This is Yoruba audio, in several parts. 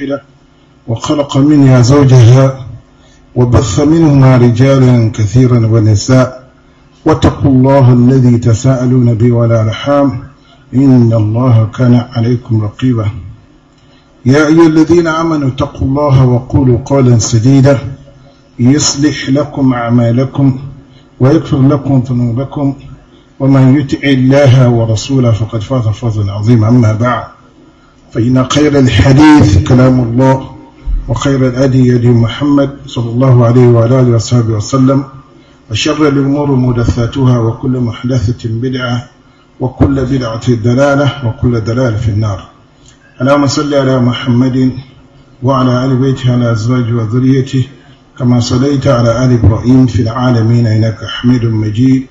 واحدة وخلق منها زوجها وبث منهما رجالا كثيرا ونساء واتقوا الله الذي تساءلون به ولا رحام إن الله كان عليكم رقيبا يا أيها الذين آمنوا اتقوا الله وقولوا قولا سديدا يصلح لكم أعمالكم ويكفر لكم ذنوبكم ومن يطع الله ورسوله فقد فاز فوزا عظيما أما بعد فإن خير الحديث كلام الله وخير الأدي يدي محمد صلى الله عليه وعلى آله وصحبه وسلم وشر الأمور مدثاتها وكل محدثة بدعة وكل بدعة دلالة وكل دلالة في النار اللهم صل على محمد وعلى آل بيته على أزواجه وذريته كما صليت على آل إبراهيم في العالمين إنك حميد مجيد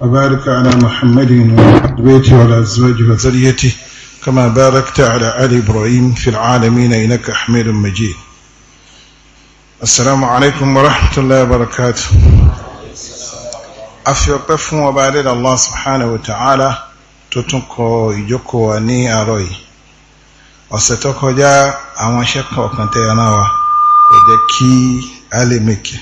وبارك على محمد وعلى آل بيته وعلى أزواجه وذريته كما باركت على آل إبراهيم في العالمين إنك حميد مجيد السلام عليكم ورحمة الله وبركاته أفي أفيقف وبارد الله سبحانه وتعالى tutunkọ ìjókòó wa ní àárọ̀ yìí ọ̀sẹ̀ tó kọjá àwọn iṣẹ́ kọ̀ọ̀kan tẹ́ ẹran wa kò jẹ́ kí a lè mèkì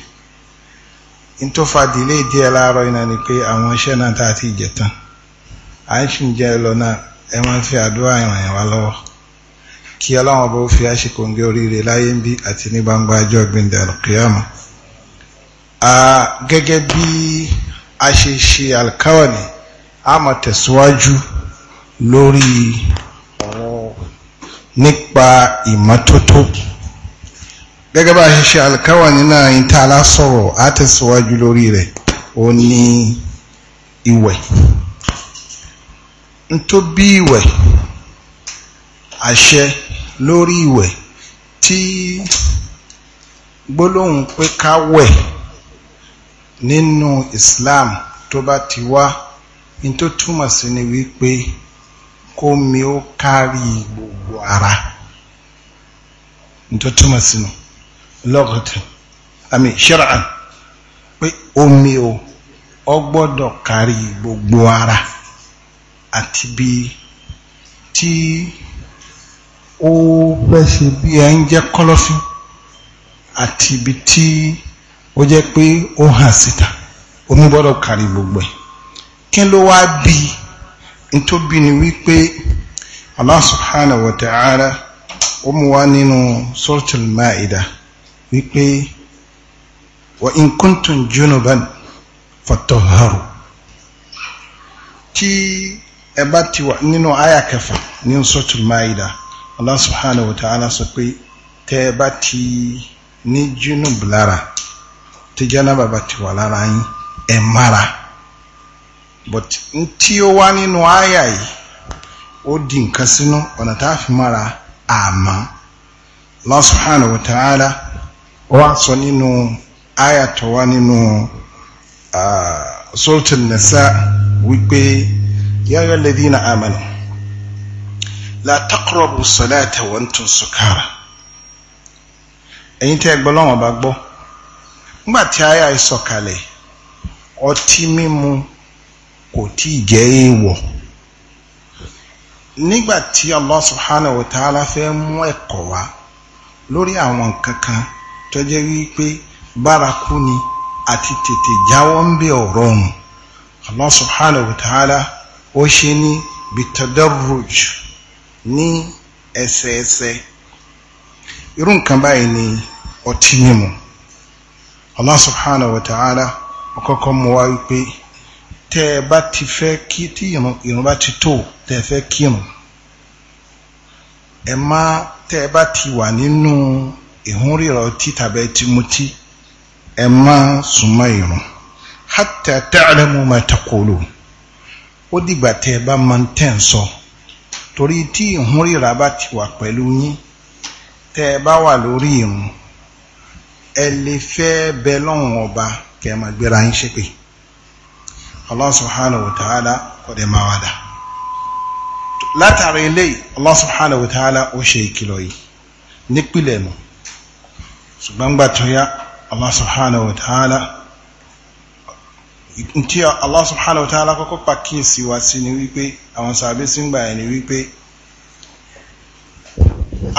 n tó fa dìlé díẹ̀ láàárọ̀ ni pé àwọn iṣẹ́ náà tá a ti jẹ tán à ń ṣì ń jẹ́ lọ náà ẹ máa fi àdúrà ìràn yẹn wá lọ́wọ́ kí ọlọ́run bó fi àṣekòǹgẹ́ oríire láyé ń bí àti ní gbangba ọjọ́ gbìndẹ̀ alkiyama gẹ́gẹ́ bí a ṣe ṣe alkawani a mọ̀ tẹ̀síwájú lórí ọ̀rọ̀ nípa ìmọ́tótó gẹ́gẹ́ bá a ṣe ṣe alkawani náà yìí tá a lásọ̀rọ̀ a tẹ̀síwájú lórí rẹ̀ ó ní ìwẹ̀ ntobi iwe ìwẹ̀ lori iwe ìwẹ̀ tí gbólóhùn pé ká wẹ̀ Islam to ba ti wa nto tó túmọ̀ sí ni wípé mi gbogbo ara nto tuma si sí ni lọ́gọ̀tún àmì ṣẹ́ràn omi o ọ gbọ́dọ̀ gbogbo ara. àti bí tí ó bẹ́sẹ̀ bí ẹ ń jẹ́ kọ́lọ́fín àti ibi tí ó jẹ́ pé ó hàn síta omi gbọ́dọ̀ kárí gbogbo ẹ̀ kí ló wá bí n tó bí ni wípé Allah subhanahu wa ta'ala ó mú wá nínú suratul Maida wípé wa in kuntum junuban fatahharu tí ẹba ti wà nínú àyà kẹfà ní sọ́tù maida Allah subhanahu wa ta'ala sọ pé tẹ́ bá ti ní junub lára tí jẹ́nàbà bá ti wà lára yín ẹ mara but n tí ó wá nínú àyà yìí ó di nǹkan sínú ọ̀nà tá a fi mara àmọ́ Allah subhanahu wá sọ nínú àyà tó wá nínú ah, sọ́tù nasa wípé. يا أيها الذين آمنوا لا تقربوا الصلاة وأنتم سكارى ẹ̀yin tẹ́ gbọ́ lọ́wọ́n bá gbọ́ nígbà tí aya ìsọ̀kalẹ̀ ọtí mímu kò tí ì jẹ́ èèwọ̀ nígbà tí Allah subhanahu wa ta'ala fẹ́ mú ẹ̀kọ́ wá lórí àwọn kankan tó jẹ́ wípé bárakú ni àti tètè jáwọ́ ń bẹ ọ̀rọ̀ ọ̀hún Allah subhanahu wa ta'ala ó ṣe ní bitadarruj ní ẹsẹẹsẹ irú nǹkan báyìí ni ọtí mímu Allah subhanahu wa ta'ala ọkọ̀kọ́ mú wá wípé tẹ́ ẹ bá ti fẹ́ kí tí ìrun bá ti tó tẹ́ ẹ fẹ́ kírun ẹ má tẹ́ ẹ bá ti wà nínú ìhúnrírọ̀ tí tàbí ti mutí ẹ má súnmọ́ ìrun hatta ta'lamu ma taqulu ó dìgbà tẹ́ ẹ bá máa ń tẹ̀ ń sọ torí tí ìhúnríra bá ti wà pẹ̀lú yín tẹ́ ẹ bá wà lórí ìrun ẹ lè fẹ́ bẹ lọ́hùn ọba kẹ́ ẹ gbéra yín ṣépè Allah subhanahu wa ta'ala kò dé máa wà dà látàrí eléyìí Allah subhanahu wa ta'ala ó ṣe ìkìlọ̀ yìí nípìlẹ̀ nù ṣùgbọ́n gbà yá Allah subhanahu wa ta'ala tí Allah subhanahu wa ta'ala kọ́kọ́ pàkíyèsí wa sí ni wípé àwọn sàbí sí ń gbà ẹni wípé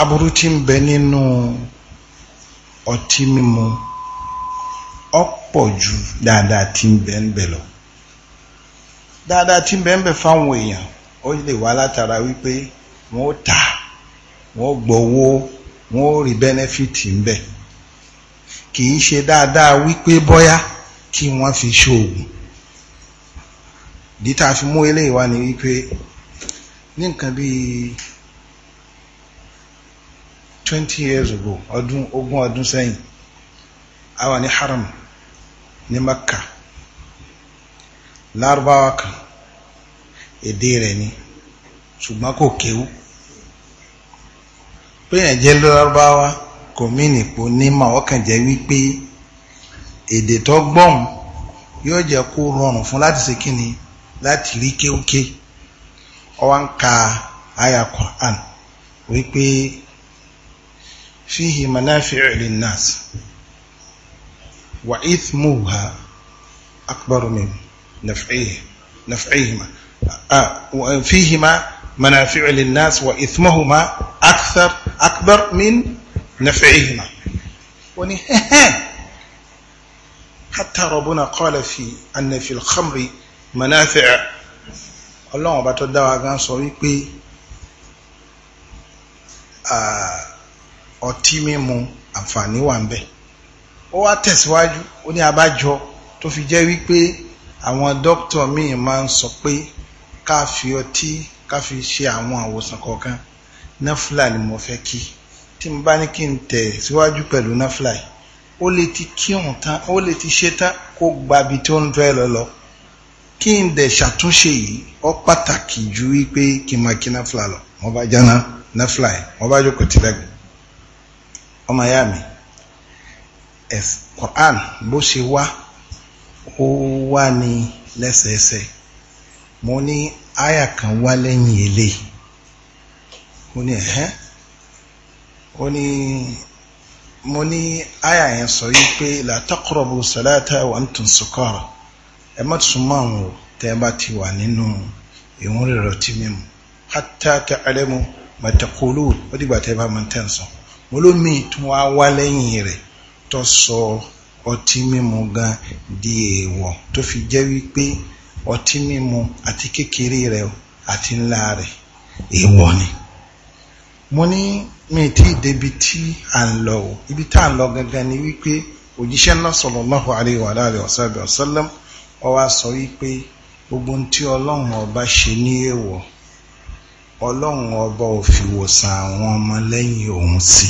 aburú tí ń bẹ nínú ọtí mímu ọ̀pọ̀ ju dáadáa tí ń bẹ ń bẹ lọ dáadáa tí ń bẹ ń bẹ fáwọn èèyàn ó lè wá látara wípé wọ́n ó tà wọ́n gbowó wọ́n ó rí bẹ́nẹ́fìtì ń bẹ kì í ṣe dáadáa wípé bọ́yá kí wọ́n fi ṣoògùn dítà fi mú eléyìí wá ní wípé ní nǹkan bí 20 years ago ọdún ogún ọdún sẹ́yìn a wà ní haram ní makka lárúbáwá kan èdè rẹ̀ ni ṣùgbọ́n kò kéwú péyàn jẹ́ lárúbáwá kò mí nìpo ní ma ọkàn jẹ́ wípé èdè tó gbọ́n yóò jẹ́ kó rọrùn fún láti ṣe kí ni láti rí kéwké ọwá ń ka àyà Qur'an wípé fíhì manafi'u linnas wa ithmuha akbaru min naf'ihima fíhìmá manafi'u linnas wa ithmuhuma akthar akbar naf'ihima wọ́n ni hẹ́hẹ́ hatta rabbuna qala fi anna fil khamri manafi'a ọlọ́run ọba tó dá wa gan sọ wípé ọtí mímu àǹfààní wà ń bẹ ó wá tẹ̀síwájú ó ní abájọ tó fi jẹ́ wípé àwọn dókítà míì máa ń sọ pé ká fi ọtí ká fi ṣe àwọn àwòsàn kọ̀ọ̀kan náfìlà ni mo fẹ́ kí tí mo bá ní kí n tẹ̀ síwájú pẹ̀lú náfìlà ó lè ti kírun tán ó lè ti ṣe tán kó gbabi tó ń fẹ́ lọ lọ kí n dẹ̀ ṣàtúnṣe yìí ó pàtàkì ju wípé kí n máa kí náfìlà lọ mo bá jáná náfìlà yẹn mo bá jókòó tìlẹ́gùn ọmọ ìyá mi Quran bó ṣe wá ó wá ní lẹ́sẹẹsẹ mo ní àyà kan wá lẹ́yìn eléyìí mo ní ẹ̀hẹ́ ó ní mo ní àyà yẹn sọ yìí pé la taqrabu salata wa antum sukara ẹ má súnmọ́ àwọn o tẹ́ ẹ bá ti wà nínú ìwọ̀n rírọ̀ tí mímu hatta ta'lamu ma taqulun ó dìgbà tẹ́ ẹ bá máa tẹ̀ ń sọ mo ló mi tún wá wá lẹ́yìn rẹ̀ tó sọ ọtí mímu gan di èèwọ̀ tó fi jẹ́ wípé ọtí mímu àti kékeré rẹ̀ àti ńlá rẹ̀ èèwọ̀ ni mo ní mi tí débi tí à ń lọ o ibi tá à ń lọ gangan ni wípé òjíṣẹ́ ńlá sallallahu alaihi wa alihi wa sallam ó wá sọ wípé gbogbo ohun tí ọlọ́run ọba ṣe ní èèwọ̀ ọlọ́run ọba ò fi wòsàn àwọn ọmọ lẹ́yìn òun sí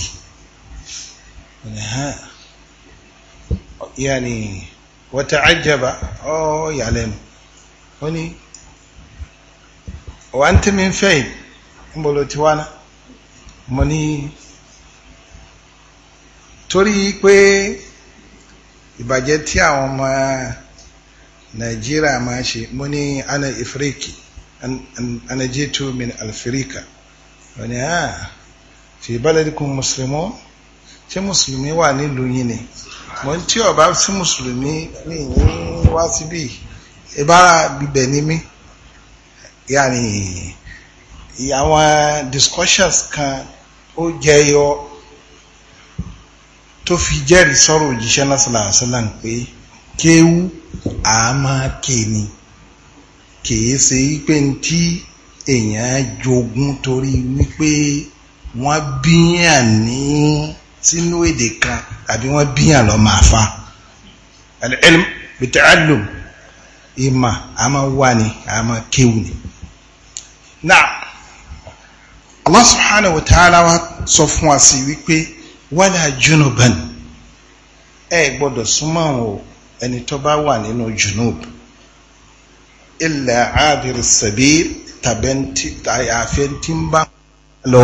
yàní wọ́tá àjẹbà ọ́ yàlẹ́nu ó ní wà ń tẹ́mi fẹ́ yìí ń bolo tiwa náà mo ní torí pé ìbàjẹ́ tí àwọn ọmọ Nàìjíríà máa ṣe mo ní ana ifiriki ana jitu min alfirika mo ní ah fi baladikum muslimun ṣé mùsùlùmí wà nílùú yìí ni mo ń tí ọba sí mùsùlùmí ní ìyín wá síbí ìbára bíbẹ̀ ni mí yàní àwọn discussions kan ó jẹyọ tó fi jẹ́rìí sọ́rọ̀ òjíṣẹ́ lásìlá àṣìlá ń pé kéwú àmà kéni kìí ṣe wípé tí èèyàn jogún torí wípé wọ́n bíyàn ní sínú èdè kan tàbí wọ́n bíyàn lọ máa fa al-ilm ìmà àmà wà ní àmà kéwú ni. Now, Allah subhanahu wa ta'ala wa sọ fún wa sí wípé wala junuban ẹ gbọ́dọ̀ súnmọ́ àwọn ẹni tó bá wà nínú junub illa abir sabil tàbí àfẹ́ tí ń bá lọ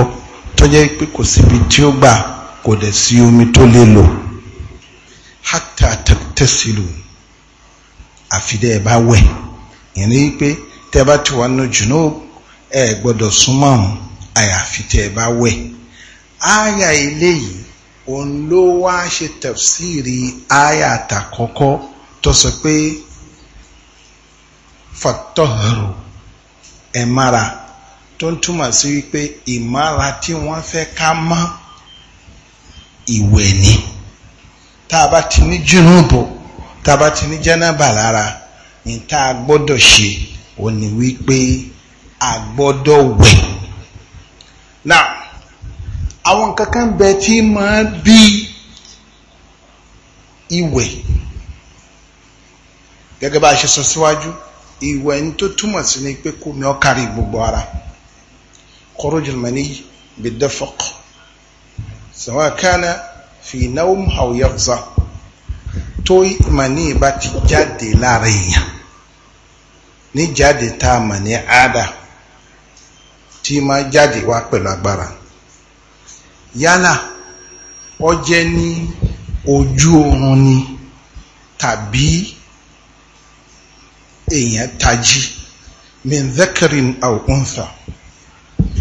tó jẹ́ pé kò síbi tí ó gbà kò dẹ̀ sí omi tó lè lò hatta tẹ̀sílù àfidẹ́ ẹ̀ bá wẹ̀ ìyẹn pé tẹ́ bá ti wà nínú junub ẹ gbọ́dọ̀ súnmọ́ àwọn àyàfi tẹ́ ẹ bá wẹ̀ ááyà eléyìí òun ló wá ṣe tafsiri ááyà àtàkọ́kọ́ tó sọ pé fatọ́hùrù ẹ̀ mára tó ń túmọ̀ sí wípé ìmára tí wọ́n fẹ́ ká mọ́ ìwẹ̀ ni tá a bá ti ní jùnúbò tá a bá ti ní jẹ́nàbà lára ní tá a gbọ́dọ̀ ṣe òun ni wípé a gbọ́dọ̀ wẹ̀ náà àwọn kankan bẹ tí máa bí ìwẹ̀ gẹ́gẹ́ bá a ṣe sọ síwájú ìwẹ̀ ní tó túmọ̀ sí ni pé kó mi ọ́ kárí gbogbo ara khurujul mani bidafaq sawa kana fi nawm aw yaghza tó mani bá ti jáde lára èèyàn ní jáde tá a mọ̀ ní àádá tí máa jáde wá pẹ̀lú agbára yálà ó jẹ́ ní ojú oorun ni tàbí èèyàn tají min dhakarin aw untha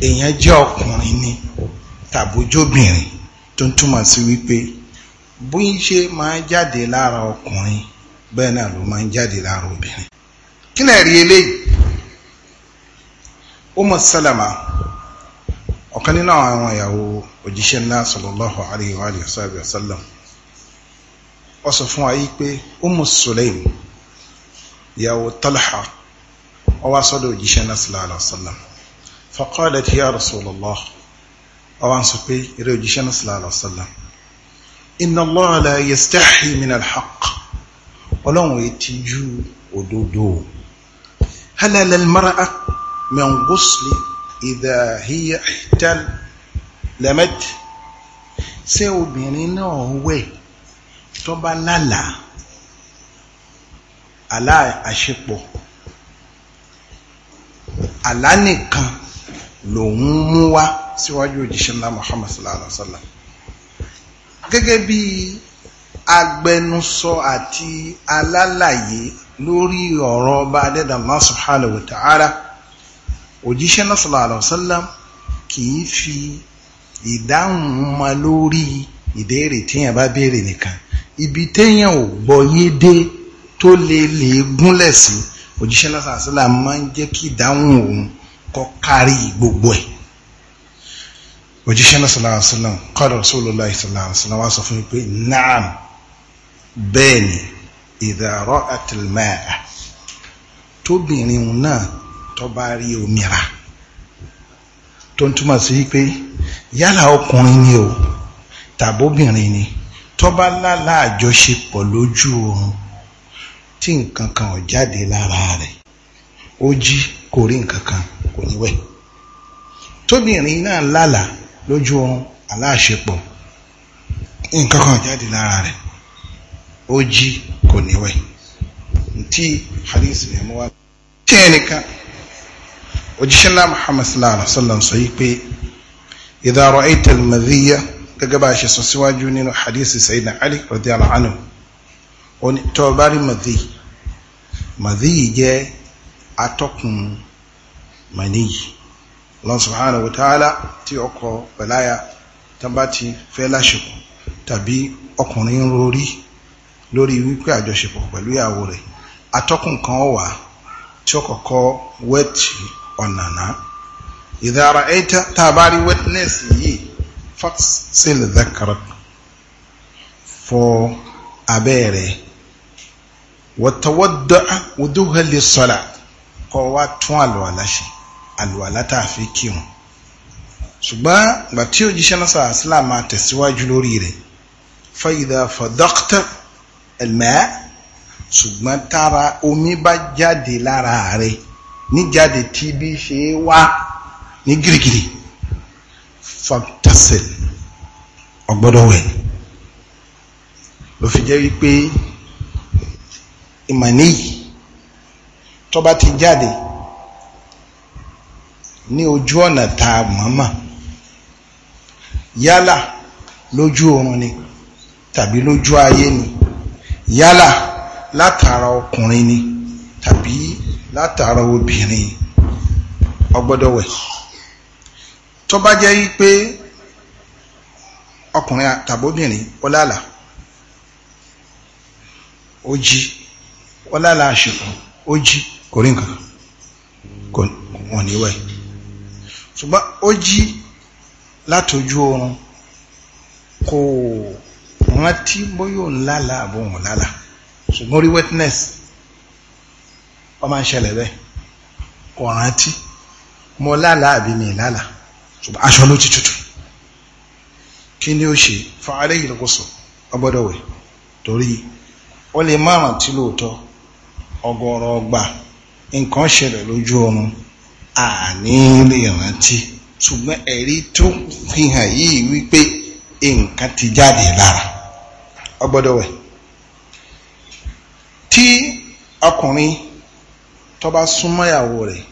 èèyàn jẹ́ ọkùnrin ni tàbójóbìnrin tó ń túmọ̀ sí wípé bó ń ṣe máa jáde lára ọkùnrin bẹ́ẹ̀ náà ló máa ń jáde lára obìnrin kí lè rí eléyìí Umu Salama ọ̀kan nínú àwọn ìyàwó òjíṣẹ́ ńlá sallallahu alayhi wa sallam ó sọ fún wa yí pé Umu Sulaim ìyàwó Talha ó wá sọ́dọ̀ òjíṣẹ́ ńlá sallallahu alayhi wa sallam faqalat ya Rasulullah ó wá sọ pé eré òjíṣẹ́ ńlá sallallahu alayhi wa sallam inna Allaha la yastahi min al-haq ju òdodo halalal mara'a. من غسل إذا هي احتلمت ṣé obìnrin náà wẹ̀ tó bá lálàá àlá àṣepọ̀ àlá nìkan lòun mú wá síwájú òjíṣẹ́ ńlá Muhammad sallallahu alaihi wa sallam gẹ́gẹ́ bí agbẹnusọ àti alálàyé lórí ọ̀rọ̀ ọba adẹ́dàá Allah subhanahu wa ta'ala òjíṣẹ́ náà sallallahu alaihi wasallam kì í fi ìdáhùn ma lórí ìbéèrè téèyàn bá béèrè nìkan ibi téèyàn ò gbọ́yé dé tó lè lè gúnlẹ̀ sí òjíṣẹ́ náà sallallahu alaihi máa ń jẹ́ kí ìdáhùn òun kó kárí gbogbo ẹ̀ òjíṣẹ́ náà sallallahu alaihi wasallam qala rasulullahi sallallahu wá sọ fún mi pé naam bẹ́ẹ̀ ni idha tóbìnrin náà tó bá rí omira tó ń túmọ̀ sí pé yálà ọkùnrin ni o tàbóbìnrin ni tó bá lálá àjọṣepọ̀ lójú oorun tí nǹkan kan ò jáde lára rẹ̀ ó jí kò rí nǹkan kan kò ní tóbìnrin náà lálà lójú oorun aláṣepọ̀ nǹkan kan ò jáde lára rẹ̀ ó jí kò ní tí hadith rẹ̀ mú wá tí ẹnìkan òjíṣẹ́ ńlá muhammad sallallahu alaihi wa sallam sọ yìí pé idha ra'ayta al-madhiya gẹ́gẹ́ bá a ṣe sọ síwájú nínú hadith sayyidina ali radiyallahu anhu tó bá rí madhi madhi jẹ́ atọ́kùn maniyi Allah subhanahu wa ta'ala tí ọkọ̀ pẹ̀láyà tàbá ti fẹ́ ọkùnrin rorí lórí wípé àjọṣepọ̀ pẹ̀lú ìyàwó rẹ̀ atọ́kùn kan wà tí ó kọ́kọ́ wẹ́ẹ̀tì ọ̀nà náà ìdára ẹ̀ta tàbárí witness yìí fox seal zakara fọ abẹ́rẹ́ wọ́tọ̀wọ́dọ̀ ọdúnhẹ́lẹ̀ sọ́là kọ́ wa tún àlùwàlá ṣe àlùwàlá tá a fi kírun ṣùgbọ́n gbà tí òjíṣẹ́ náà sọ̀rọ̀ sílá máa tẹ̀síwájú lórí rẹ̀ fayida fadọ́kítà ẹ̀lmẹ́ ṣùgbọ́n tára omi bá jáde lára rẹ̀ níjáde tí bí ṣe wá ní gírígírí faptasil ọgbọ́dọ̀ wẹ̀ ló fi jẹ́ wípé ìmọ̀ní yìí tó bá ti jáde ní ojú ọ̀nà tá a mọ̀ọ́mọ̀ yálà lójú oorun ni tàbí lójú ayé ni yálà látara ọkùnrin ni tàbí látara obìnrin ọgbọ́dọ̀ wẹ̀ tó bá jẹ́ wípé ọkùnrin tàbóbìnrin ó lálà ó jí ó lálà àṣìkò ó jí kò rí nǹkan kò wọ́n ní wẹ̀ ṣùgbọ́n ó jí látojú oorun kò rántí bóyá òun lálà àbóhùn lálà ṣùgbọ́n rí wetness wọ́n máa ń ṣẹlẹ̀ bẹ́ẹ̀ ọ̀rántí mo lálà àbí mi lálà ṣùgbọ́n aṣọ ló ti tutù kí ni ó ṣe fún aléyìí lọ́kọ̀ọ́sọ̀ ọgbọ́dọ̀ wẹ̀ torí ó lè má rántí lóòótọ́ ọgọ́rọ̀ ọgbà nǹkan ṣẹlẹ̀ lójú oorun àní lè rántí ṣùgbọ́n ẹ̀rí tó fi hàn yìí wípé nǹkan ti jáde lára ọgbọ́dọ̀ tí ọkùnrin tó bá súnmọ́ ìyàwó rẹ̀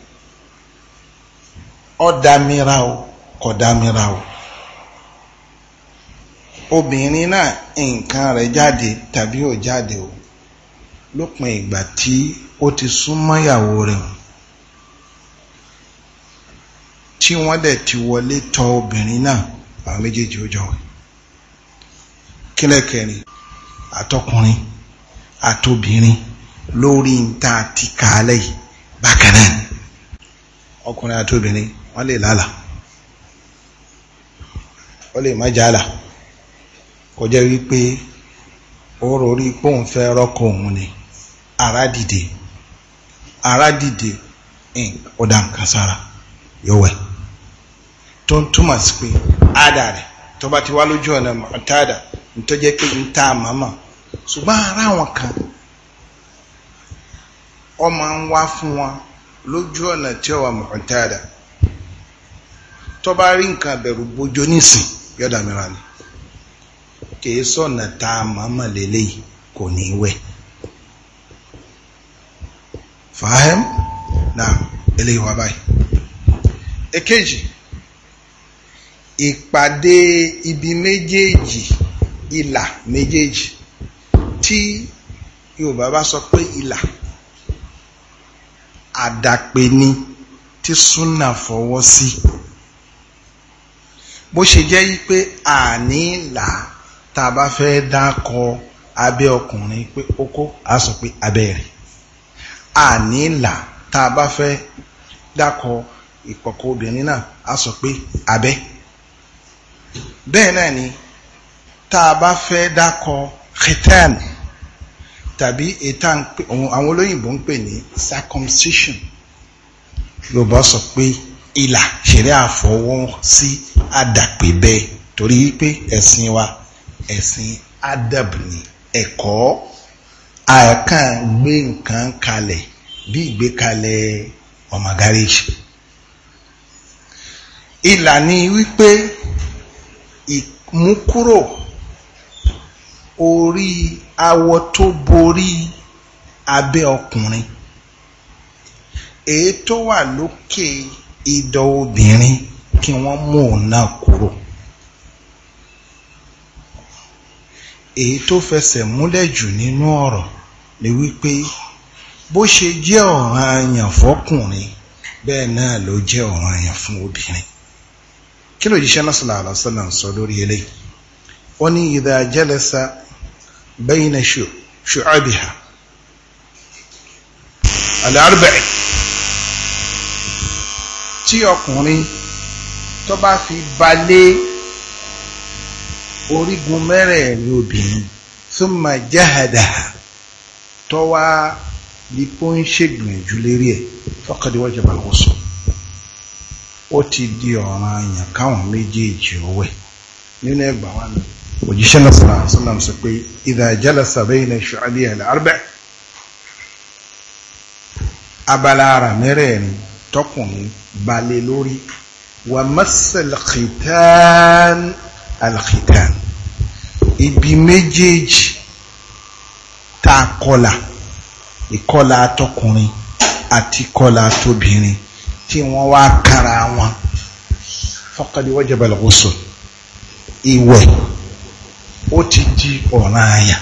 ó dámira o kò dámira o obìnrin náà nǹkan rẹ̀ jáde tàbí ò jáde o lópin ìgbà tí ó ti súnmọ́ ìyàwó rẹ̀ o tí wọ́n dẹ̀ ti wọlé tọ̀ obìnrin náà àwọn méjèèjì ó jọ kílẹ̀ àtọkùnrin àtobìnrin lórí ń yìí bákan náà ọkùnrin àti obìnrin wọ́n lè lálà wọ́n lè má jàlá kò jẹ́ wípé ó rorí póun fẹ́ rọ́kọ̀ ni ara dìde ara dìde ọ̀dà nǹkan sára yọ̀wẹ̀ tó ń túmọ̀ sí pé ádà rẹ̀ tó bá ti wá lójú ọ̀nà mọ̀tádà ta ara àwọn kan ọmọ ń wá fún wọn lójú ọ̀nà tí ó wà mọ̀tàdà tó bá rí nǹkan bẹ̀rù bójó nísìn yọ̀dà mìíràn ni kìí sọ̀nà tá a màmá lélẹ́yìí kò ní wẹ̀ fàáhẹ́m náà eléyìí wà báyìí èkejì ìpàdé ibi méjèèjì ìlà méjèèjì tí Yorùbá bá sọ pé ìlà àdàpè tí súnà fọwọ́ sí bó ṣe jẹ́ wípé àní là tá a bá fẹ́ dákọ abẹ́ ọkùnrin pé okó a sọ pé abẹ́ rẹ̀ àní là tá a bá fẹ́ dákọ ìpọ̀kọ obìnrin náà a sọ pé abẹ́ bẹ́ẹ̀ náà ni tá a bá fẹ́ dákọ khitan tàbí ètà àwọn olóyìnbó ń pè ní circumcision yorùbá sọ pé ìlà ṣeré àfọwọ́ sí àdàpè bẹ́ẹ̀ torí pé ẹ̀sìn wa ẹ̀sìn adab ni ẹ̀kọ́ àkàn gbé nǹkan kalẹ̀ bí ìgbékalẹ̀ ọmọ ìlà ni wípé ìmúkúrò orí awọ tó borí abẹ́ ọkùnrin èyí tó wà lókè ìdọ̀ obìnrin kí wọ́n mú òun náà kúrò èyí tó fẹsẹ̀ múlẹ̀ jù nínú ọ̀rọ̀ ni wípé bó ṣe jẹ́ ọ̀ràn àyàn fọkùnrin bẹ́ẹ̀ náà ló jẹ́ ọ̀ràn àyàn fún obìnrin kí ló jíṣẹ́ náà sallallahu alaihi wasallam sọ lórí eléyìí ó ní idha jalasa بين شعبها الأربع tí ọkùnrin tó bá fi balẹ̀ orígun mẹ́rẹ̀ẹ̀rin obìnrin thumma jahadaha tó wá ní kó ń ṣègbìyànjú lérí ẹ̀ faqad wajaba al-ghusl ó ti di ọ̀ràn àyàn káwọn méjèèjì ọwẹ́ nínú ẹgbàá wa náà òjíṣẹ́ lọ́sọ̀rọ̀ àṣọ́nà sọ pé idha jalasa bayna shu'abi al-arba' abala ara mẹ́rẹ̀ẹ̀rin tọkùnrin balẹ̀ lórí wa masal khitan al-khitan ibi méjèèjì tá a kọlà ìkọlà tọkùnrin àti kọlà tóbìnrin tí wọ́n wá kára wọn faqad wajaba al-ghusl ìwẹ̀ ó ti di ọ̀ranyàn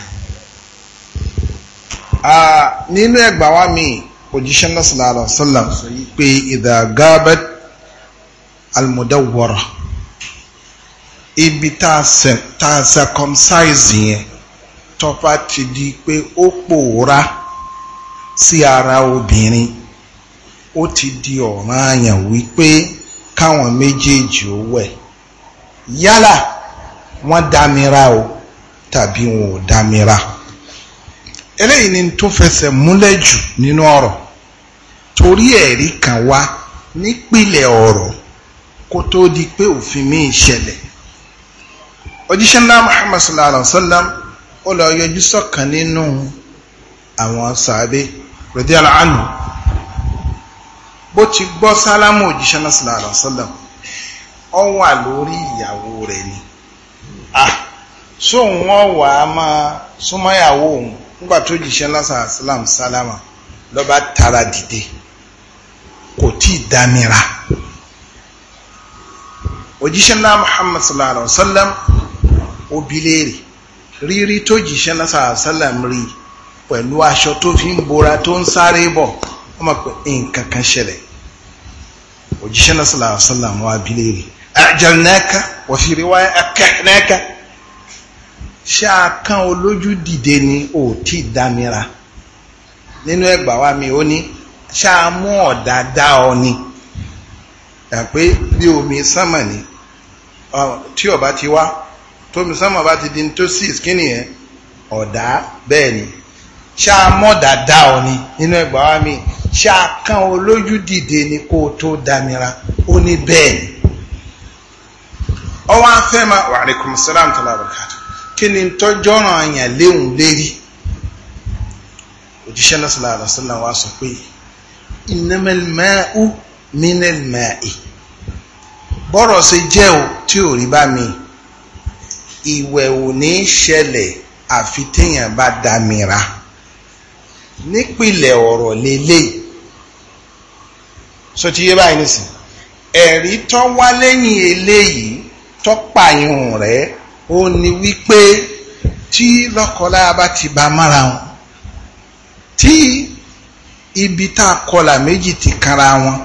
nínú ẹgbà wa mi òjíṣẹ́ náà sallallahu alaihi wasallam sọ yí pé idha gabat almudawwara ibi tá a circumcise yẹn tó bá ti di pé ó pòórá sí ara obìnrin ó ti di ọ̀ranyàn wípé káwọn méjèèjì ó wẹ̀ yálà wọ́n dámira o tàbí wọn ò dámira eléyìí ni tó fẹsẹ̀ múlẹ̀ jù nínú ọ̀rọ̀ torí ẹ̀rí kan wá nípìlẹ̀ ọ̀rọ̀ kó tó di pé òfin míì ṣẹlẹ̀ òjíṣẹ́ ńlá Muhammad sallallahu alaihi wa sallam ó lọ yọjú sọ́kan nínú àwọn sàábé radiyallahu anhu bó ti gbọ́ sálámù òjíṣẹ́ ńlá sallallahu alaihi wa sallam ó wà lórí ìyàwó rẹ̀ ni ah so wọ́n wà á máa súnmọ́yàwó òun nígbà tó jíṣẹ́ lásán àsìlám sálámà lọ́ba tara dìde kò tí ì dámira òjíṣẹ́ ńlá muhammad sallallahu alaihi wa sallam òbí léèrè rírí tó jíṣẹ́ lásán àsìlám rí pẹ̀lú aṣọ tó fi ń bora tó ń sáré bọ̀ wọ́n mọ̀ pé nǹkan kan ṣẹlẹ̀ òjíṣẹ́ lásán àsìlám wà bí léèrè ajalnaka wa fi riwaya akhnaka ṣé akán olójú dìde ni ò tí ì dámira nínú ẹgbà wa mi ó ní ṣá a mú ọ̀dà dá ọ ni pé bí omi sánmà ni tí ọba ti wá tómi sánmà bá ti di ní tó sì kí nìyẹn ọ̀dà bẹ́ẹ̀ ni ṣá a dá ọ ni nínú ẹgbà wa mi ṣá olójú dìde ni kó o tó dámira ó ní bẹ́ẹ̀ ni ọwọ́ afẹ́ máa wa alaikum salam tó lábàkàtà kí ni tọ́jọ́ràn àyàn léhùn lérí òjíṣẹ́ lọ́sọ̀lá àlọ́sọ̀lá wa sọ pé innamal ma'u minal ma'i bọ́rọ̀ ṣe jẹ́ o tí ò rí bá mi ìwẹ̀ ò ní ṣẹlẹ̀ àfi téèyàn bá da mìíràn nípìnlẹ̀ ọ̀rọ̀ lélẹ́yìí so ti yé báyìí nísìn ẹ̀rí tó wá lẹ́yìn eléyìí tó pààyàn rẹ̀ òun ni wípé tí lọ́kọláya bá ti bá mára wọn tí ibi tá a kọlà méjì ti kanra wọn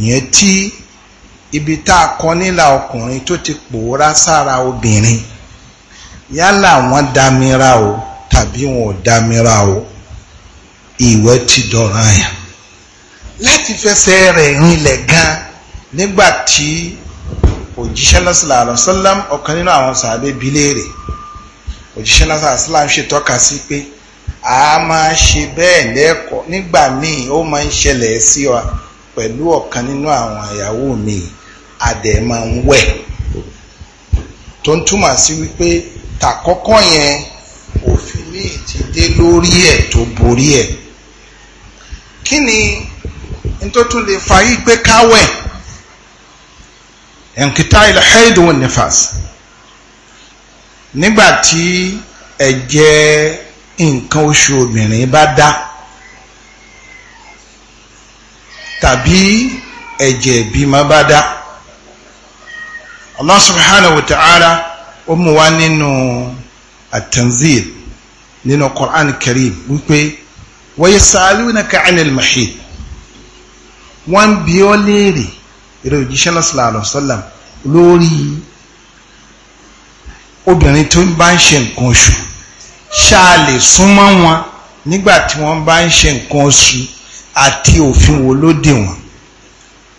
ìyẹn tí ibi tá a kọ nílà ọkùnrin tó ti pòórá sára obìnrin yálà wọn dámira o tàbí wọn ò dámira o ìwẹ̀ ti dọ̀ranyàn láti fẹsẹ̀ rẹ̀ rinlẹ̀ gan nígbà tí òjíṣẹ́ lọ́sílà àlọ́sọ́lám ọ̀kan nínú àwọn sàbẹ̀ bíléèrè òjíṣẹ́ lọ́sílà àlọ́sọ́lám ṣe tọ́ka sí pé a máa ṣe bẹ́ẹ̀ lẹ́ẹ̀kọ́ nígbà míì ó máa ń ṣẹlẹ̀ sí wa pẹ̀lú ọ̀kan nínú àwọn ìyàwó mi adẹ̀ máa ń wẹ̀ tó ń túmọ̀ sí wípé tàkọ́kọ́ yẹn òfin míì ti dé lórí ẹ̀ tó borí ẹ̀ kí ni n tó tún lè fa yí pé ẹ̀ǹkìtá ilẹ̀ ẹ̀ẹ́dùn nifas nígbà tí ẹ̀jẹ̀ nǹkan oṣù obìnrin bá dá tàbí ẹ̀jẹ̀ ìbímọ bá dá Allah subhanahu wa ta'ala ó mú wá nínú at-tanzil nínú Qur'an karim wípé wa yasalunaka 'anil mahid wọ́n bí ó léèrè ìrẹ́ òjíṣẹ́ lọ́sọ̀lá àlọ́sọ́là lórí obìnrin tó bá ń ṣe nǹkan oṣù ṣáà lè súnmọ́ wọn nígbà tí wọ́n bá ń ṣe nǹkan oṣù àti òfin wo ló dè wọ́n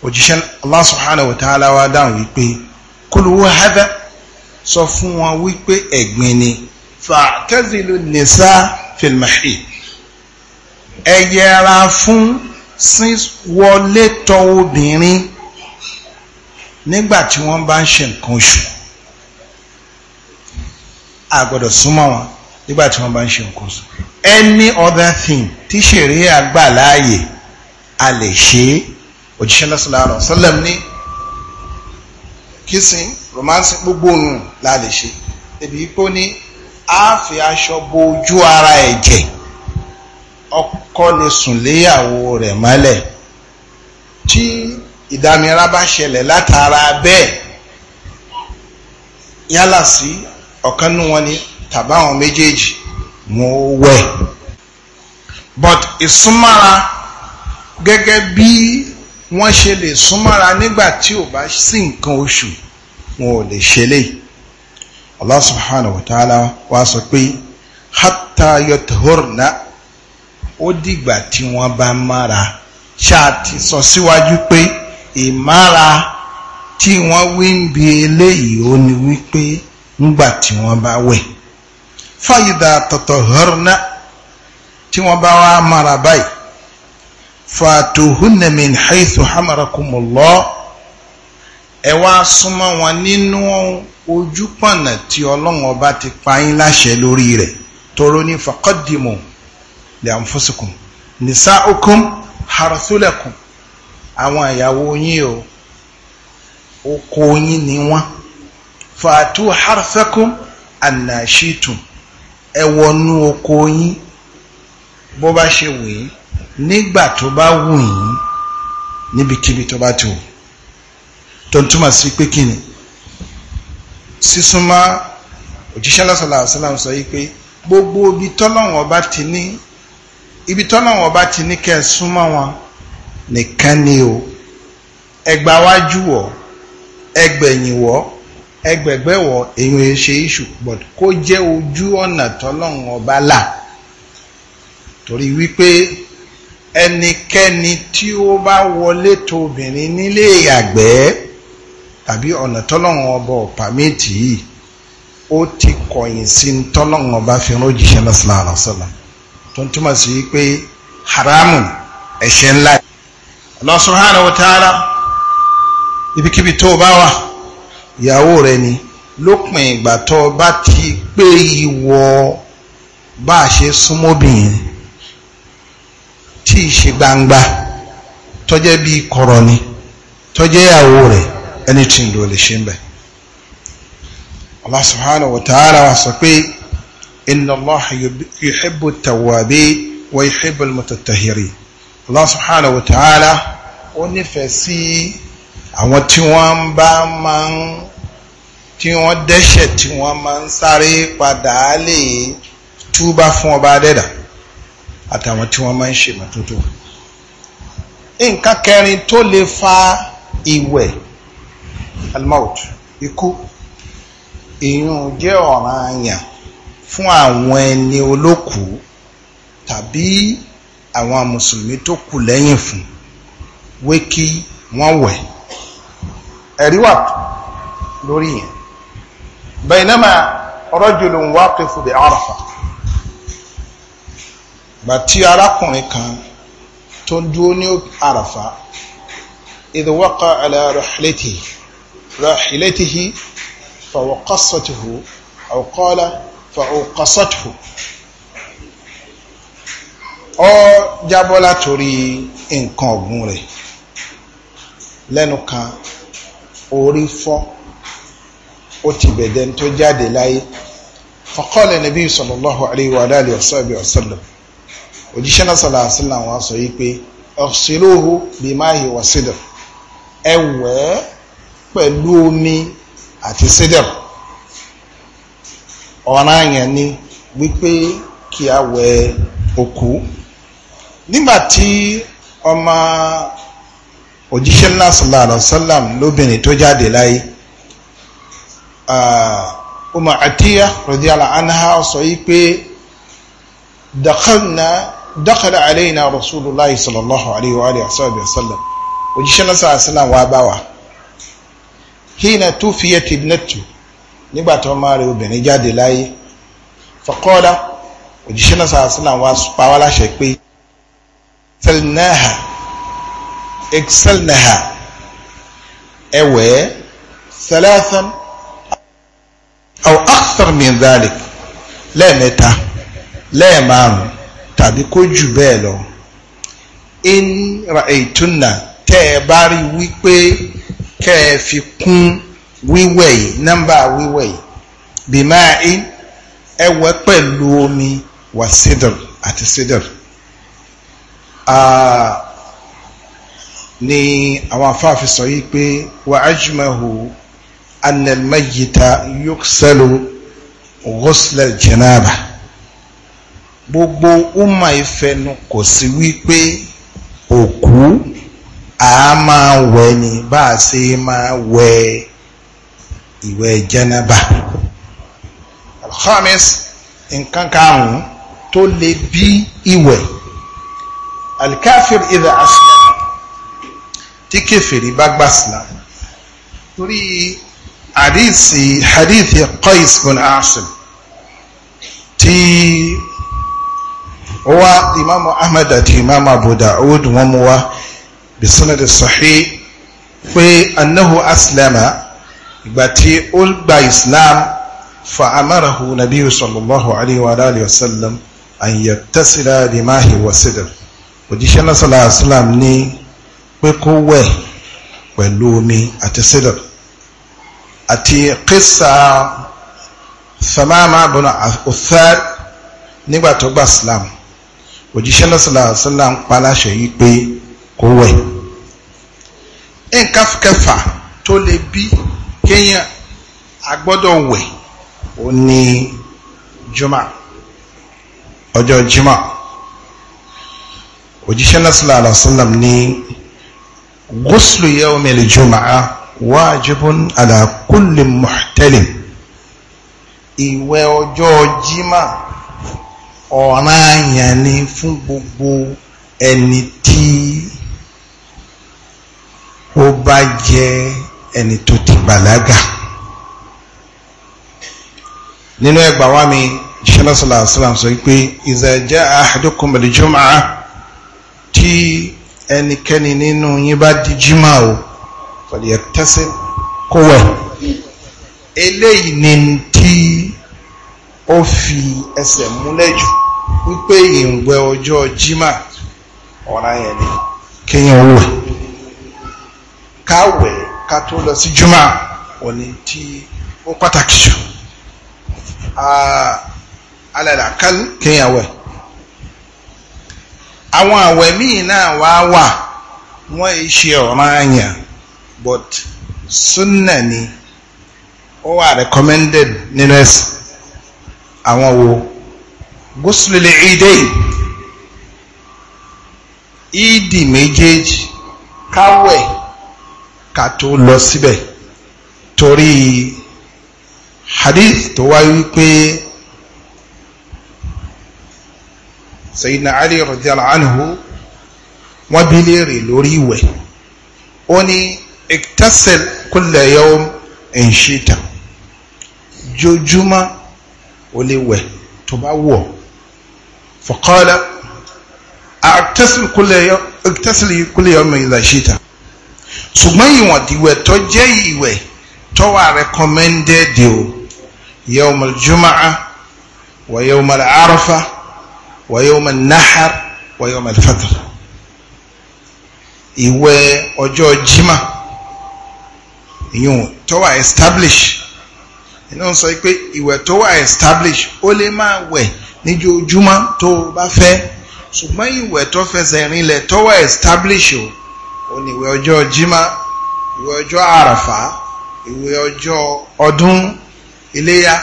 òjíṣẹ́ Allah subhanahu wa ta'ala wa dáhùn wípé kólówó hadha sọ fún wọn wípé ẹ̀gbin ni fa'tazilu nisa fil mahid ẹ yẹra fún sí wọlé tọ̀ obìnrin nígbà tí wọ́n bá ń ṣe nǹkan oṣù a gbọ́dọ̀ súnmọ́ wọn nígbà tí wọ́n bá ń ṣe nǹkan oṣù any other thing tí ṣẹ̀ríà gbà láàyè a lè ṣe é òjíṣẹ́ sallallahu alaihi wasallam ní kissing romance gbogbo òun la lè ṣe èbí pé ní a fi aṣọ bo ojú ara ẹ̀jẹ̀ ọkọ lè sùn léyàwó rẹ̀ mọ́lẹ̀ tí ìdánira bá ṣẹlẹ̀ látara bẹ́ẹ̀ yálà sí ọ̀kan nú wọn ni tàbáwọn méjèèjì wọn wẹ̀ but ìsúnmára gẹ́gẹ́ bí wọ́n ṣe lè súnmára nígbà tí ò bá sí nǹkan oṣù wọn ò lè ṣe léyìí Allah subhanahu wa ta'ala wa sọ pé hatta yothorna ó dìgbà tí wọ́n bá mára ṣáà ti sọ síwájú pé ìmára tí wọ́n wí ń bi eléyìí ó ní wípé ńgbà tí wọ́n bá wẹ̀ fàyídà tọ̀tọ̀ họ́rọ́nà tí wọ́n bá wá mara báyìí fàtòhúnà min haythu hamarakumullah ẹ wá súnmọ́ wọn nínú ojú pọ̀nà tí ọlọ́run ọba ti pa yín láṣẹ lórí rẹ̀ tóró ní faqaddimu li anfusikum nisa'ukum harsulakum àwọn ìyàwó yín o oko yín ni wọ́n fàtú harfẹ́kùn ànàṣìtùn ẹ wọnú oko yín bó bá ṣe wù yín nígbà tó bá wù yín níbikíbi tó bá ti wù tó ń túmọ̀ sí pé kíni sísúnmọ́ òjíṣẹ́ lọ́sọ̀lá àṣàlám sọ yìí pé gbogbo ibi tọ́lọ́wọ̀n ọba ti ní ibi tọ́lọ́wọ̀n ọba ti ní kẹ́ ẹ súnmọ́ wọn nìkan ni o ẹgbà wájú wọ ẹgbẹ̀yìn wọ ẹgbẹ̀gbẹ́ wọ èyàn ṣe iṣu but kó jẹ́ ojú ọ̀nà tọ́lọ́run ọba là torí wípé ẹnikẹ́ni tí ó bá wọlé tó obìnrin nílé ìyàgbẹ́ tàbí ọ̀nà tọ́lọ́run ọba ọ̀pàmẹ́tì yìí ó ti kọ̀yìn sí tọ́lọ́run ọba fi rán òjíṣẹ́ náà sílára sọ́la tó ń túmọ̀ sí wípé haramu ẹ̀ṣẹ̀ ńlá Allah subhanahu wa ta'ala ibikíbi tó o bá wà ìyàwó rẹ ni lópin ìgbà tó o bá ti pé ìwọ bá a ṣe súnmọ́bìnrin tí ì ṣe gbangba tọ́jẹ́ bíi kọ̀rọ̀ ni tọ́jẹ́ ìyàwó rẹ̀ ẹni tí ń lò lè ṣe ń bẹ̀. Allah subhanahu wa ta'ala wa sọ pé inna Allah yuhibbu tawwabi wa yuhibbu al-mutatahhirin. Allah subhanahu wa ta'ala ó nífẹ̀ẹ́ sí àwọn tí wọ́n bá máa ń tí wọ́n dẹ́ṣẹ̀ tí wọ́n máa ń sáré padà lè túbá fún ọba adẹ́dà àtàwọn tí wọ́n máa ń ṣe mọ́tótó nǹkan kẹrin tó lè fa ìwẹ̀ almaut ikú ìyún jẹ́ ọ̀ranyàn fún àwọn ẹni olókùú tàbí àwọn mùsùlùmí tó kù lẹ́yìn fún wé kí wọ́n wẹ̀ ẹ̀rí wà lórí yẹn bainama rajulun waqifu bi Arafa bàtí arákùnrin kan tó dúró ní Arafa idh waqa ala ọ jábọ́ látorí nǹkan ọ̀gùn rẹ̀ lẹ́nu kan orí fọ́ ó ti bẹ̀dẹ̀ tó jáde láyé faqala nabi sallallahu alayhi wa alihi wa sallam òjíṣẹ́ náà sọ̀lá àṣìlá wọn sọ yìí pé ọ̀ṣìlóhu bimahi wa sidr ẹ wẹ̀ ẹ́ pẹ̀lú omi àti sidr ọ̀ranyàn ni wípé kí a wẹ̀ òkú nígbàtí ọmọ òjíṣẹ́ ńlá sallallahu alaihi wasallam lóbìnrin tó jáde láyé ọmọ àtíyá radiyallahu anha sọ yí pé dakhala alayna rasulullahi sallallahu alaihi wa alihi wasallam òjíṣẹ́ ńlá sallallahu alaihi wasallam wá bá wa hina tufiyat ibnatu nígbàtí ọmọ rẹ̀ obìnrin jáde láyé faqala òjíṣẹ́ ńlá sallallahu alaihi pa wá láṣẹ pé tẹlinaha excelnaha ẹwẹ salasan aw akthar min dhalik lẹ́ẹ̀mẹ́ta lẹ́ẹ̀márùn tàbí kó jù bẹ́ẹ̀ lọ in ra'aytunna tẹ́ ẹ bá rí wípé kẹ́ ẹ fi kún wíwẹ̀ yìí omi wà sídìr àti sídìr ni àwọn afáàfin sọ yìí pé wà ájúmọ̀hù anàlmáyìta yóksẹ́lò ghusla janaba gbogbo umma ìfẹnu kò sí wípé òkú a máa wẹ̀ ni bá a ṣe máa wẹ̀ ìwẹ̀ janaba alhamis nǹkan karùn tó lè bí ìwẹ̀ alikafir idha aslam tí kèfèrí bá gba islam torí àdìsí hadithi qais bin asim tí wa imaamu ahmed àti imaamu abu da'ud wọ́n mú wá bisanadi sahih pé anahu aslama ìgbà tí ó gba islam fa amarahu nabiyu sallallahu alayhi wa sallam an yattasila limahi wa sidr òjíṣẹ́ lọ́sọ̀lá islam ní pé kó wẹ̀ pẹ̀lú omi àti sídọ̀ àti kísà Samama bùnà Uthad nígbà tó gba islam òjíṣẹ́ lọ́sọ̀lá islam paláṣẹ yìí pé kó wẹ̀ nǹkan kẹfà tó lè bí kéèyàn agbọ́dọ̀ wẹ̀ ó ní jùmọ̀ ọjọ́ jùmọ̀ òjíṣẹ́ lásìlá àlọ́sọ́làm ní gúúsùlù yawm al-jumu'ah wajibun ala kulli muhtalim ìwẹ̀ ọjọ́ jímà ọ̀ranyàn ni fún gbogbo ẹni tí ó bá jẹ́ ẹni tó ti bàlágà nínú ẹgbàá wa mi ṣẹlẹ sọlá sọlá sọ pé iza jaa ahadukum tí ẹnikẹ́ni nínú yín bá di jímà o kọ̀lì ẹ̀ tẹ́sẹ̀ kó wẹ̀ eléyìí ni tí ó fi ẹsẹ̀ múlẹ̀ jù wípé ìwẹ̀ ọjọ́ jímà ọ̀ràn yẹn ni kéèyàn wẹ̀ káwẹ̀ ká tó lọ sí jímà òní tí ó pàtàkì jù alẹ́ làkàlù kéèyàn wẹ̀ àwọn àwẹ̀ míì náà wá wà wọ́n ṣe ọ̀ranyàn but sunna ni ó wà recommended nínú ẹ̀sìn àwọn wo gúúsùlùlù ìdè ìdì méjèèjì káwẹ̀ ká tó lọ síbẹ̀ torí hadith tó wáyé wípé. Sayyidina Ali radiyallahu anhu wọ́n bi léèrè lórí ìwẹ̀ ó ní iktasil kulla yawm in shita jojúmọ́ ó lè wẹ̀ tó bá wọ̀ faqala iktasil kulla yawm iktasil kulla yawm in shita ṣùgbọ́n ìwọ̀n ìwẹ̀ tó jẹ́ ìwẹ̀ tó wà recommended o yawm al-jumu'ah wa yawm al-arafah wàyọ́mọ nahar wàyọ́mọ alifadr ìwẹ̀ ọjọ́ jimá ìyún tó wà establish iná sọ pé ìwẹ̀ tó wà establish ó lè máa wẹ̀ níjojúmọ́ tó o bá fẹ́ ṣùgbọ́n ìwẹ̀ tó fẹsẹ̀ rinlẹ̀ tó wà establish o ò ní ìwẹ̀ ọjọ́ jimá ìwẹ̀ ọjọ́ àràfà ìwẹ̀ ọjọ́ ọdún iléyà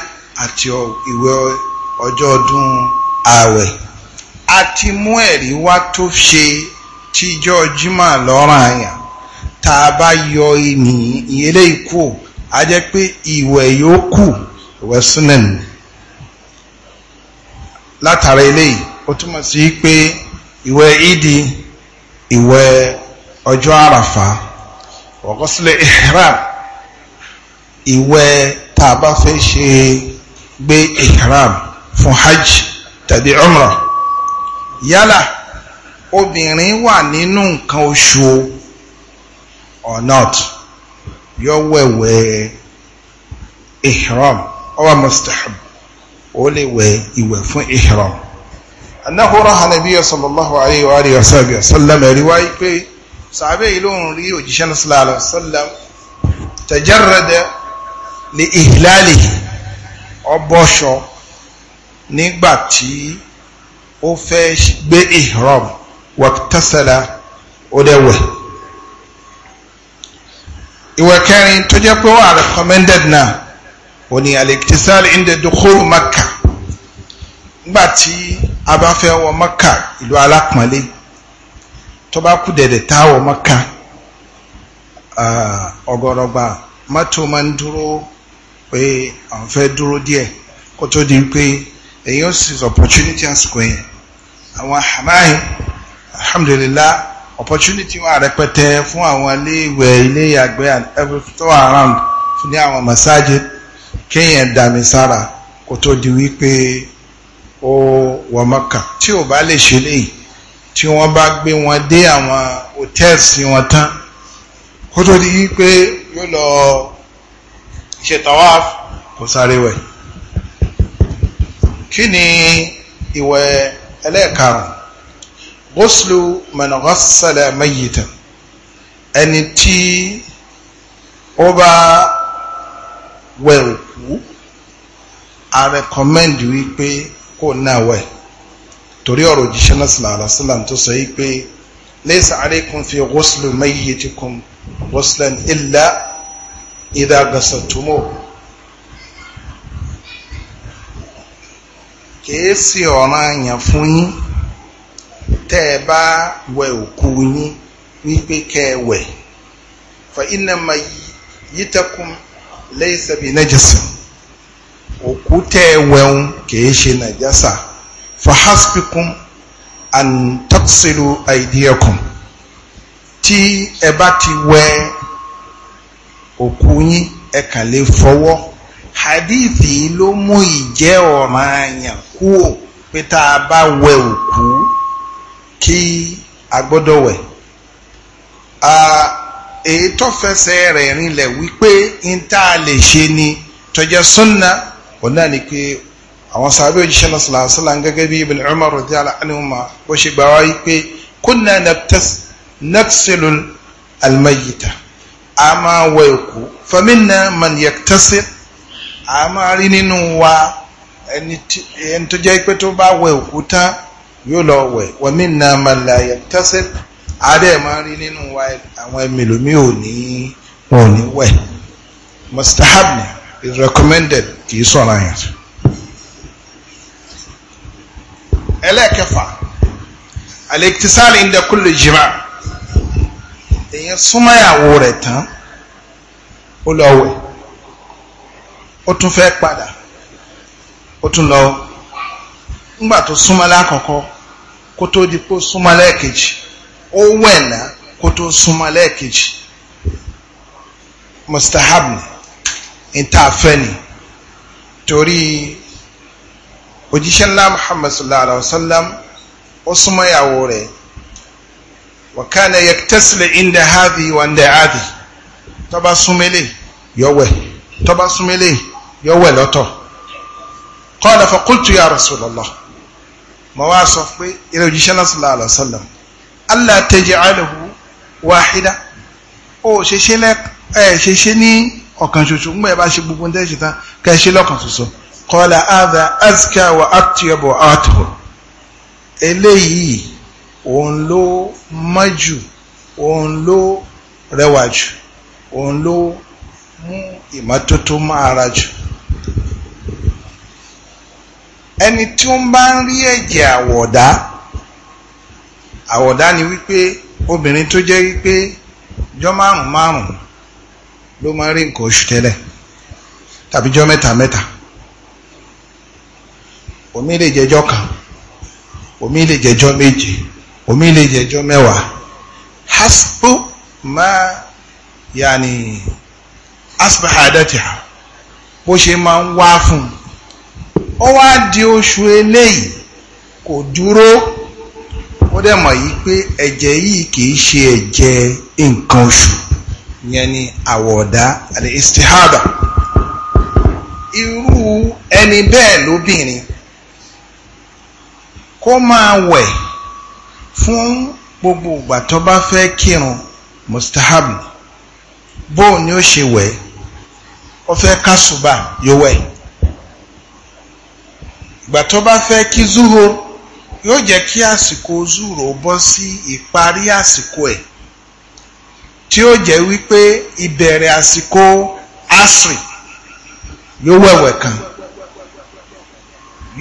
àti ìwẹ̀ ọjọ́ ọdún ààwẹ̀ a ti mú ẹ̀rí wá tó ṣe tíjọ́ jimá lọ́rùn àyàn tá a bá yọ ènìyàn ilé ikú a jẹ́ pé ìwẹ̀ yóò kù ìwẹ̀ sunan látara eléyìí ó túmọ̀ sí pé ìwẹ̀ ìdí ìwẹ̀ ọjọ́ àràfà ọ̀gọ́sílẹ̀ ihram ìwẹ̀ tá bá fẹ́ ṣe gbé ihram fún hajj tàbí umrah yálà obìnrin wà nínú nǹkan oṣù or not yọ wẹ̀wẹ̀ ihram ọwọ́ mustahab ó lè wẹ̀ ìwẹ̀ fún ihram annahu raha nabiyya sallallahu alayhi wa alihi wa sallam ẹ̀rí wáyé pé sàbẹ̀ yìí ló ń rí òjíṣẹ́ náà sallallahu sallam tajarrada li ihlalihi ọbọ̀ṣọ nígbà ó fẹ́ gbé ihram wàtásàlà ó dẹ̀ wẹ̀ ìwẹ̀ kẹrin tó jẹ́ pé ó wà recommended náà ó ní al-iktisal inda dukhul Makkah nígbà tí a bá fẹ́ wọ Makkah ìlú alápọ̀nlé tó bá kú dẹ̀dẹ̀ tá a wọ Makkah ọ̀gọ̀rọ̀gba mọ́tò máa ń dúró pé àwọn fẹ́ dúró díẹ̀ kó tó di pé èyí ó sì opportunity àsìkò yẹn àwọn hamahi alhamdulillah opportunity wà rẹpẹtẹ fún àwọn iléèwẹ̀ ilé ìyàgbẹ́ and everything tó around fún ní àwọn masajid kéèyàn dàmí sára kó tó di wípé ó wọ Mọ́kà tí ò bá lè ṣe léyìí tí wọ́n bá gbé wọn dé àwọn hotels wọn tán kó tó di wípé yóò lọ ṣe tawaf sáré wẹ̀ kí ni ìwẹ̀ ẹlẹ́ẹ̀karùn goslu man ghassala mayyitan ẹni tí ó bá wẹ̀ òkú a recommend wípé kó náà wẹ̀ torí ọ̀rọ̀ òjíṣẹ́ náà sallallahu alaihi wasallam tó sọ wípé laysa alaykum fi goslu mayyitikum goslan illa idha ghassaltumuhu kìí sí ọ̀ràn àyàn fún yín tẹ́ ẹ bá wẹ òkú yín wípé kẹ́ ẹ wẹ̀ fa innama yitakum laysa bi najasa òkú tẹ́ ẹ wẹ̀hún kìí ṣe nàjásà fa hasbikum an taksilu aidiyakum tí ẹ bá ti wẹ òkú yín ẹ kàn lè fọwọ́ hadithi ló mú ìjẹ́ ọ̀ràn àyàn kúò pé tá a bá wẹ òkú kí a gbọ́dọ̀ wẹ̀ èyí tó fẹsẹ̀ rẹ̀ rinlẹ̀ wípé n tá a lè ṣe ni tọ́jẹ́ sunna òun náà ni pé àwọn sàbí òjíṣẹ́ náà sàlàyé sàlàyé gẹ́gẹ́ bí ibn Umar radiyallahu anhuma bó ṣe gbà wáyé pé kunna naqsilu al-mayyita a máa wẹ̀ òkú faminna man a máa rí nínú wa ẹni tó jẹ́ pé tó bá wẹ òkú yóò lọ wẹ̀ wọ́mí na màláyà tẹ́sẹ̀ àárẹ̀ máa rí nínú wa àwọn ẹmẹlòmí ò ní ò ní wẹ̀ mustahab ni is recommended kì í sọ̀rọ̀ àyàn. ẹlẹ́ẹ̀kẹfà al-iktisal inda kulli jima èèyàn súnmọ́yàwó rẹ̀ tán ó lọ wẹ̀ ó tún fẹ́ padà ó tún lọ ńgbà tó súnmọ́lá àkọ́kọ́ kó tó di pé súnmọ́lá ẹ̀kejì ó wẹ̀nà kó tó súnmọ́lá ẹ̀kejì mustahab ni ntaafẹ́ ni torí òjíṣẹ́ ńlá muhammad sallallahu alayhi wa sallam ó súnmọ́ ìyàwó rẹ̀ wa kana yaktasili inda hadhi wa inda hadhi tó bá súnmẹ́lẹ̀ yọ̀wẹ̀ tó bá súnmẹ́lẹ̀ yọ̀wẹ̀ lọ́tọ̀ qala fa qultu ya rasulallah mo wá sọ pé eré òjíṣẹ́ náà sallallahu alaihi wasallam allah taj'alahu wahida ó ṣe ṣe lẹ ẹ ṣe ṣe ní ọ̀kan ṣoṣo ń gbẹ bá ṣe gbogbo ń tẹ̀sí tán kẹ ṣe lọ́kan ṣoṣo qala adha azka wa atyab wa atbu eléyìí òun ló mọ́jù òun ló rẹwà jù òun ló mú ìmọ́tótó máa ara jù ẹni tí ó ń bá ń rí ẹ̀jẹ̀ àwọ̀dá àwọ̀dá ni wípé obìnrin tó jẹ́ wípé jọ́ márùn márùn ló máa ń rí nǹkan oṣù tẹ́lẹ̀ tàbí jọ́ mẹ́ta mẹ́ta omi lè jẹjọ́ kan omi lè jẹjọ́ méje omi lè jẹjọ́ mẹ́wàá hasbu ma yaani asbahadatiha bó ṣe máa ń wá fún un ó wá di oṣù eléyìí kò dúró ó dẹ̀ mọ̀ yìí pé ẹ̀jẹ̀ yìí kìí ṣe ẹ̀jẹ̀ nǹkan oṣù yẹn ni àwọ̀dá al-istihada irú ẹni bẹ́ẹ̀ lóbìnrin kó máa wẹ̀ fún gbogbo ìgbà tó bá fẹ́ kírun mustahab bóun ni ó ṣe wẹ̀ ó fẹ́ kásùbà yóò wẹ̀ gbà tó bá fẹ́ kí zuhur yóò jẹ́ kí àsìkò zuhur ó bọ́ sí ìparí àsìkò ẹ̀ tí ó jẹ́ wípé ìbẹ̀rẹ̀ àsìkò asri yóò wẹ̀wẹ̀ kan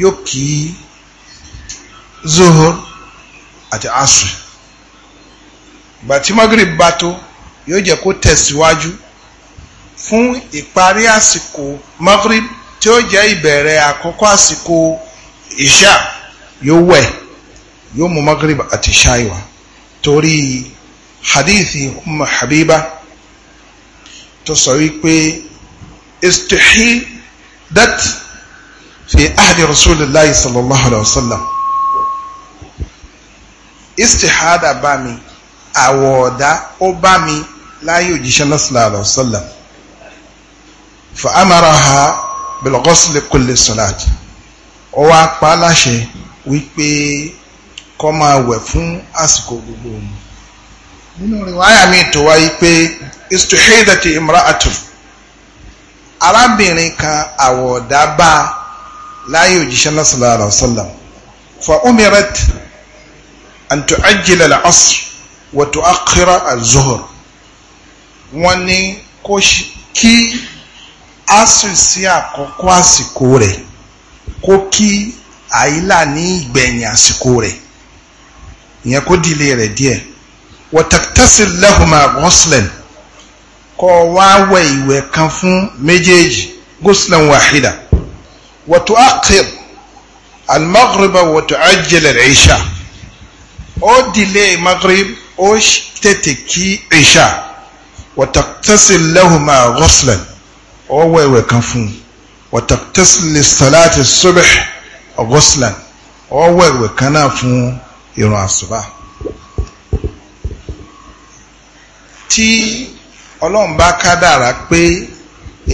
yóò kí zuhur àti asri gbà tí magrib bá tó yóò jẹ́ kó tẹ̀síwájú fún ìparí àsìkò magrib tí ó jẹ́ ìbẹ̀rẹ̀ àkọ́kọ́ àsìkò ìṣá yóò wẹ̀ yóò mú magrib àti ṣáìwá torí hadithi umu habiba tó sọ wípé istihidat fi ahdi rasulillahi sallallahu alaihi wasallam istihada bá mi àwọ̀ ọ̀dá ó bá mi láyé òjíṣẹ́ sallallahu alaihi wasallam fa amaraha bilogosile kule salati ó wá pa á láṣẹ wípé kọ́ máa wẹ̀ fún àsìkò gbogbo òun nínú rìwáyà mi tó wáyé pé istuhidati imra'atun arábìnrin kan àwọ̀dá bá láyé òjíṣẹ́ náà sallallahu alaihi fa umirat an tu'ajjila al-asr wa tu'akhkhira az-zuhr wọ́n ní asri sí àkọ́kọ́ àsìkò rẹ̀ kó kí àyílà ní ìgbẹ̀yìn àsìkò rẹ̀ ìyẹn kó dìlé rẹ̀ díẹ̀ wọ́tàkítẹ́sì lẹ́hùnmá gọ́sìlẹ̀n kọ́ wá wẹ̀ ìwẹ̀ kan fún méjèèjì gọ́sìlẹ̀n wàhídà wọ́tò àkìr almaghriba wọ́tò àjẹlẹ̀ ìṣà ó dìlé maghrib ó tètè kí ìṣà wọ́tàkítẹ́sì lẹ́hùnmá gọ́sìlẹ̀n ọwọ́ ẹ̀wẹ̀ kan fún un wọ́tàtẹ́sílẹ̀ sàláàtì sọ́bẹ̀ ọgọ́sìlán ọwọ́ ẹ̀wẹ̀ kan náà fún ìrun àsùbá. tí ọlọ́run bá kádàrá pé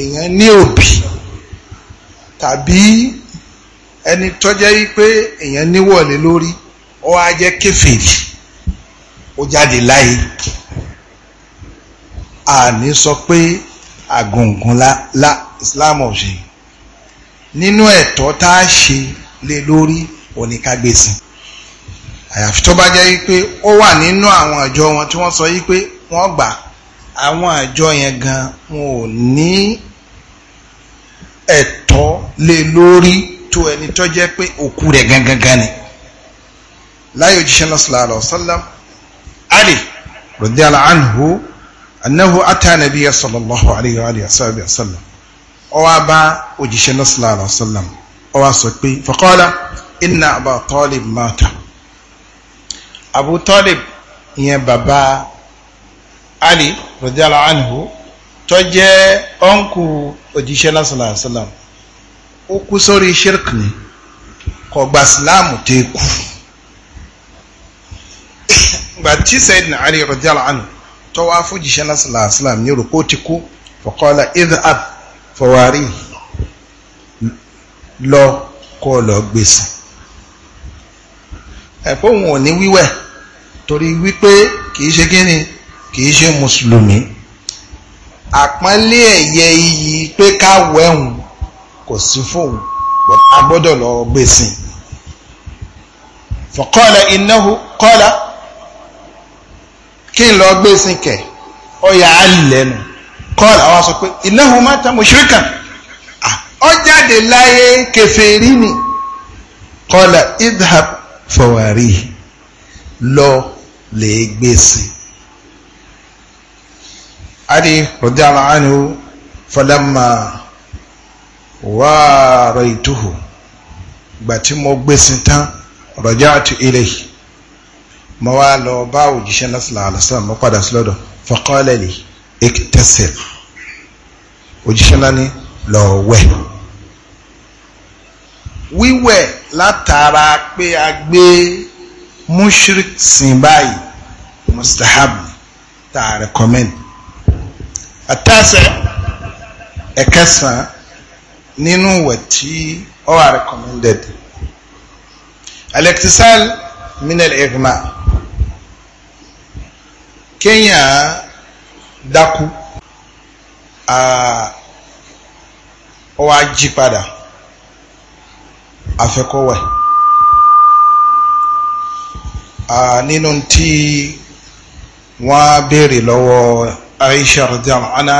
èèyàn ní òbí tàbí ẹni tọ́jẹ́ yí pé èèyàn níwọ̀lé lórí ó wá jẹ́ kèfèrí ó jáde láyé àní sọ pé àgùngùn la islam ò ṣe nínú ẹ̀tọ́ tá a ṣe lé lórí oníkágbèsì àyàfi tó bá jẹ́ wípé ó wà nínú àwọn àjọ wọn tí wọ́n sọ wípé wọ́n gbà àwọn àjọ yẹn gan wọn ò ní ẹ̀tọ́ lé lórí tó ẹni tó jẹ́ pé òkú rẹ̀ gangan gan ni láyé òjíṣẹ́ náà sallallahu alaihi wasallam Ali radiyallahu anhu annahu ata nabiyya sallallahu alayhi wa alihi wa sallam ó wá bá òjíṣẹ́ náà sallallahu alayhi wa sallam ó wá sọ pé faqala inna Aba Talib mata Abu Talib ìyẹn bàbá Ali radiyallahu anhu tó jẹ́ ọ̀nkù òjíṣẹ́ náà sallallahu alayhi wa sallam ó kú sórí shirk ni kò gba sílámù tó kú gbàtí Sayyidina Ali radiyallahu anhu tọ́wọ́ afújíṣẹ́ lásìlàsílàm ní rògbò ti kú fọ̀kọ́lá idhab fọwárí lọ kọ́ lọ gbèsè ẹ̀pọ̀ òun ò ní wíwẹ̀ torí wípé kìí ṣe kíni kìí ṣe mùsùlùmí àpọ́nlé ẹ̀yẹ iyì pé ká wẹ̀hùn kò sí fóun a lọ gbèsè fọ̀kọ́lá innahu kọ́lá kí n lọ gbé sin kẹ̀ ọyà á lẹ́nu kọ́ọ̀lù àwọn sọ pé ìnáwó máa ta mushrikan ọ jáde láyé kèfèrí ni kọ́ọ̀lù idhab fọwárì lọ lè gbé sin. adi rọ̀díàlá ánìwó fọlámà wàá rọ̀ ìtuhù gbàtí mo gbé sin tán rọ̀já àti ilé yìí mo wá lọ bá òjíṣẹ́ náà sallallahu alaihi wasallam mo padà sí lọ́dọ̀ faqala li iktasil òjíṣẹ́ náà ní lọ wẹ̀ wíwẹ̀ látara pé a gbé mushrik sìn báyìí mustahab tá a recommend àtàṣe ẹ̀kẹsàn-án nínú wẹ̀ tí ó wà recommended al minel ihma kéèyàn dákú ó wá jí padà a nínú tí wọ́n béèrè lọ́wọ́ Aisha radiyallahu ana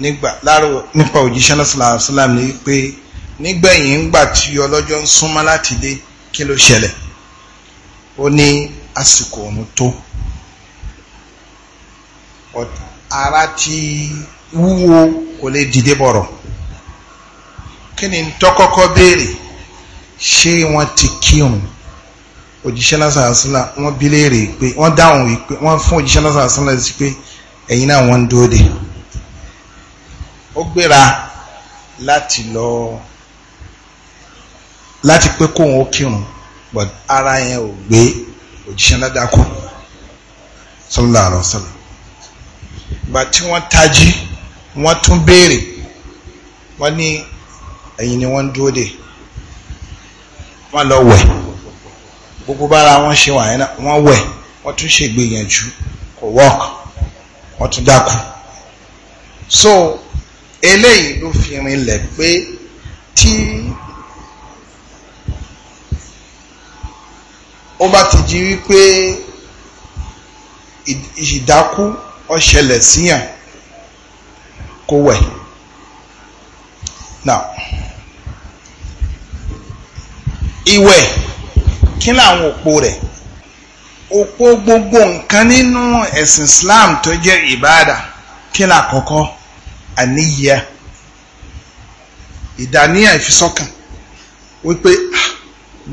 nígbà láàrọ̀ nípa òjíṣẹ́ lọ́sàlàsílàm ní pé nígbẹ̀yìn ń gbà tí ọlọ́jọ́ ń súnmọ́ láti kilo kí ó ní àsìkò òun tó ara ti wúwo kò lè dìde bọ̀rọ̀ kí ni tọ́kọ́kọ́ béèrè ṣé wọ́n ti kírun òjíṣẹ́ lásàásílà wọ́n bi léèrè pé wọ́n dáhùn wípé wọ́n fún òjíṣẹ́ lásàásílà sí pé ẹ̀yin náà wọ́n ń dóde ó gbéra láti lọ láti pé kóun ó kírun but ara yẹn ò gbé òjíṣẹ́ ládàá kù sallallahu alaihi wasallam ìgbà tí wọ́n tají wọ́n tún béèrè wọ́n ní ẹ̀yìn ni wọ́n ń dúró dè wọ́n lọ wẹ̀ gbogbo bára wọn ṣe wà yẹn náà wọ́n wẹ̀ wọ́n tún ṣègbìyànjú kò wọ́ọ̀kì wọ́n tún dákú so eléyìí ló fi rinlẹ̀ pé tí ó bá ti jí wípé ìdákú ó ṣẹlẹ̀ síyàn kó wẹ̀ now ìwẹ̀ kí làwọn òpó rẹ̀ òpó gbogbo nǹkan nínú ẹ̀sìn Islam tó jẹ́ ìbáàdà kí là kọ́kọ́ àníyà ìdáníyà ìfisọ́kàn wípé ah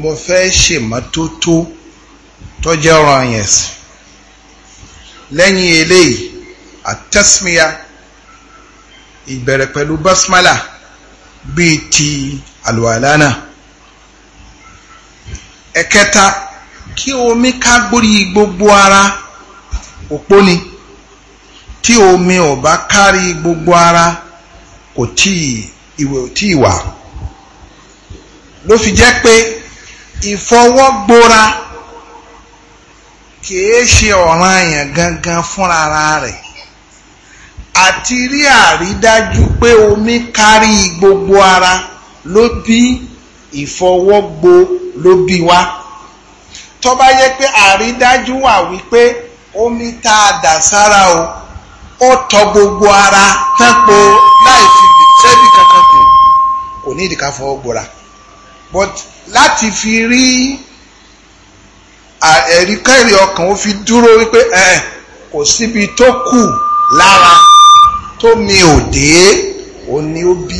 mo fẹ́ ṣèmọ́tótó tó jẹ́ ọ̀ràn àyẹ̀sìn lẹ́yìn eléyìí àtẹ́símíyà ìbẹ̀rẹ̀ pẹ̀lú basmala bíi ti àlùwàlánà ẹ̀kẹta kí omi ká gbórí gbogbo ara òpó ni tí omi ò bá kárí gbogbo ara kò tí ìwẹ̀ ò ló fi jẹ́ pé ìfọwọ́gbóra kìí ṣe ọ̀ràn àyàn gangan fúnra rẹ̀ àti rí àrídájú pé omi kárí gbogbo ara ló bí ìfọwọ́gbo ló bí wá tó bá yẹ pé àrídájú wà wípé omi tá a dà sára o ó tọ gbogbo ara tán po láì fi sẹ́bì kankan kù kò ní ìdíkà fọwọ́ gbóra but láti fi rí ẹ̀rí kẹ́rì ọkàn ó fi dúró wípé ẹ̀ kò síbi tó kù lára tó mi ò dé ó ní ó bí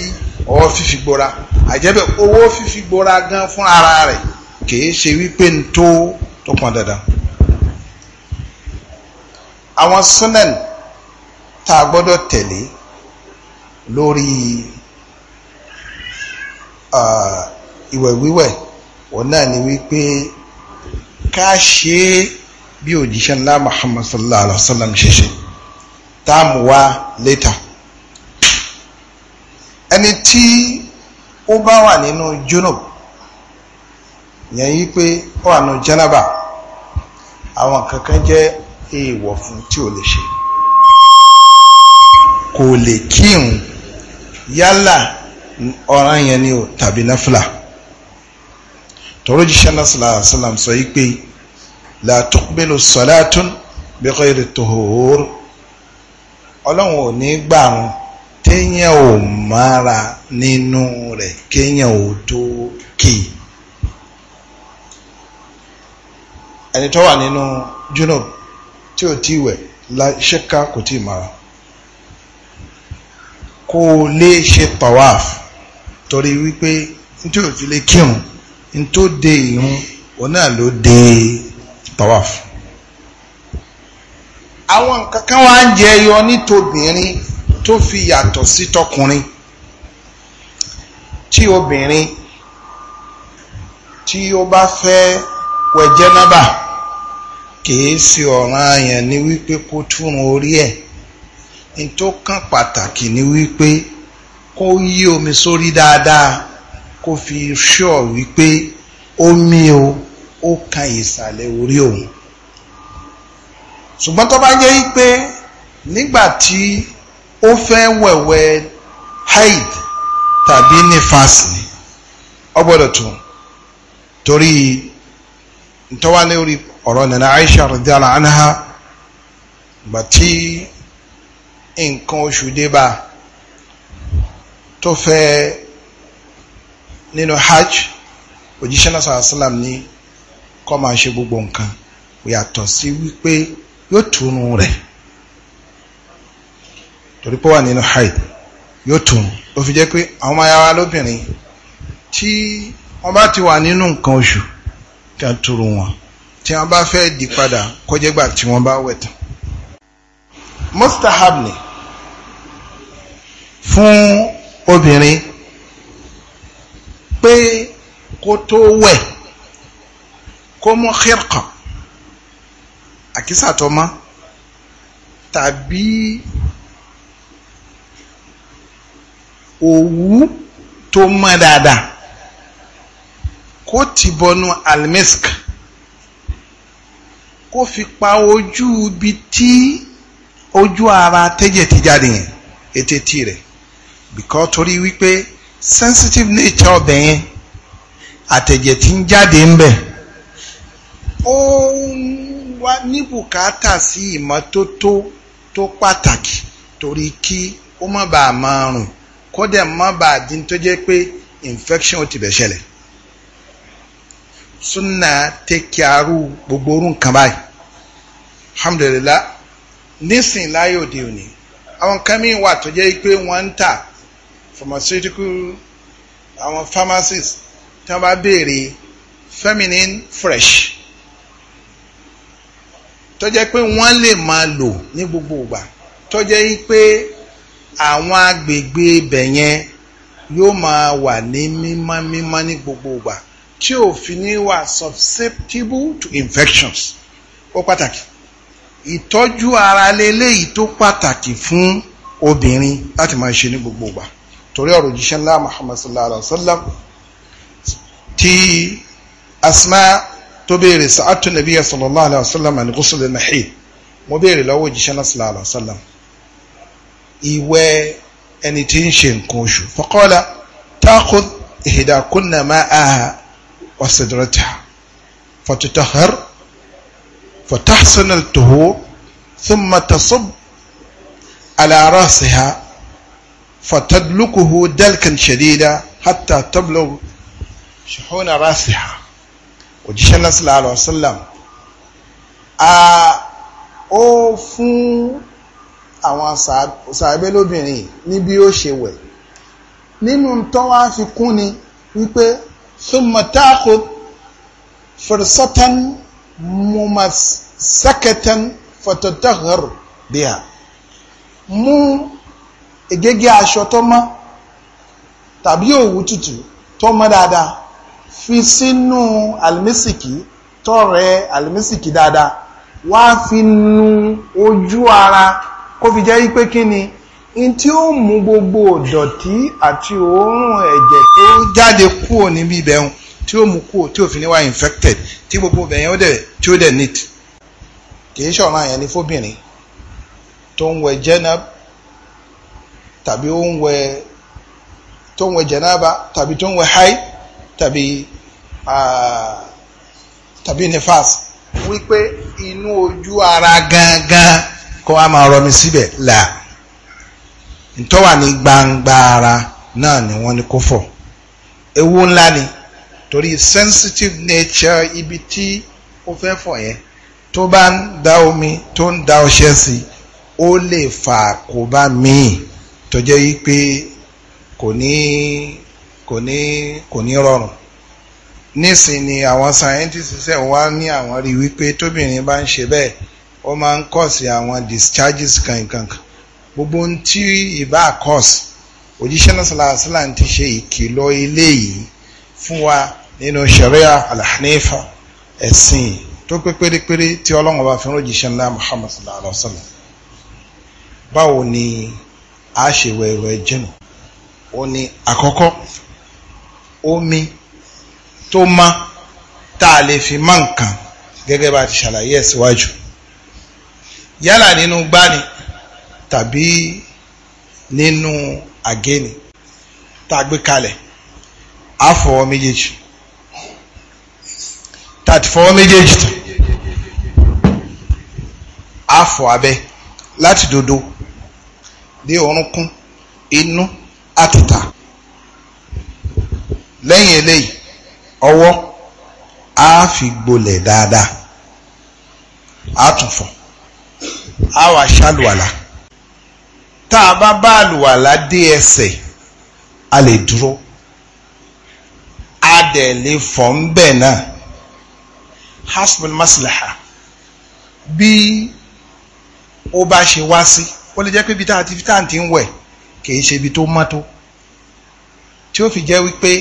ọwọ́ fífi gbora àjẹ́bẹ̀ owó fífi gbora gan fún ara rẹ̀ kìí ṣe wípé n tó tó pọn dandan. àwọn sunan tá a gbọ́dọ̀ tẹ̀lé lórí. Uh, ìwẹ̀ wíwẹ̀ òun náà ni wípé ká ṣe é bí òjíṣẹ́ ńlá Muhammad sallallahu alaihi wa sallam ṣe ṣe táàmù wa létà ẹni tí ó bá wà nínú junub yẹn yí pé ó wà nínú janaba àwọn kankan jẹ́ èèwọ̀ fún tí ò lè ṣe kò lè kírun yálà ọ̀ranyàn ni o tàbí náfìlà tọ́rọ jíṣẹ́ náà sàlá sàlám sọ yìí pé la tuqbilu salatun bi ghayri tuhur ọlọ́run ò ní gbàrún téèyàn ò mára nínú rẹ̀ kéèyàn ò tó kì í ẹni tó wà nínú junub tí ò tí wẹ̀ la kò tí mara kó o lè ṣe tawaf torí wípé tí ò fi lè kírun n tó de irun òun náà ló de tawaf àwọn nǹkan kan wá ń jẹyọ nítòbìnrin tó fi yàtọ̀ sí tọkùnrin tí obìnrin tí ó bá fẹ́ wẹ̀ jẹ́nàbà kìí sí ọ̀ràn àyàn ní wípé kó túrun orí ẹ̀ ní tó kàn pàtàkì ní wípé kó yí omi sórí dáadáa kó fi ṣọ́ wípé omi o ó ka ìsàlẹ̀ orí òun ṣùgbọ́n tó bá jẹ́ wípé nígbàtí tí ó fẹ́ wẹ̀wẹ̀ haid tàbí nifas ni ó gbọ́dọ̀ tún torí ntọ́wálé orí ọ̀rọ̀ nana Aisha radiyallahu anha gbà tí nǹkan oṣù dé bá tó fẹ́ nínú hajj òjíṣẹ́ náà sọ̀rọ̀ sálàm ní kọ́ máa ṣe gbogbo nǹkan yàtọ̀ sí wípé yóò túnú rẹ̀ torí pé wà nínú hajj yóò túnú ló fi jẹ́ pé àwọn ọmọ ayáwa lóbìnrin tí wọ́n bá ti wà nínú nǹkan oṣù kí wọ́n túrú wọn tí wọ́n bá fẹ́ di padà kọjẹ́gbà tí wọ́n bá wẹ̀ tán. mustahab ni fún obìnrin pé kó tó wẹ̀ kó mú xírkà àkísà tó mọ́ tàbí òwú tó mọ́ dáadáa kó ti bọnú almisk kó fi pa ojú ibi tí ojú ara tẹ́jẹ̀ ti jáde yẹn ètè tí rẹ̀ bìkọ́ torí wípé sensitive nature ọbẹ̀ yẹn àtẹ̀jẹ̀ tí ń jáde ń bẹ̀ ó wá ní bùkátà sí ìmọ́tótó tó pàtàkì torí kí ó má bàa máa rùn kódà má bàa dín tó infection ó ti bẹ̀ ṣẹlẹ̀ súnà tẹ́kí arú gbogbo orú nǹkan báyìí alhamdulillah nísìnyí láyé òde òní àwọn kan wà tó jẹ́ pé pharmaceutical àwọn pharmacies, tí wọ́n bá béèrè feminine fresh tó jẹ́ pé wọ́n lè máa lò ní gbogbo ìgbà tó jẹ́ pé àwọn agbègbè ibẹ̀ yẹn yóò máa wà ní mímọ́ mímọ́ ní gbogbo ìgbà tí ò fi ní wà susceptible to infections ó pàtàkì ìtọ́jú ara lélẹ́yìí tó pàtàkì fún obìnrin láti máa ṣe ní gbogbo ìgbà. torí ọ̀rọ̀ òjíṣẹ́ ńlá muhammad sallallahu alaihi wa sallam ti asma tó béèrè sa'atu nabiya sallallahu alaihi wa sallam àni ghusl al-mahid mo béèrè lọ́wọ́ òjíṣẹ́ ńlá sallallahu alaihi wa sallam ìwẹ̀ ẹni tí ń ṣe nǹkan oṣù faqala ta'khudh ihdakunna ma'aha wa sidrataha fatutahhar fatahsin al-tuhur thumma tasub ala ra'siha فتدلكه دلكا شديدا حتى تبلغ شحون راسها òjíṣẹ́ náà sílá àrọ̀ sílám a ó fún àwọn sàábé lóbìnrin ní bí ó ṣe wẹ̀ nínú tó wá fi kún ni wípé thumma ta'khud fursatan mumasakatan fatatahhar biha mú Egege aṣọ tó mọ́ tàbí òwú tútù tó mọ́ dáadáa fi sínú àlùmísìkì tọ́rẹ àlùmísìkì dáadáa wá fi nu ojú ara kó fi jẹ́ wípé kí ni in tí ó mú gbogbo ìdọ̀tí àti òórùn ẹ̀jẹ̀ tó jáde kúrò níbi ìbẹ̀rùn tí ó mú kúrò tí ò fi níwá infected tí gbogbo ìbẹ̀yẹn ó dẹ̀ tí ó dẹ̀ neat kìí ṣọ̀ràn àyẹ̀ ní fóbìnrin tó ń wẹ̀ jẹ́nab tàbí ó ń wẹ̀ tó ń wẹ̀ jẹ̀náàbà tàbí tó ń wẹ̀ háì tàbí tàbí nefas wípé inú ojú ara gangan kó a máa rọmi síbẹ̀ là ntọ́wà ní gbangba ara náà ni wọ́n ní kó fọ̀ ewu ńlá ni torí sensitive nature ibi tí ó fẹ́ fọ̀ yẹn tó bá ń da omi tó ń da ọṣẹ sí ó lè fà kó míì tó jẹ́ yí pé kò ní kò ní kò ní rọrùn nísìn ni àwọn scientists ẹ̀ wá ní àwọn rí wípé tóbìnrin bá ń ṣe bẹ́ẹ̀ ó máa ń cause àwọn discharges kankan gbogbo ohun tí ìbá cause òjíṣẹ́ náà sàlàsílà ti ṣe ìkìlọ̀ ilé yìí fún wa nínú sharia alhanifa ẹ̀sìn tó pé pérépéré tí ọlọ́run bá fẹ́ràn òjíṣẹ́ ńlá muhammad sallallahu alaihi wa sallam báwo ni a ṣe wẹ̀rọ ẹ̀jìnà ó ní àkọ́kọ́ omi tó má tá a lè fi má nǹkan gẹ́gẹ́ bá ti ṣàlàyé ẹ̀ síwájú yálà nínú gbani tàbí nínú àgéni tá a gbé kalẹ̀ á fọwọ́ méjèèjì tàti fọwọ́ méjèèjì tán á fọ abẹ́ láti dodo dé orúnkún inú àtìtà lẹ́yìn eléyìí ọwọ́ á fi gbolẹ̀ dáadáa á tún fọ̀ á wá ṣàlùwàlà tá a bá bá àlùwàlà dé ẹsẹ̀ a lè dúró a dẹ̀ lè fọ̀ ń bẹ̀ náà hasbul maslaha bí ó bá ṣe wá sí. Si ó lè jẹ́ pé ibi tá a ti fi táǹtì ń wẹ̀ kìí ṣe ibi tó mọ́tó tí ó fi jẹ́ wípé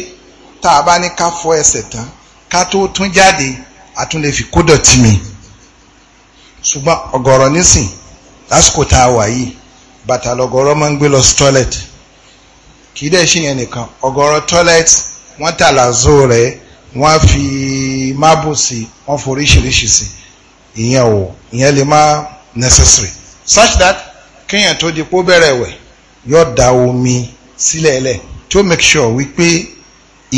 tá a bá ní ká fọ ẹsẹ̀ tán ká tó tún jáde a tún lè fi kó dọ̀tí mi ṣùgbọ́n ọ̀gọ̀rọ̀ nísìn lásìkò tá a wà yìí bàtà lọ̀gọ̀rọ̀ máa ń gbé lọ sí toilet kì í dẹ̀ ṣe yẹn nìkan ọ̀gọ̀rọ̀ toilet wọ́n tà làzó rẹ̀ wọ́n fi máàbù sí wọ́n foríṣiríṣi sí ìyẹn ò ìyẹn lè má necessary such that kéèyàn tó di pó bẹ̀rẹ̀ wẹ̀ da omi sílẹ̀ tó make wípé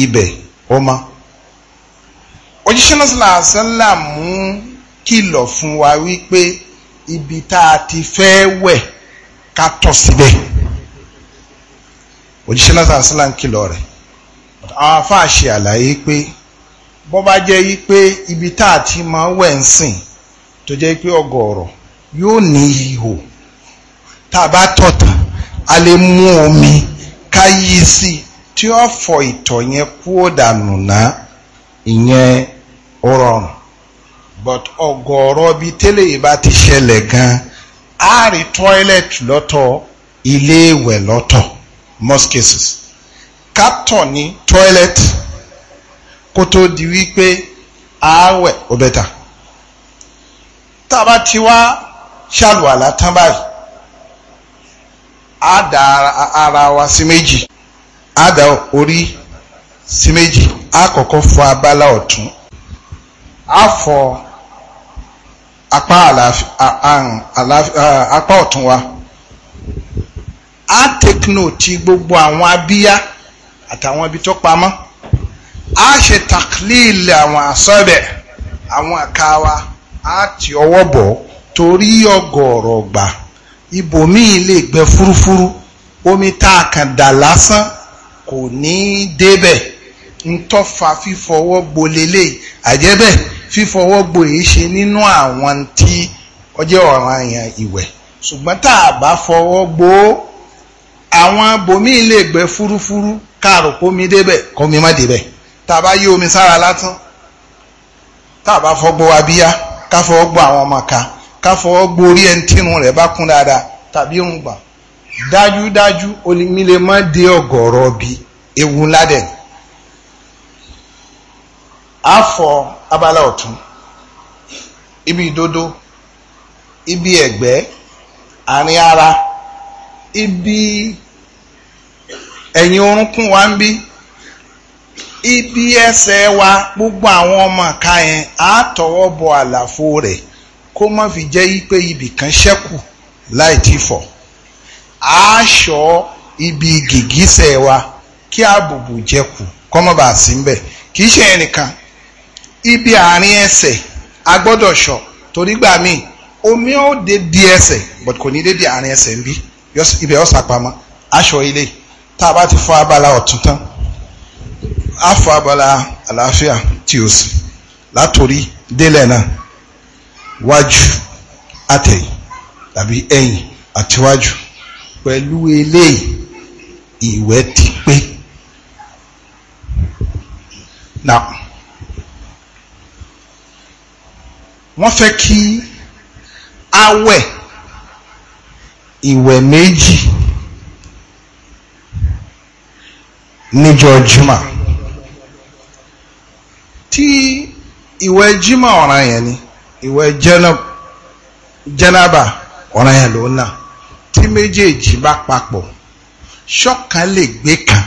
ibẹ̀ ọmọ mọ́. òjíṣẹ́ mú kìlọ̀ fún wa wípé ibi tá a ti fẹ́ wẹ̀ ká tọ̀ síbẹ̀ ń kìlọ̀ àlàyé pé bọ́ bá jẹ́ ibi tá a ti máa wẹ̀ ń pé yóò ní ihò. tá a bá tọ̀ tán a lè mú omi ká yí sí tí ó fọ ìtọ̀ yẹn kúrò dànù ná ìyẹn ó rọrùn but ọ̀gọ̀ọ̀rọ̀ bíi tẹ́lẹ̀ yìí bá ti ṣẹlẹ̀ gan-an á rí toilet lọ́tọ̀ ilé ìwẹ̀ lọ́tọ̀ most cases captor ní toilet kó tó di wípé ààwẹ̀ ó bẹ̀tà tá a bá ti wá ṣàlùwàlá tán báyìí á da ara wa sí méjì á da orí sí méjì á kọ́kọ́ fọ abala ọ̀tún a fọ apá apá ọ̀tún wa a take note gbogbo àwọn abíyá àtàwọn ibi tó pamọ́ á ṣe taklil àwọn àsọ́bẹ̀ àwọn àka wa á ti ọwọ́ bọ̀ torí ọgọ̀ọ̀rọ̀ gbà ibòmíì lè gbẹ fúrúfúrú omi tá a kàn dà lásán kò ní í débẹ̀ ntọ́fà fífọwọ́ gbolélé àjẹ́bẹ̀ fífọwọ́ gbo èyí ṣe nínú àwọn tí ọjọ́ ọ̀ràn àyàn ìwẹ̀ ṣùgbọ́n tá a bá fọwọ́ gbo àwọn bòmíì lè gbẹ fúrúfúrú káàrò kómi débẹ̀ kómi má débẹ̀ tá a bá yí omi sára látán tá a bá fọgbọ́ abíyá ká fọwọ́ gbo àwọn ọmọ kan ká fọwọ́ gborí ẹni tírun rẹ̀ bá kún dáadáa tàbí òǹgbà dájúdájú omi lè má dé ọ̀gọ̀rọ̀ bí ewu ńlá dẹ̀ àfọ abala ọ̀tún ibi ìdodo ibi ẹ̀gbẹ́ àárín ara ibi ẹ̀yìn orúnkún wa ń bí ibi ẹsẹ̀ wa gbogbo àwọn ọmọ ká yẹn á bọ àlàfo rẹ̀ kó má fi jẹ́ pé ibì kan ṣẹ́kù láì tí fọ̀ aṣọ ibi gìgísẹ̀ wa kí àbùbù jẹkù kó má bàa sí mbẹ̀ kì í ṣe ẹnìkan ibi àárín ẹsẹ̀ a gbọ́dọ̀ ṣọ torí gbà míì omi ó dé di ẹsẹ̀ but kò ní dé di àárín ẹsẹ̀ ń bí ibẹ̀ ọ̀sà pamọ́ aṣọ ilé tá a bá ti fọ abala ọ̀tún tán a fọ abala àlàáfíà tí o sì látòrí délẹ̀ náà wájú àtẹ̀yìn tàbí ẹ̀yìn àtiwájú pẹ̀lú eléyìí ìwẹ̀ ti pé. Now, wọ́n fẹ́ kí awẹ̀ ìwẹ̀ méjì níjọ́ jimá tí ìwẹ̀ jimá ọ̀ràn yẹn ni ìwẹ̀ jẹ́nàbà ọ̀ràn yẹn lòun náà tí méjèèjì bá papọ̀ ṣọ́kan lè gbé kan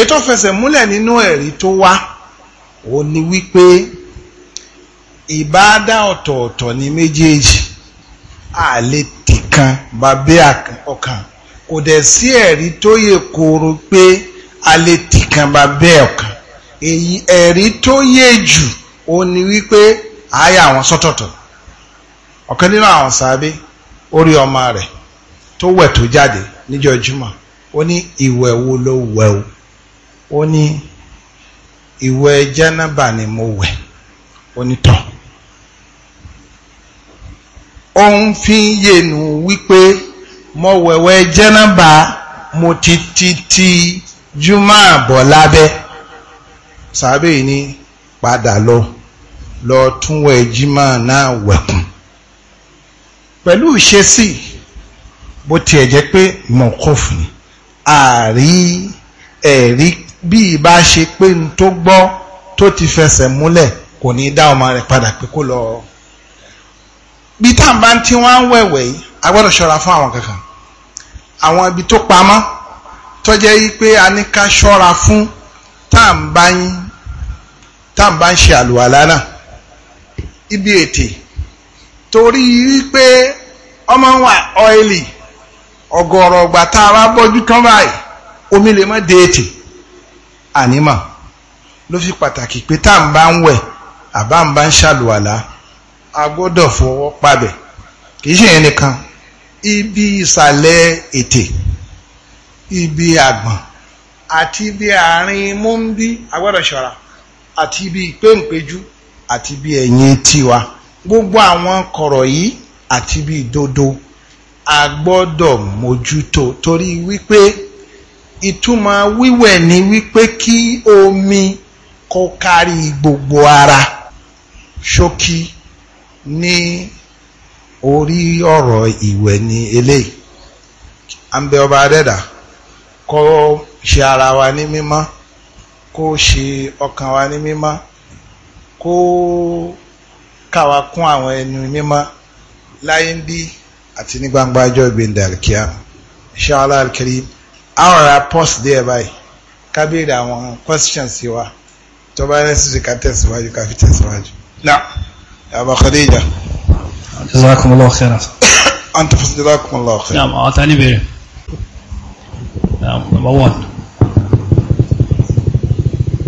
ètò fẹsẹ̀ múlẹ̀ nínú ẹ̀rí tó wá ó ní wípé ìbáadá ọ̀tọ̀ọ̀tọ̀ ní méjèèjì àlè tìkan bàbá ọ̀kan kò dẹ̀ sí ẹ̀rí tó yẹ kóró pé àlè tìkan bàbá ọ̀kan èyí ẹ̀rí tó yẹ jù ó ní wípé àáyà àwọn sọ́tọ̀tọ̀ ọ̀kan nínú àwọn sábẹ́ orí ọmọ rẹ̀ tó wẹ̀ tó jáde níjọ́ jùmọ̀ ó ní ìwẹ̀ wo ló wẹ̀ o ó ní ìwẹ̀ jẹ́nàbà ni mo wẹ̀ ó ní tọ̀ ó ń fi yẹnu wípé mo wẹ̀wẹ̀ jẹ́nàbà mo ti ti ti jùmọ̀ àbọ̀ lábẹ́ sàbẹ̀ yìí padà lọ lọ tún wẹ̀ jímọ̀ náà wẹ̀kùn pẹ̀lú ìṣesí bó tiẹ̀ jẹ́ pé mọ̀kọ́fù ni ààrí ẹ̀rí bí ìbá ṣe pé n tó gbọ́ tó ti fẹsẹ̀ múlẹ̀ kò ní dá ọmọ rẹ̀ padà pé kó lọ. bí tá à ń bá ń wẹ̀wẹ̀ yìí a gbọ́dọ̀ ṣọ́ra fún àwọn kankan àwọn ibi tó pamọ́ tó jẹ́ pé a ní ká ṣọ́ra fún tá à ń ń ṣe àlùwàlá náà ibi ètè torí wípé ọmọ wa ọ́ìlì ọ̀gọ̀rọ̀ ọgbà tá a bá bọ́jú tán báyìí omi lè má dé ètè ànímọ̀ ló fi pàtàkì pé tá à ń bá ń wẹ̀ àbá ń bá ń ṣàlùwàlá a gbọ́dọ̀ fọwọ́ pabẹ̀ kì í ṣe yẹn nìkan ibi ìsàlẹ̀ ètè ibi àgbọ̀n àti ibi àárín mọ́ńbí a gbọ́dọ̀ ṣọ́ra àti ibi ìpéǹpéjú àti bí ẹ̀yìn tiwa gbogbo àwọn kọ̀rọ̀ yìí àti bí dodo a gbọ́dọ̀ mójútó torí wípé ìtumọ̀ wíwẹ̀ ni wípé kí omi kó kárí gbogbo ara ṣókí ní orí ọ̀rọ̀ ìwẹ̀ ni eléyìí à ń bẹ ọba adẹ́dà kó ṣe ara wa ní mímọ́ kó ṣe ọkàn wa ní mímọ́ kó káwa kún àwọn ẹni mímọ́ láyé ń bí àti ní gbangba ọjọ́ ìgbéǹda àlùkíá ṣáàlá àlùkírí àwọn ará pọ́s díẹ̀ báyìí ká béèrè àwọn questions sí wa tó bá rẹ̀ sísè ká tẹ̀síwájú ká fi tẹ̀síwájú. na Abu Khadija. jazakumullahu khairan. anta jazakumullahu khairan. naam àwọn tani béèrè. naam number one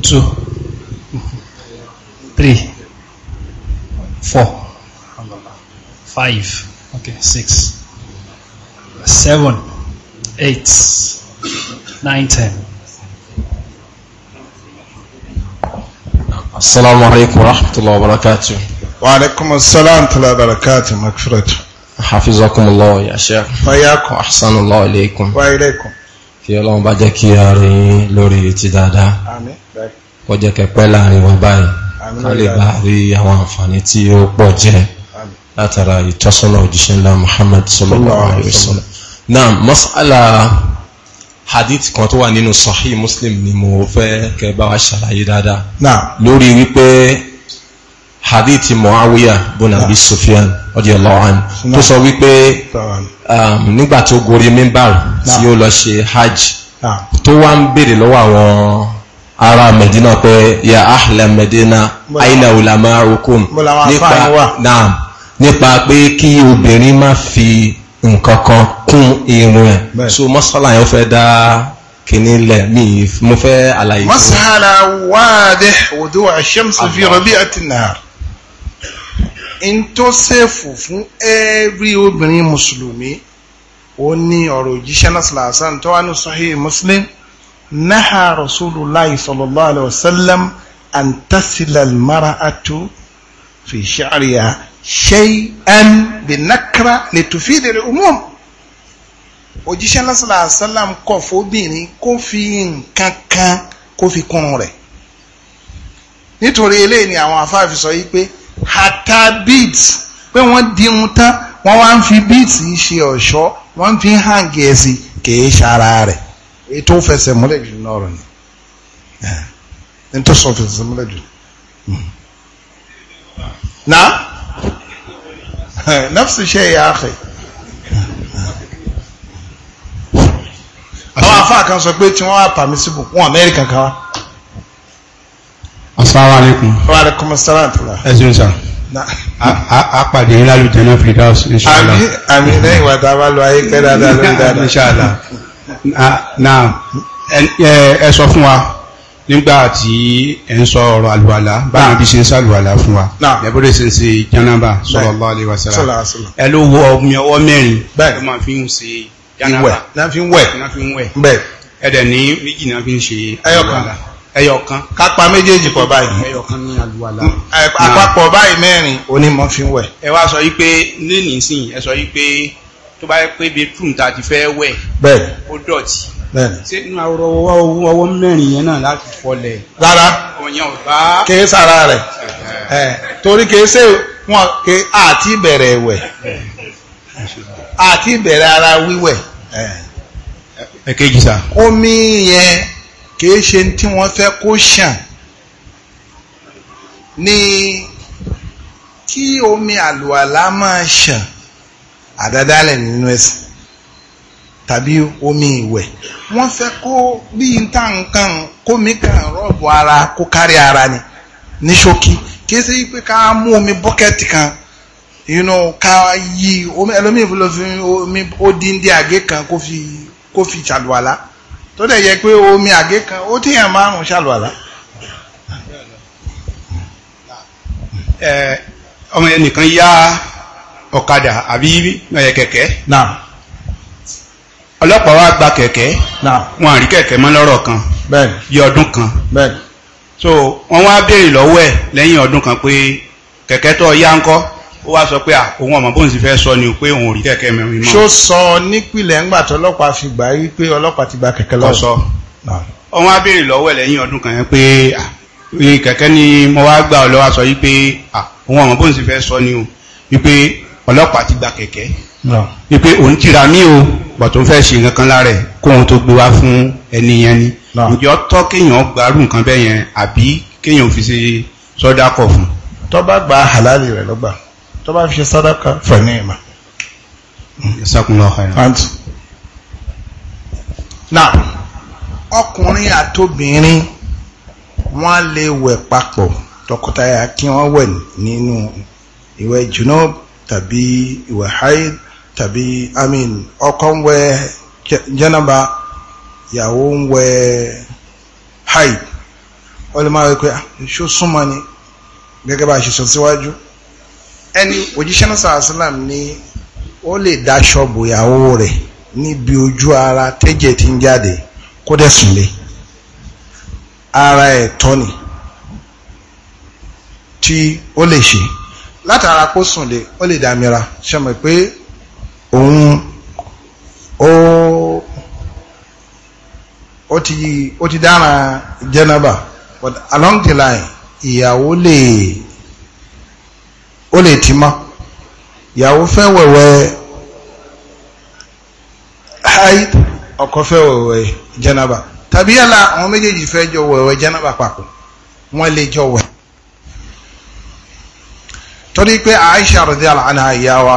two three four five okay six seven eight nine ten. asalaamu alaykum wa rahmatulah wa barakatu. wa aleykum asalaam tala barakatu makfiratu. hafizakum allah ya sheikh. fayakum. ahsanullah aleykum. wa aleykum. kí ọlọ́run bá jẹ́ kí a rí lórí ti dáadáa. àmín ká lè bá rí àwọn àǹfààní tí ó pọ̀ jẹ́ látara ìtọ́sọ́nà òjíṣẹ́ ńlá Muhammad sallallahu alaihi wasallam náà mas'ala hadith kan tó wà nínú sahih Muslim ni mo fẹ́ kẹ́ bá wa ṣàlàyé dáadáa lórí wípé hadith Muawiya bun Abi Sufyan radiyallahu anhu tó sọ wípé um, nígbà tó gorí mímbàrù tí ó lọ ṣe hajj tó wá ń béèrè lọ́wọ́ àwọn ara medina pé ya ahla medina aina ulama ukum nípa naam nípa pé kí obìnrin má fi nǹkan kan kún irun ẹ̀ so masala yẹn fẹ́ dá kìíní lẹ̀ mi mo fẹ́ àlàyé. masala wadih wudu ash-shams fi rabi'ati an-nahar n tó sèfù fún every obìnrin mùsùlùmí ó ní ọ̀rọ̀ òjíṣẹ́ náà sàlàsà tó wà ní sahih muslim. نهى رسول الله صلى الله عليه وسلم أن تصل المرأة في شعرها شيئا بالنكرة لتفيد العموم òjíṣẹ́ lásìlá àsálàm kọ̀ fóbìnrin kó fi nǹkan kan kó fi kún rẹ̀ nítorí eléyìí ni àwọn afáàfin sọ yìí pé hata beads pé wọ́n dirun tán wọ́n wá ń fi beads ṣe ọ̀ṣọ́ wọ́n fi ń hàn gẹ̀ẹ́sì kì í ṣara rẹ̀ ètò fẹsẹ̀ múlẹ̀ jù náà rẹ̀ ni ètò sọ fẹsẹ̀ múlẹ̀ jù. na nafsi ṣe ya akhi. àwọn afáà kan sọ pé tí wọ́n wá pàmísìbù wọn amẹ́ríkà kan wá. asalaamualeykum. wa aleykum salaam tula. ẹ ṣeun sa a pàdé yín lálùjẹ náà fi dáhùn sí. àmì Ami lẹ́yìn wàtá bá lọ ayé pẹ́ dáadáa lórí dáadáa. Ah, na ẹ sọ fún wa nígbà tí ẹ ń sọ ọ̀rọ̀ àlùwàlá báyìí bí ṣe ń sàlùwàlá fún wa lẹ́bùrẹ́ ṣe ń ṣe jánábà sallallahu alaihi wasallam ẹ ló wọ omi ọwọ́ mẹ́rin ló máa fi ń ṣe jánábà náà fi ń wẹ̀ ẹ̀dẹ̀ ní méjì náà fi ń ṣe àlùwàlá ẹyọkan kápá méjèèjì pọ̀ báyìí ẹyọkan ní àlùwàlá àpapọ̀ báyìí mẹ́rin onímọ̀ fi ń wẹ̀ ẹ wá sọ yí pé lẹ́nìí sìn ẹ sọ yí pé tó bá yẹ pé bedroom ta ti fẹ́ wẹ̀ ó dọ̀tí ṣé inú àwòrán ọwọ́ mẹ́rin yẹn náà láti fọlẹ̀ rárá kìí sára rẹ̀ torí kìí ṣe wọn kìí àti bẹ̀rẹ̀ wẹ̀ àti bẹ̀rẹ̀ ara wíwẹ̀ ẹ̀kejì sá. omi yẹn kìí ṣe tí wọ́n fẹ́ kó ṣàn ní kí omi àlùwàlá máa ṣàn àdádálẹ̀ nínú ẹ̀sìn tàbí omi ìwẹ̀ wọ́n fẹ́ kó bí n nǹkan kómi kan rọ́ọ̀bù ara kó kárí ara ni ní ṣókí kí pé ká mú omi bọ́kẹ́tì kan ká yí omi ẹlòmíì fún omi ó dín kan kó fi ṣàlùwàlá tó omi àgé kan ó márùn-ún ṣàlùwàlá. ọmọ yá ọ̀kadà àbí kẹ̀kẹ́ ọlọ́pàá wa gba kẹ̀kẹ́ wọn àrí kẹ̀kẹ́ mọ́ lọ́rọ̀ kan bí ọdún kan so wọn wá béèrè lọ́wọ́ ẹ̀ lẹ́yìn ọdún kan pé kẹ̀kẹ́ tó yá ń kọ́ ó wá sọ pé òun ọmọ bóun sì fẹ́ sọ ni pé òun ò rí kẹ̀kẹ́ mẹ́rin mọ́. ṣó sọ nípìnlẹ̀ ńgbà tó ọlọ́pàá fi gbà yí pé ọlọ́pàá ti gba kẹ̀kẹ́ ọ ọlọ́pàá ti gba kẹ̀kẹ́ wípé òun tira mí o bọ̀tò ń fẹ́ ṣe nǹkan kan lára ẹ̀ kó òun tó gbé wá fún ẹni yẹn ni ǹjẹ́ tọ́ kéèyàn gbarú nǹkan bẹ́ẹ̀ yẹn àbí kéèyàn fi ṣe sọ́dákọ̀ fún. tó bá gba halali rẹ̀ lọ́gbà tó bá fi ṣe sọ́dákà fẹ̀mí ìmọ̀. now ọkùnrin àtobìnrin wọ́n lè wẹ̀ papọ̀ tọkọtaya kí wọ́n wẹ̀ nínú ìwẹ̀ junub tàbí ìwẹ̀ haid tàbí amin ọkọ ń wẹ̀ jẹ́nàbà ìyàwó ń wẹ̀ haid wọ́n lè máa wẹ̀ pé ah, ṣó súnmọ́ ni gẹ́gẹ́ bá a ṣe sọ síwájú ẹni òjíṣẹ́ náà sàásìlám ni ó lè daṣọ bòyàwó rẹ̀ níbi ojú ara tẹ́jẹ̀ tí ń jáde kó dẹ̀ ara ẹ̀tọ́ ni tí ó lè ṣe látara kó sùn lé ó lè dàmíra ṣe mọ̀ pé òun ó ó ti dára jẹnaba but along the line ìyàwó lè ó lè ti mọ́ ìyàwó fẹ́ wẹ̀wẹ̀ haid ọkọ fẹ́ wẹ̀wẹ̀ jẹnaba tàbí yàrá àwọn méjèèjì fẹ́ jọ wẹ̀wẹ̀ jẹnaba papọ̀ wọ́n lè jọ wẹ̀ torí pé Aisha radiyallahu anha ìyá wa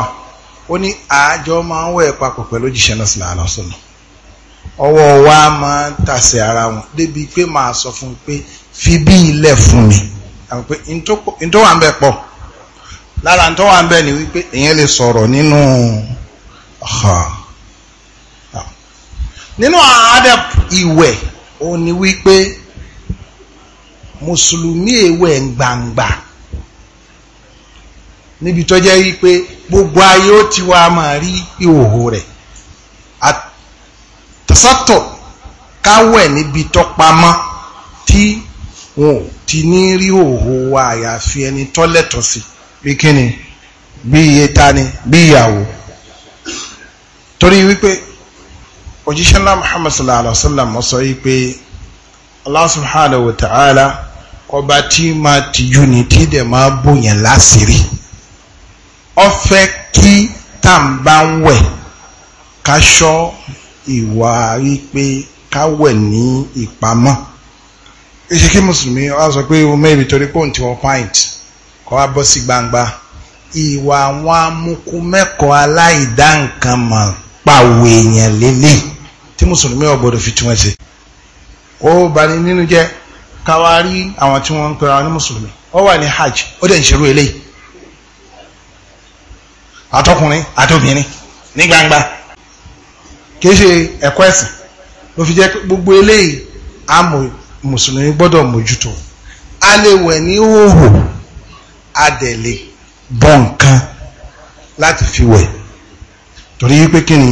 ó ní àjọ máa ń wẹ̀ papọ̀ pẹ̀lú òjíṣẹ́ náà sílẹ̀ àlọ́sọ̀nà ọwọ́ wa máa ń tàsé ara wọn débi pé màá sọ fún un pé fi bí ilẹ̀ fún mi àwọn pé wà ń bẹ̀ pọ̀ lára n wà ń bẹ̀ ni wípé èèyàn lè sọ̀rọ̀ nínú nínú àádẹ́ ìwẹ̀ ó ní wípé mùsùlùmí èwẹ̀ gbangba níbi tó jẹ́ wípé gbogbo ayé ó ti wá máa rí ìhòhò rẹ̀ àtàsátọ̀ káwẹ̀ níbi tó pamọ́ tí wọn ò ti ní rí ìhòhò wa àyàfi ẹni tó sí bí kíni bí iye ta ni bí ìyàwó torí wípé òjíṣẹ́ ńlá Muhammad sallallahu alaihi wa sallam sọ wípé Allah subhanahu wa ta'ala ọba tí máa tìjú ni tí dẹ̀ máa bòyàn láṣìírí ó fẹ́ kí tá n bá ń wẹ̀ ká ṣọ́ ìwà wípé ká wẹ̀ ní ìpamọ́ ìṣe kí mùsùlùmí wá sọ pé o mẹ́rin torí pé òun ti wọ́n pint kọ́ wá bọ́ sí gbangba ìwà àwọn amukú mẹ́kọ̀ọ́ aláìdá nǹkan mọ̀ pàwọ̀ èèyàn lélẹ̀ tí mùsùlùmí ò fi tún sí. ó bani nínú jẹ́ káwárí àwọn tí wọ́n ń pera ní mùsùlùmí ó wà ní hajj ó dẹ̀ ń ṣerú eléyìí àtọkùnrin àtobìnrin ní gbangba kìí ṣe ẹ̀kọ́ ẹ̀sìn ló fi jẹ́ gbogbo eléyìí a mùsùlùmí gbọ́dọ̀ mójútó a lè wẹ̀ ní òhò adẹ̀lé bọ́ nǹkan láti fi wẹ̀ torí wípé kí ni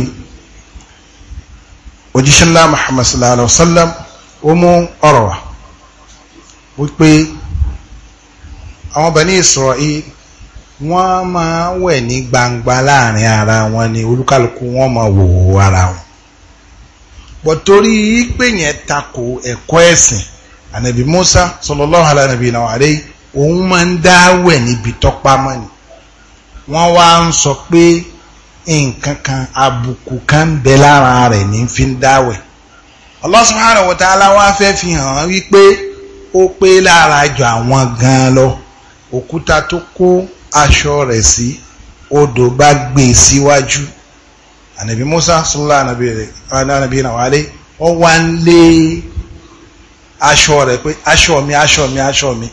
òjíṣẹ́ ńlá Muhammad sallallahu alaihi wa sallam ó mú ọ̀rọ̀ wá wípé àwọn Bani Isra'il wọ́n máa wẹ̀ ní gbangba láàrin ara wọn ni olúkálùkù wọ́n máa wò ara wọn bọ̀ torí pé yẹn tako ẹ̀kọ́ ẹ̀sìn ànàbì Musa sallallahu alànàbì náà àrẹ òun máa ń dá wẹ̀ níbi tọ́pamọ́ ni wọ́n wá ń sọ pé nǹkan kan àbùkù kan bẹ lára rẹ̀ ní fi ń dáwẹ̀ Allah subhanahu wa ta'ala wá fẹ́ fi hàn wípé ó pé lára jọ àwọn gan lọ òkúta tó kó aṣọ rẹ̀ sí odò bá gbé síwájú ànàbí Musa sọlá ànàbí nàwálé ó wá ń lé aṣọ rẹ̀ pé aṣọ mi aṣọ mi aṣọ mi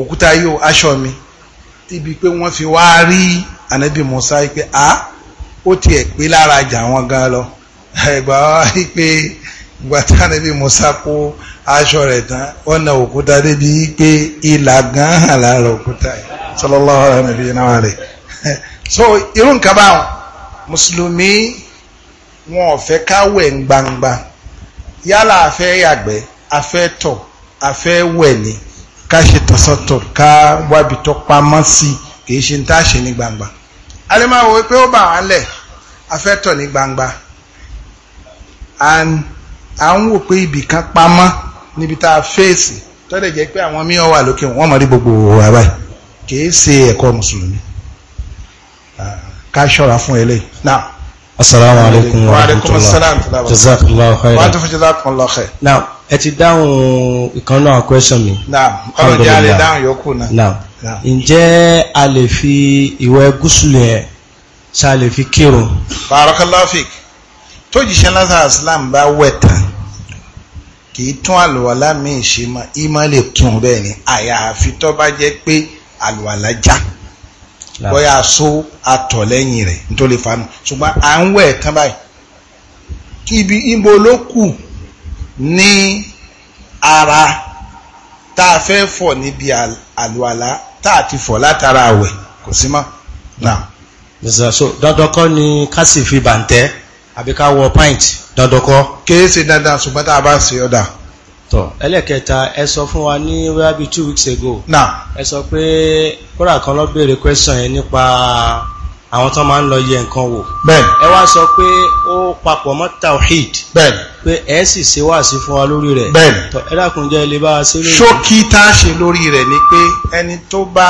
òkúta yóò aṣọ mi ibi pé wọ́n fi wá rí ànàbí Musa pé a ó tiẹ̀ pé lára jà wọ́n gan lọ ẹgbà wá pé gbàtà ànàbí Musa kó aṣọ rẹ̀ tán ọ̀nà òkúta débi pé ìlà gan hàn lára òkúta yìí. sallallahu ala nabiyina wa alayhi so irú nǹkan báwọn mùsùlùmí wọn ò ka káwẹ̀ gbangba yálà afẹ́ yàgbẹ́ afẹ́ tọ̀ afẹ́ wẹ̀ ni ká ṣe tọ̀sọ̀tọ̀ ká wábi tó pamọ́ sí kìí ṣe tá a ṣe ní gbangba alimawo pé ó bà wá lẹ̀ afẹ́ tọ̀ ní gbangba à ń wò pé ibì kan pamọ́ níbi tá a fèsì tọ́lẹ̀ jẹ́ pé àwọn mí míì wà lókè wọ́n mọ̀ rí gbogbo òwò àbáyé kìí ṣe ẹ̀kọ́ mùsùlùmí ah, ká ṣọ́ra fún eléyìí náà. asalaamu alaykum wa rahmatulah jazakallah khairan wa antum jazakallah khair. now ẹ ti dáhùn ìkan náà question mi. naam ọ̀rọ̀ jẹ́ a lè dáhùn yòókù náà. naam ǹjẹ́ a lè fi ìwẹ̀ gúúsùlù yẹn ṣá lè fi kírun. barakallahu fik tó jìṣẹ́ lásán islam bá wẹ̀ tán kì í tún àlùwàlá mi ṣe mọ́ ìmọ̀ lè tún bẹ́ẹ̀ ni àyàfi tó bá jẹ́ pé àlùwàlá já bóyá so atọ̀ lẹ́yìn rẹ̀ nítorí fanu ṣùgbọ́n à ń wẹ̀ tán báyìí ibi ibo ló kù ní ara tá a fẹ́ fọ̀ níbi àlùwàlá tá a ti fọ̀ látara àwẹ̀ kò sí mọ́ náà. so dandan kọ́ ni ká sì fi bàǹtẹ́ àbí ká wọ pint dandan kọ́. kì í ṣe dandan ṣùgbọ́n tá a bá ṣe ọ̀dà tọ̀ ẹlẹ́kẹta ẹ sọ fún wa ní wíwá two weeks ago na ẹ sọ pé kóra kan lọ béèrè question yẹn nípa àwọn tó máa ń lọ yẹ nǹkan wò bẹ́ẹ̀ ẹ wá sọ pé ó papọ̀ mọ́ tawhid bẹ́ẹ̀ pé ẹ sì ṣe wá sí fún wa lórí rẹ̀ bẹ́ẹ̀ tọ̀ ẹ dákun jẹ́ ilé bá a ṣe lórí rẹ̀ ṣókí tá a ṣe lórí rẹ̀ ni pé ẹni tó bá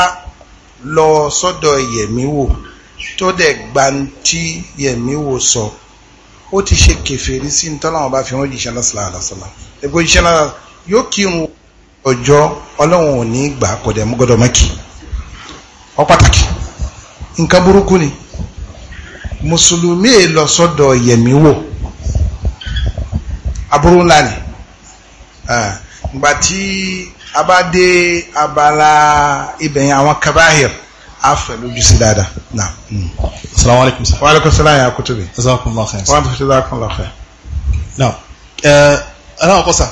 lọ sọ́dọ̀ yẹ̀mí wò tó dẹ̀ gbanti yẹ̀mí wò sọ ó ti ṣe kèfèrí sí ní tọ́lá wọn bá fi hàn jíṣẹ́ lọ́sọ̀lá àlọ́sọ̀lá èpò iṣẹ́ náà yóò kírun ọjọ́ ọlọ́run ò ní gbà kò dẹ̀ mú gbọ́dọ̀ mọ́kì ọ pàtàkì nǹkan burúkú ni mùsùlùmí è lọ sọ́dọ̀ yẹ̀mí wò aburú ńlá ni ìgbà tí a bá dé abala ibẹ̀yìn àwọn kabahir afẹ lójú sí dáadáa náà. Mm. asalaamu alaykum sir. wa alaykum salaam ya kutubi. jazakumullahu khair. wa rahmatulahi wa barakatuh. náà aláwọ̀kọ́ sà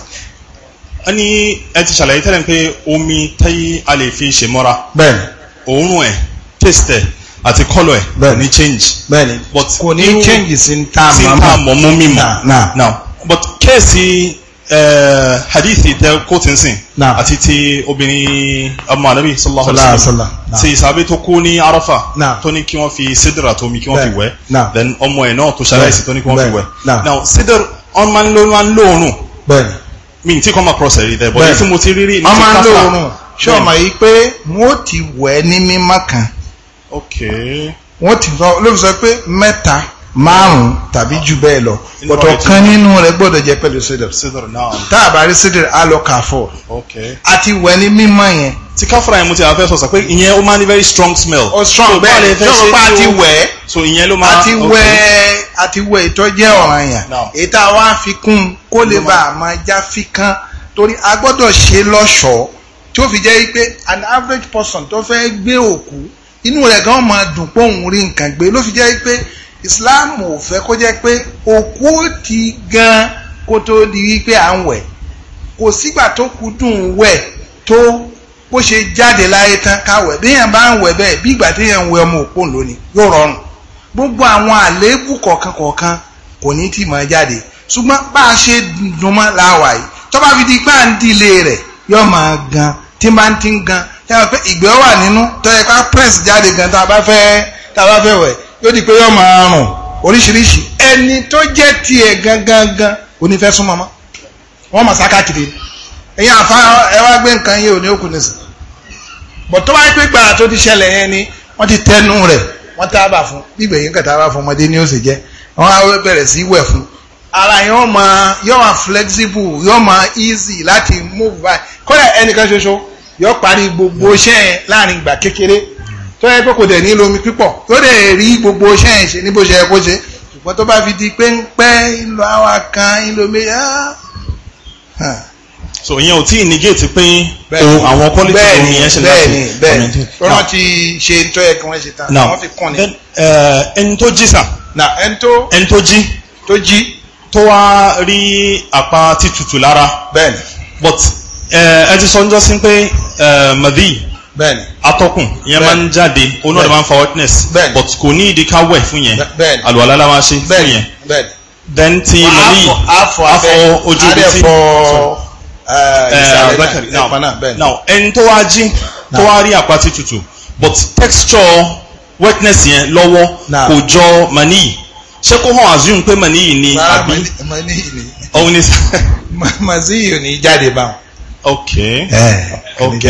a ní ẹ ti ṣàlàyé tẹ́lẹ̀ pé omi tí a lè fi ṣe mọ́ra bẹ́ẹ̀ni òórùn ẹ̀ taste àti kọ́lọ̀ ẹ̀ bẹ́ẹ̀ni change bẹ́ẹ̀ni but kò ní change sí ta mọ́ mú mímu now but kéèsì eh, hadithi tẹ kó tí ń sìn àti ti obìnrin ọmọ anabi sallallahu alaihi wasallam ti sàbí tó kú ní arafa tó ní kí wọ́n fi sidra tó mi kí wọ́n fi wẹ̀ then ọmọ ẹ̀ náà tó ṣaláìsí tó ní kí wọ́n fi wẹ̀ now sidra wọ́n máa ń lóorun bẹ́ẹ̀ni mi ti come across ẹ̀rí dẹ̀ bọ́lá tí mo ti rírí ní ti kásá ọmọ ń lo oorun ṣé ọmọ yìí pé wọ́n ti wẹ̀ ní mímọ́ kan wọ́n ti sọ ló fi sọ pé mẹ́ta márùn tàbí jù bẹ́ẹ̀ lọ bọ̀tọ̀ kan nínú rẹ̀ gbọ́dọ̀ jẹ́ pẹ̀lú sídìrì tá a bá rí sídìrì á lọ kà fọ́ àti wẹ̀ ní mímọ́ yẹn tí káfúrà yẹn mo ti àwọn fẹ́ sọ̀sọ̀ pé ìyẹn ó máa ní very strong smell. ó strong bẹ́ẹ̀ tí wọ́n bá ti wẹ̀ so ìyẹn ló máa. àti wẹ̀ àti wẹ̀ ìtọ́ jẹ́ ọ̀ràn yẹn èyí tá a wá fi kún un kó lè bá a máa já fi torí a gbọ́dọ̀ ṣe lọ́ṣọ̀ọ́ tí ó fi jẹ́ pé an average person tó fẹ́ gbé òkú inú rẹ̀ gan máa dùn pé òun rí nǹkan gbé ló fi jẹ́ pé Islam ò fẹ́ kó jẹ́ pé òkú ti gan kó tó di wípé à ń wẹ̀ kò sígbà tó kú wẹ̀ tó bó ṣe jáde láyé tán káwẹ̀ bí yẹn bá ń wẹ̀ bẹ́ẹ̀ bí ìgbà tí yẹn ń wẹ ọmọ òpó lónìí yóò rọrùn gbogbo àwọn àléébù kọ̀ọ̀kan kọ̀ọ̀kan kò ní tí máa jáde ṣùgbọ́n bá a ṣe dùnmọ́ láwà yìí tó bá fi di pé à ń dílé rẹ̀ yóò máa gan tí máa ń ti ń gan yàrá pé ìgbẹ́ wà nínú tó yẹ ká press jáde gan tá a bá fẹ́ tá a bá fẹ́ wẹ̀ yóò di pé yóò máa rùn oríṣiríṣi ẹni tó jẹ́ tiẹ̀ gangan gan onífẹ́ súnmọ́ mọ́ wọ́n máa sá káàkiri ẹ̀yin àfa ẹ wá gbé nǹkan yìí ò ní òkú nìsín bọ̀ tó wáyé pé gbàrà tó ti ṣẹlẹ̀ yẹn ni wọ́n ti tẹnu rẹ̀ wọ́n tábà fún bíbẹ̀ yín kàtà bá fún ọmọdé ní òsè jẹ́ wọ́n á bẹ̀rẹ̀ sí wẹ̀ fún ara yóò máa yóò máa flexible yóò máa easy láti move by kódà ẹnìkan ṣoṣo yóò parí gbogbo iṣẹ́ yẹn láàrin ìgbà kékeré tó yẹ pé kò dẹ̀ nílò omi pípọ̀ tó dẹ̀ rí gbogbo iṣẹ́ yẹn ṣe níbo ṣe yẹ kó ṣe ṣùgbọ́n tó bá fi di pé ń pẹ́ ìlú àwa kan ìlú omi yá so ìyẹn ò tí ì negate pé àwọn quality omi yẹn ṣe láti ọ̀nà tí. tọ́lá ti ṣe tó yẹ kí wọ́n ṣe tán àwọn ti kàn ní. ẹni tó jí sà. na ẹni tó. ẹni tó jí. tó jí. tó wá rí àpá títutù lára. bẹ́ẹ̀ni. but eh, ẹ ti sọ ń jọ sí pé eh, madi. bẹ́ẹ̀ni. atọ́kùn ìyẹn máa ń jáde òun náà máa ń fa hotness. bẹ́ẹ̀ni. but kò ní ìdí ká wẹ̀ fún yẹn. bẹ́ẹ̀ni. àlùwàlá la máa ṣe fún yẹn. bẹ́ẹ̀ni. Eh, eh, Abubakar now ẹni tó wá jí tó wá rí àpáti tútù but texture wetness yẹn lọ́wọ́ kò jọ mani ṣé kó hàn assume pé mani yìí ni ah, àbí mani yìí ni òun ni sá. màsí yìí ni jáde bá wọn. ok eh, ok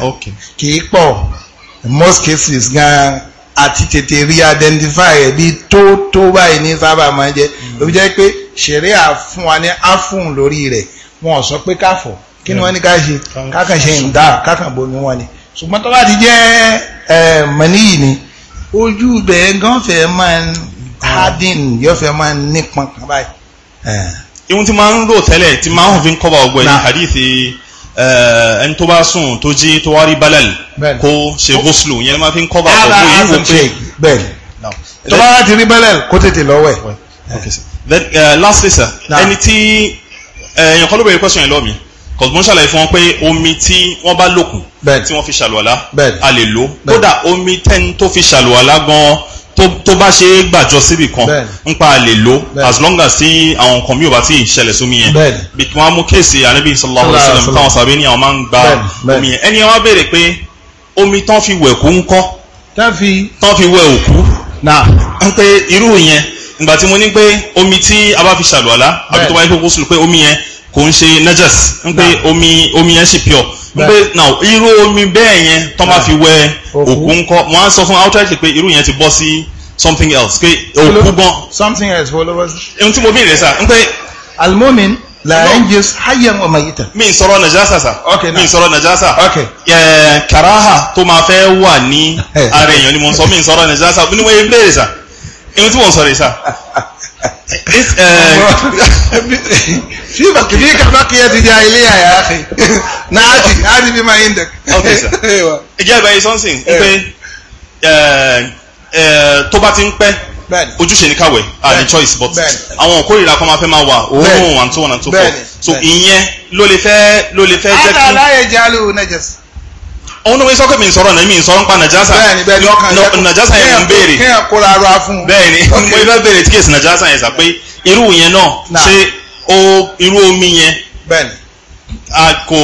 ok kì í pọ̀ most cases gan àti tètè rí identify ẹ̀ bí tó tó báyìí ní sábà máa ń jẹ́ ló fi jẹ́ pé ṣẹ̀ríà fún wa ní áfùn lórí rẹ̀ wọn sọ pé káfọ̀ kí ni wọ́n ní ká kákan ṣe ń dá kákan bomi wọn ni ṣùgbọ́n tó bá ti jẹ́ mọ̀níyì ni ojú bẹ̀ gan fẹ́ máa ń hádìn yóò fẹ́ máa ń nípọn kan báyìí. ihun tí máa ń rò tẹ́lẹ̀ tí máa ń fi ń kọ́ bá ọgbẹ́ ní hadithi ẹni tó bá sùn tó jí tó wá rí balal kó ṣe goslo yẹn máa fi ń kọ́ bá ọgbẹ́ yìí wò pé tó bá ti rí balal kó tètè lọ́wọ́ ẹ̀. Uh, lastly sir ẹni ẹ̀yìn eh, kan ló bẹ̀rẹ̀ question yẹn lọ́ mi cause mo ń ṣàlàyé fún wọn pé omi tí wọ́n bá lòkùn tí wọ́n fi ṣàlùwàlá a lè lò kódà omi tẹ́ni tó fi ṣàlùwàlá gan-an tó bá ṣe é gbàjọ síbì kan ń pa lè lò as long as tí àwọn nǹkan mi ò bá tí ì ṣẹlẹ̀ sómi yẹn bí wọ́n á mú kéèsì ànábì sallallahu alaihi wasallam táwọn sàbẹ̀ ní àwọn máa ń gba omi yẹn ẹni wọ́n béèrè pé omi tán fi wẹ̀ ń kọ́ tán fi wẹ̀ òkú pé irú yẹn ìgbà tí mo ní pé omi tí a bá fi ṣàlùwàlá àbí tó wáyé kókó sùn pé omi yẹn kò ń ṣe najas ń pé omi omi yẹn sì pure ń pé now irú omi bẹ́ẹ̀ yẹn tó máa fi wẹ òkú ńkọ́ wọ́n á sọ fún outright pé irú yẹn ti bọ́ sí something else pé òkú gan. something else followers. ohun tí mo bí rẹ̀ sá ń pé. almomin la angels hayyan wa mayita. mi n sọ̀rọ̀ najasa sa. ok na mi n sọ̀rọ̀ najasa. ok ẹẹ karaha tó máa fẹ́ wà ní ara èèyàn ni mo sọ mi n sọ̀rọ̀ najasa ni mo ye n bẹ̀rẹ̀ èmi tí wọ́n sọ̀rọ̀ ìsà fi bakili kaba kiyẹ ti ja ilé àyà àti n'ati àti bí ma yín dẹ. ìjẹ́ ìbáyé sọ́nsìn ń pé tó bá ti ń pẹ́ ojúṣe ní káwẹ̀ àní choice but àwọn òkórìíra kan máa fẹ́ máa wà òórùn àti tó wọn àti tó fọ so ìyẹn ló lè fẹ́ ló lè fẹ́ jẹ́ kí. àtàlàyé jálù nẹ́jẹ̀sì òun ni wọ́n sọ pé mi sọ̀rọ̀ náà mi sọ̀rọ̀ nípa nàjásà bẹ́ẹ̀ni bẹ́ẹ̀ni ọkàn yẹn nàjásà yẹn ń béèrè kéèyàn kóra ara fún. bẹ́ẹ̀ni mo fẹ́ béèrè tí kéèsì nàjásà yẹn sà pé irú yẹn náà ṣé irú omi yẹn. bẹ́ẹ̀ni a kò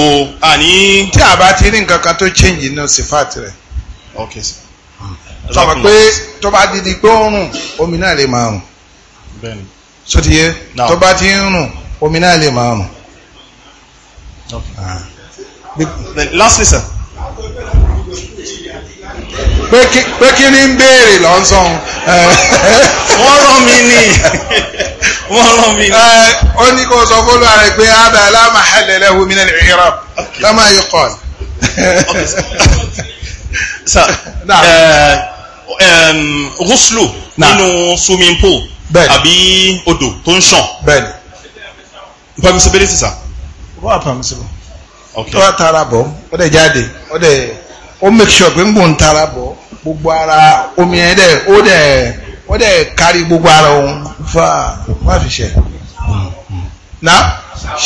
a ní. tí a bá ti rí nǹkan kan tó change náà sífàtì rẹ̀. ok sir. sọ̀rọ̀ pé tó bá di di pé ó rùn omi náà lè máa rùn. bẹ́ẹ̀ni. sotiye tó bá ti ń rùn omi náà lè máa rùn. ok ah. lastly sir pé kí ni ń béèrè lọ́sàn. wọ́n rán mi ní wọ́n rán mi ní. ó ní kó sọ fọlọ́ rẹ̀ pé ada aláma halẹ̀lẹ̀ hu minna ìrọ̀ lámà yìí kọ́. gúúsùlù nínú swimming pool àbí odò tó ń ṣàn. permissibility sir. wọ́n á permissible tó bá tara bọ̀ ó dẹ̀ jáde ó dẹ̀ ó make sure pé ń gbòǹ tara bọ̀ gbogbo ara omi ẹ̀ dẹ̀ ó dẹ̀ ó dẹ̀ kárí gbogbo ara òun fa má fi ṣe. na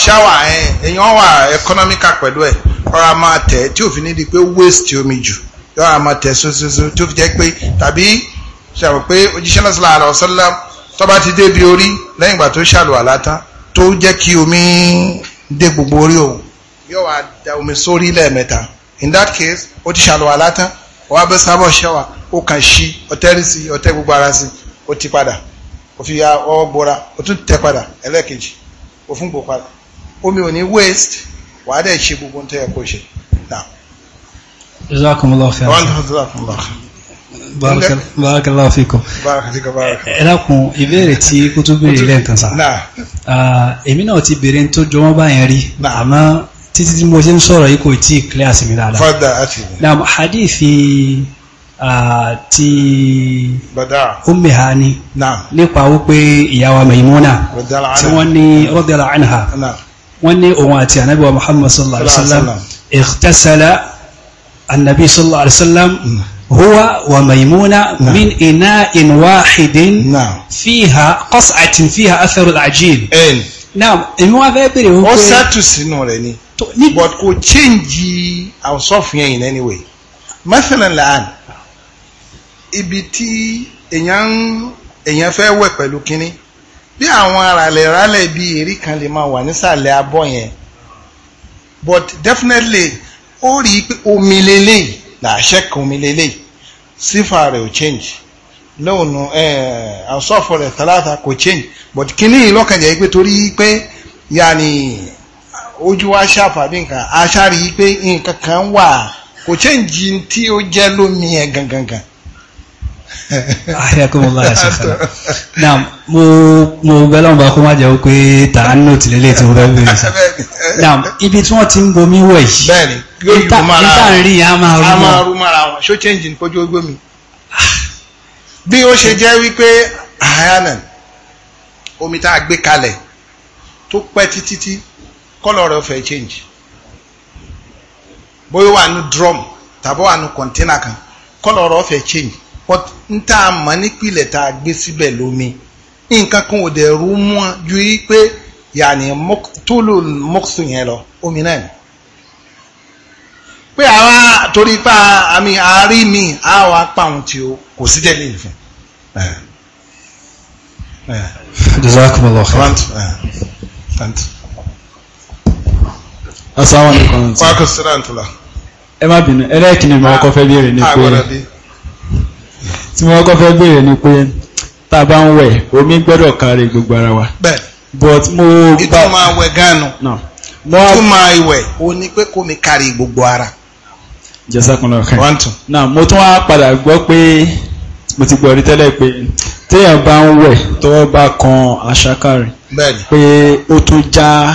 ṣáwà ẹ èèyàn wà economical pẹ̀lú ẹ̀ ọ̀rọ̀ máa tẹ̀ tí òfin ní di pé waste omi jù yọ̀ọ́ máa tẹ̀ sósósó tó fi jẹ́ pé tàbí ṣàrò pé òjíṣẹ́ náà sallallahu alaihi wasallam tó bá ti débi orí lẹ́yìn ìgbà tó ṣàlùwàlá tán tó jẹ́ kí omi dé gbogbo orí òun yóò wá da omi sórí lẹ́ẹ̀mẹ́ta in that case ó ti ṣàlùwà látàn ó wá bẹ́ sábọ̀ ṣẹ́wà ó kàn ṣí ọtẹ́rì sí ọtẹ́ gbogbo ara sí ó ti padà ó fi ya ọwọ́ gbọ́ra ó tún tẹ padà ẹlẹ́ẹ̀kejì ó fún gbò padà omi ò ní waste wà á dẹ̀ ṣe gbogbo tó yẹ kó ṣe. jazakumullahu khairan. barakallahu fikum. ẹ dákun ìbéèrè tí kútú béèrè lẹ́ǹkan sá. Ah, èmi náà ti béèrè tó jọ wọ́n báyẹn rí àmọ́ títí tí mo ṣe ń sọ̀rọ̀ yìí kò tí ì clear sí mi dáadáa. fada àti. na hadithi ti Ummi Hani nípa wípé ìyá wa Maimuna tí wọ́n ní radiyallahu anha wọ́n ní òun àti ànábì wa Muhammad sallallahu alaihi wasallam ikhtasala annabi sallallahu alaihi wasallam هو وميمونة نعم. من إناء واحد نعم. فيها قصعة فيها أثر العجين نعم إمو أبيبري هو أساتو سنوريني ní but kò change our yẹn in any way masalan laan ibi tí èèyàn èèyàn fẹ́ wẹ̀ pẹ̀lú kínní bí àwọn aralẹ̀ ralẹ̀ bí èrí kan lè máa wà nísàlẹ̀ abọ́ yẹn but definitely ó rí i pé omi lélẹ̀ làṣẹ kan omi lélẹ̀ sífà rẹ̀ ò change lóònù àwòsọ́fù rẹ̀ tàlàtà kò change but kínní ìlọ́kànjẹ́ pé torí pé yàní. Yani, ojú wa ṣàfàdé nǹkan aṣáàrí pé nǹkan kan wà kò chẹ́ǹjì tí ó jẹ́ lómi ẹ̀ gangan. Ayakumullah Ṣèkánná. Náà mo mo gbẹ́lọ́n bá kó má jẹ́ pé tàánù tìlélẹ̀ tí mo fẹ́ bèèrè sí. Náà ibi tí wọ́n ti ń bomi wẹ̀ yìí. Níta rí a máa rú wọn. A máa rú mára wọn. Ṣó chẹ́ǹjì ní kojú ogbó mi? Ah. Bí ó ṣe jẹ́ wípé àyànà omi tá a gbé kalẹ̀ tó pẹ́ títí color of fẹ́ change bóyá drum tàbí wà container kan kọ́lọ̀ rẹ̀ change but nta ma a mọ̀ nípìnlẹ̀ tá a gbé kan ju lọ omi naanị ni pé tori pa ami àárí mi àwa pàwọn ti o ko si asalaamualeykum. wàhálà sílẹ̀ ntula. ẹ má bínú ẹlẹ́ẹ̀kìnì mo kọ́ fẹ́ béèrè ni pé tí mo kọ́ fẹ́ béèrè wa. bẹ́ẹ̀ but mo bá ìtumọ̀ àwẹ̀ gánà ìtumọ̀ ìwẹ̀ o ní pé kò mi kárí gbogbo ara. jẹ́sàkúnlọ̀ kan one two. náà mo tún wá padà gbọ́ pé mo ti gbọ́ rí tẹ́lẹ̀ pé téèyàn bá ń wẹ̀ tọ́wọ́ bá kan àṣàkárì pé ó tún já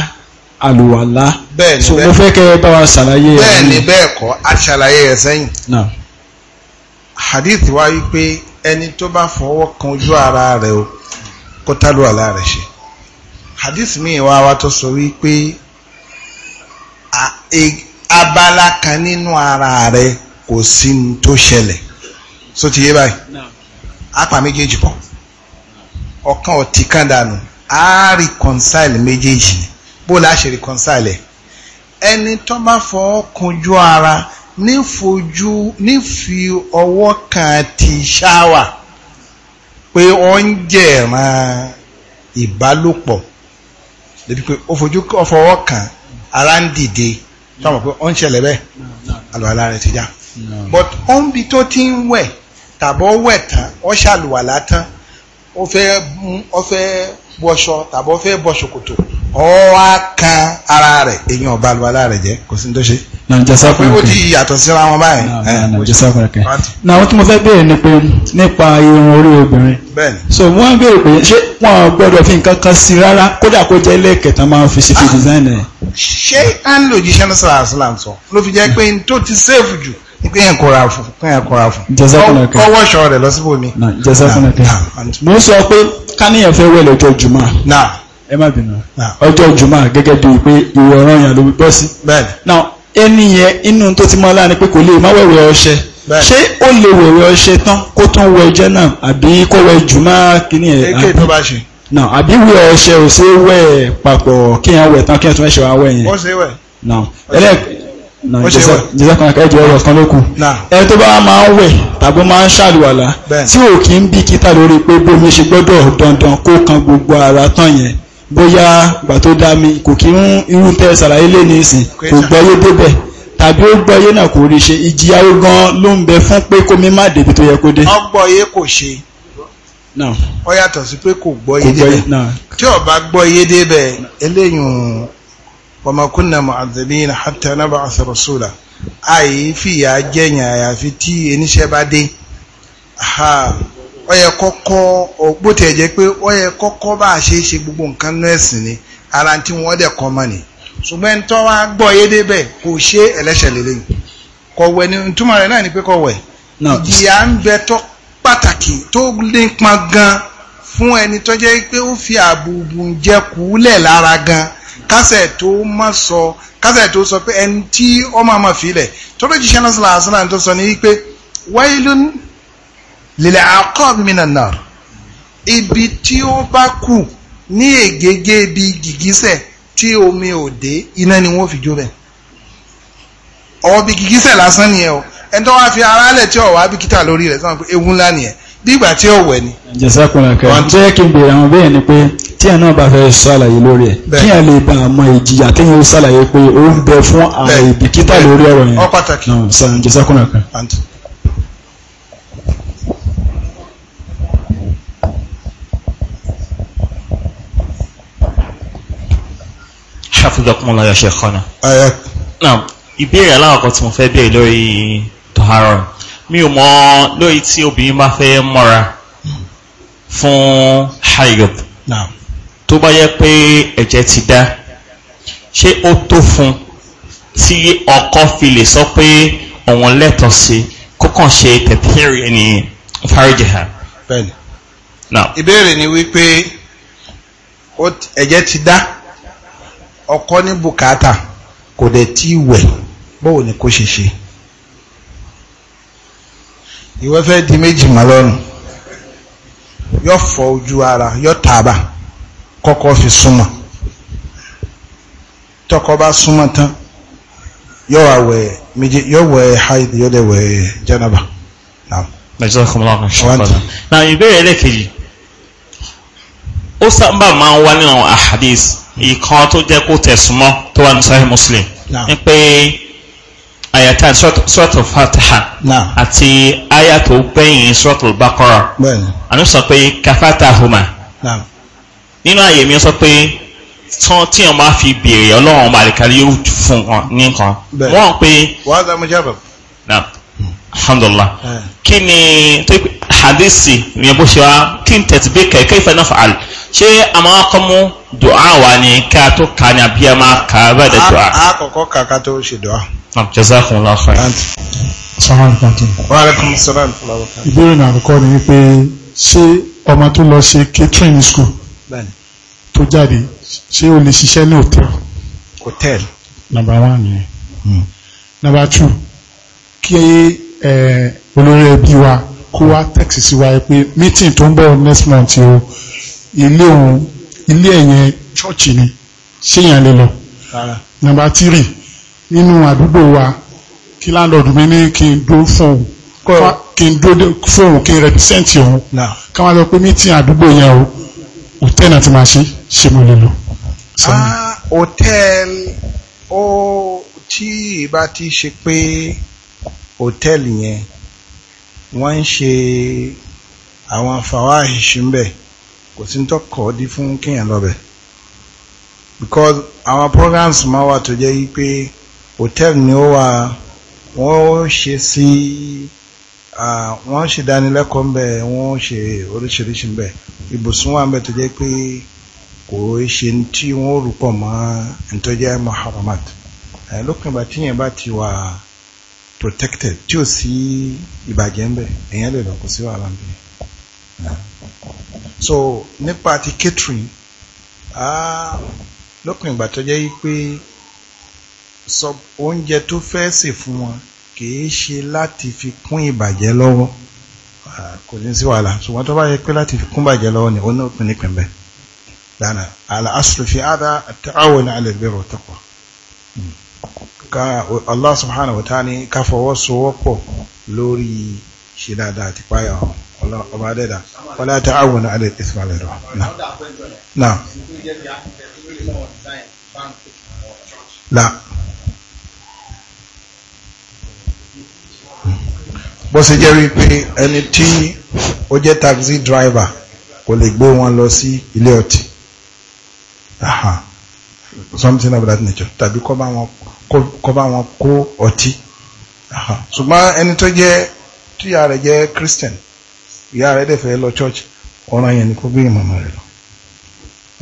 àlùwàlá. bẹ́ẹ̀ni bẹ́ẹ̀ so mo fẹ́ kẹ́ bá wa ṣàlàyé ẹ̀. bẹ́ẹ̀ni bẹ́ẹ̀ kọ́ a ṣàlàyé ẹ̀ sẹ́yìn. hadith wa yí pé ẹni tó bá fọwọ́ kan ojú ara rẹ̀ o kó tálùwàlá rẹ̀ ṣe hadith miin wa wa tó sọ wípé e, abala kan nínú ara rẹ̀ kò sí ní tó ṣẹlẹ̀ so ti yé báyìí apá méjèèjì pọ̀ ọ̀kan ọ̀tí kan dànù a reconcile méjèèjì ni bó la ṣe reconcile ẹni tó bá fọwọ́ kunjú ara nífojú nífi ọwọ́ kan ti ṣáwà pé ó ń jẹ̀ràn ìbálòpọ̀ débi pé ó fojú ọfọwọ́ kan ara ń dìde tó pé ó ń ṣẹlẹ̀ bẹ́ẹ̀ àlùwàlá rẹ̀ ti já but ó ń bi tó ti ń wẹ̀ tàbọ̀ wẹ̀ tán ó ṣàlùwàlá tán ó fẹ́ bọṣọ tàbọ̀ fẹ́ bọ ṣòkòtò ọwọ́ á kan ara rẹ̀ èyí ọba àlùbálà rẹ̀ jẹ́ kò sí ní tó ṣe. na jasa kun kan ó yàtọ̀ síra wọn báyìí. na jasa kun kan na wọ́n tún mo fẹ́ béèrè ni pé nípa irun orí obìnrin. bẹ́ẹ̀ni. so wọ́n béèrè pé ṣé wọn gbọ́dọ̀ fi nǹkan kan sí rárá kódà kó jẹ́ lẹ́ẹ̀kẹta máa fi ṣe fi ah! design rẹ̀. ṣé anlo jíṣẹ́ ní sọ̀rọ̀ àṣìlá sọ ló fi jẹ́ pé n tó ti save jù ni pé yẹn kóra fún yẹn kóra fún. jasa kun kan ọwọ́ ṣọ na jasa kun kan mo sọ pé káníyàn fẹ́ na ẹ má bínú ọjọ́ jùmọ̀ gẹ́gẹ́ bíi pé ìwé ọ̀ràn yàn ló bọ́ sí. bẹ́ẹ̀ni. now ẹni yẹn inú tó ti mọ́ lára ni pé kò lè má wẹ̀wẹ̀ ọṣẹ. bẹ́ẹ̀ni ṣé ó lè wẹ̀wẹ̀ ọṣẹ tán kó tún wẹ ọjọ́ náà àbí kó wẹ jùmọ̀ kínní ẹ̀ àbí. èké tó bá ṣe. now àbí wẹ ọṣẹ ò ṣe wẹ papọ̀ kí ẹ wẹ tán kí ẹ tún ẹ ṣe wá wẹ yẹn. ó ṣe wẹ. now ẹlẹ́ẹ̀kẹ́ jẹ́sẹ̀ kan ẹjọ́ ọ̀rọ̀ kan lókun ẹni tó bá máa ń wẹ̀ tàbí máa ń ṣàlùwàlá tí ò kí ń bìkítà lórí pé bómi ṣe gbọ́dọ̀ dandan kó kan gbogbo ara tán yẹn bóyá gbà tó dá mi kò kí ń irú tẹ́ ṣàlàyé lé ní ìsìn kò gbọ́yé débẹ̀ tàbí ó gbọ́yé náà kò rí ṣe ìjìyà ó gan ló ń bẹ fún pé kó mi má débi tó yẹ kó dé. wọ́n gbọ́yé kò ṣe ó yàtọ̀ sí pé kò gbọ́yé débẹ̀ tí ó bá gbọ́yé débẹ̀ eléyìí wa ma kunna mu'adhibina hatta nab'atha rasula àyè fìyà jẹ̀yìn àyàfi tí oníṣẹ́ bá dé ọyẹ kọkọ kọ́kọ́ pé ọyẹ kọkọ ṣe é ṣe gbogbo nǹkan nú ni ara tí wọ́n dẹ̀ kọ ma ni ṣùgbọ́n ẹni tó gbọ́ yé débẹ̀ kò ṣe ẹlẹ́ṣẹ̀ lélẹ́yìn ni ìtumọ̀ rẹ̀ náà ni pé ń bẹ pàtàkì tó gan fún ẹni jẹ́ pé ó fi àbùbùn jẹ kúlẹ̀ lára gan kásẹ̀ tó má sọ kásẹ̀ tó sọ pé ẹni tí fi lẹ̀ lil aqab minan nar ibi tí ó bá kù ní ègégé ibi gìgísẹ̀ tí omi ò dé iná ni wọ́n fi jó bẹ̀ ọwọ́ bí gìgísẹ̀ lásán nìyẹn o ẹni tó wá fi ara lẹ̀ tí ọ̀wá bìkítà lórí rẹ̀ sọ́nà pé ewu ńlá nìyẹn bí ìgbà tí ó wẹ̀ ni. jẹ́sàkùnrin kan jẹ́ kí n bèrè àwọn bẹ́ẹ̀ ni pé tí ẹ̀ náà bá fẹ́ ṣàlàyé lórí ẹ̀ kí ẹ̀ lè bá àmọ́ ìjìyà tí yẹn ó ṣàlàyé pé ó ń bẹ fún àìbìkítà lórí ọ̀rọ̀ yẹn. ọ pàtàkì. jẹ́sàkùnrin kan. Hafizakumullah ya Sheikhana. Naam, ìbéèrè aláwọ̀kọ́ tí mo fẹ́ bẹ̀rẹ̀ lórí Tọ́hárọ̀. Mi ò mọ̀ lórí tí obìnrin bá fẹ́ mọ́ra fún Hayob. Tó bá yẹ pé ẹ̀jẹ̀ ti dá, ṣé ó tó fún tí ọkọ fi lè sọ pé òun lẹ́tọ̀ọ́ sí kó ṣe tẹ̀pẹ́rì ẹni fáríjì ha? Bẹ́ẹ̀ni. Ìbéèrè ni wípé ẹ̀jẹ̀ ti dá. ọkọ ní bùkátà kò dẹ̀ tí wẹ̀ bọ́wọ́ ni kò ṣe ṣe ìwọ fẹ́ di méjì mọ́ lọ́rùn yọ fọ ojú ara yọ tààbà kọ́kọ́ fi súnmọ́ tọkọ bá súnmọ́ tán yọ àwẹ̀ méjì yọ wẹ̀ haid yọ dẹ̀ wẹ̀ jẹ́nàbà. na ìbéèrè ẹlẹ́kejì ó sábà máa ń wá nínú àhàdíìsì ìkan tó jẹ́ kó tẹ̀sùn mọ́ tó wà ní Sahih Muslim ní pé ayata suratul Fatiha àti aya tó gbẹ̀yìn suratul Baqara àná sọ pé kafata huma nínú àyè mi sọ pé tán tí wọn máa fi béèrè ọlọ́run ọmọ àríkàrí yóò fún wọn nìkan wọ́n pé. wàá dá mo jábọ̀ alhamdulillah ah. kí ni hadisi ní ẹbú ṣe wá kí n tẹ̀tí bí kẹ̀kẹ́ ìfẹ́ náà fàál ṣé a máa kọ́ mú dùá wà ní ká tó ka ní àbí a máa kà á bẹ́ẹ̀ dẹ̀ dùá. a kọ́kọ́ kà ká tó ṣe dùá. jazakumullahu khairan. wa alaikum salaam. ìbéèrè náà àkọ́kọ́ ni wípé ṣé ọmọ tó lọ ṣe catering school tó jáde ṣé o lè ṣiṣẹ́ ní hòtẹ́ẹ̀lì. hòtẹ́ẹ̀lì. number one nìyẹn. Hmm. number two kí olórí ẹbí wa kó wá tẹ̀sí sí wa pé meeting tó ń bọ̀ next month o ilé òun ilé ẹ̀yẹn chọ́ọ̀chì ni ṣéyàn lè lọ. nọ́mbà tírì nínú àdúgbò wa kí láńlọ́ọ̀dù mi ní kí n dó fóun kí n dó fóun kí n rẹpísẹ́ǹtì òun ká wá lọ pé meeting àdúgbò yẹn o hòtẹ́ẹ̀lì náà ti ṣe ṣe mo lè lọ. hòtẹ́ẹ̀lì ah, ó tí ì bá ti ṣe pé. Hotel yẹn wọ́n ń ṣe àwọn fàwáhìṣì ń bẹ̀ kò sí tó dí fún kíyàn lọ́bẹ̀ because our programs máa wà tó jẹ́ wípé hòtẹ́ẹ̀lì ni ó wà wọ́n ṣe sí wọ́n ṣe dánilẹ́kọ̀ọ́ ń bẹ̀ wọ́n ṣe oríṣiríṣi ń bẹ̀ ibùsùn wà ń bẹ̀ tó jẹ́ pé kò ṣe tí wọ́n rúpọ̀ mọ́ ntọ́jẹ́ muharramat lópin ìgbà tíyẹn bá ti wà. Uh, protected tí ò sí ìbàjẹ́ ń bẹ̀ èèyàn lè lọ kò sí wàhálà ń bẹ̀. so nípa ti catering lópin ìgbà tó jẹ́ pé oúnjẹ tó fẹ́ sè fún wọn kìí ṣe láti fi kún ìbàjẹ́ lọ́wọ́ kò ní sí wàhálà ṣùgbọ́n tó bá yẹ pé láti fi kún ìbàjẹ́ lọ́wọ́ ni òun náà nípìn bẹ́ẹ̀ lánàá àlà asùlùfẹ́ àdá àtàwọn àlẹ́ bẹ̀rẹ̀ ọ̀tọ̀kọ̀ ka Allah subhanahu wa ta'ala ni ká fọwọ́sowọ́pọ̀ lórí ṣe dáadáa àti páyà ọba dẹ́dà wala ta'awunu 'ala al-ithmi wal 'udwan náà náà náà bó ṣe jẹ́ wípé ẹni tí ó jẹ́ taxi driver kò lè gbé wọn lọ sí ilé ọtí something of that nature tàbí kọ́ bá wọn kó bá wọn kó ọtí ṣùgbọ́n ẹni tó jẹ́ tíyà rẹ̀ jẹ́ christian ìyá rẹ̀ dẹ̀ fẹ́ lọ church ọ̀ràn yẹn ni kó gbé ìmọ̀mọ̀ rẹ̀ lọ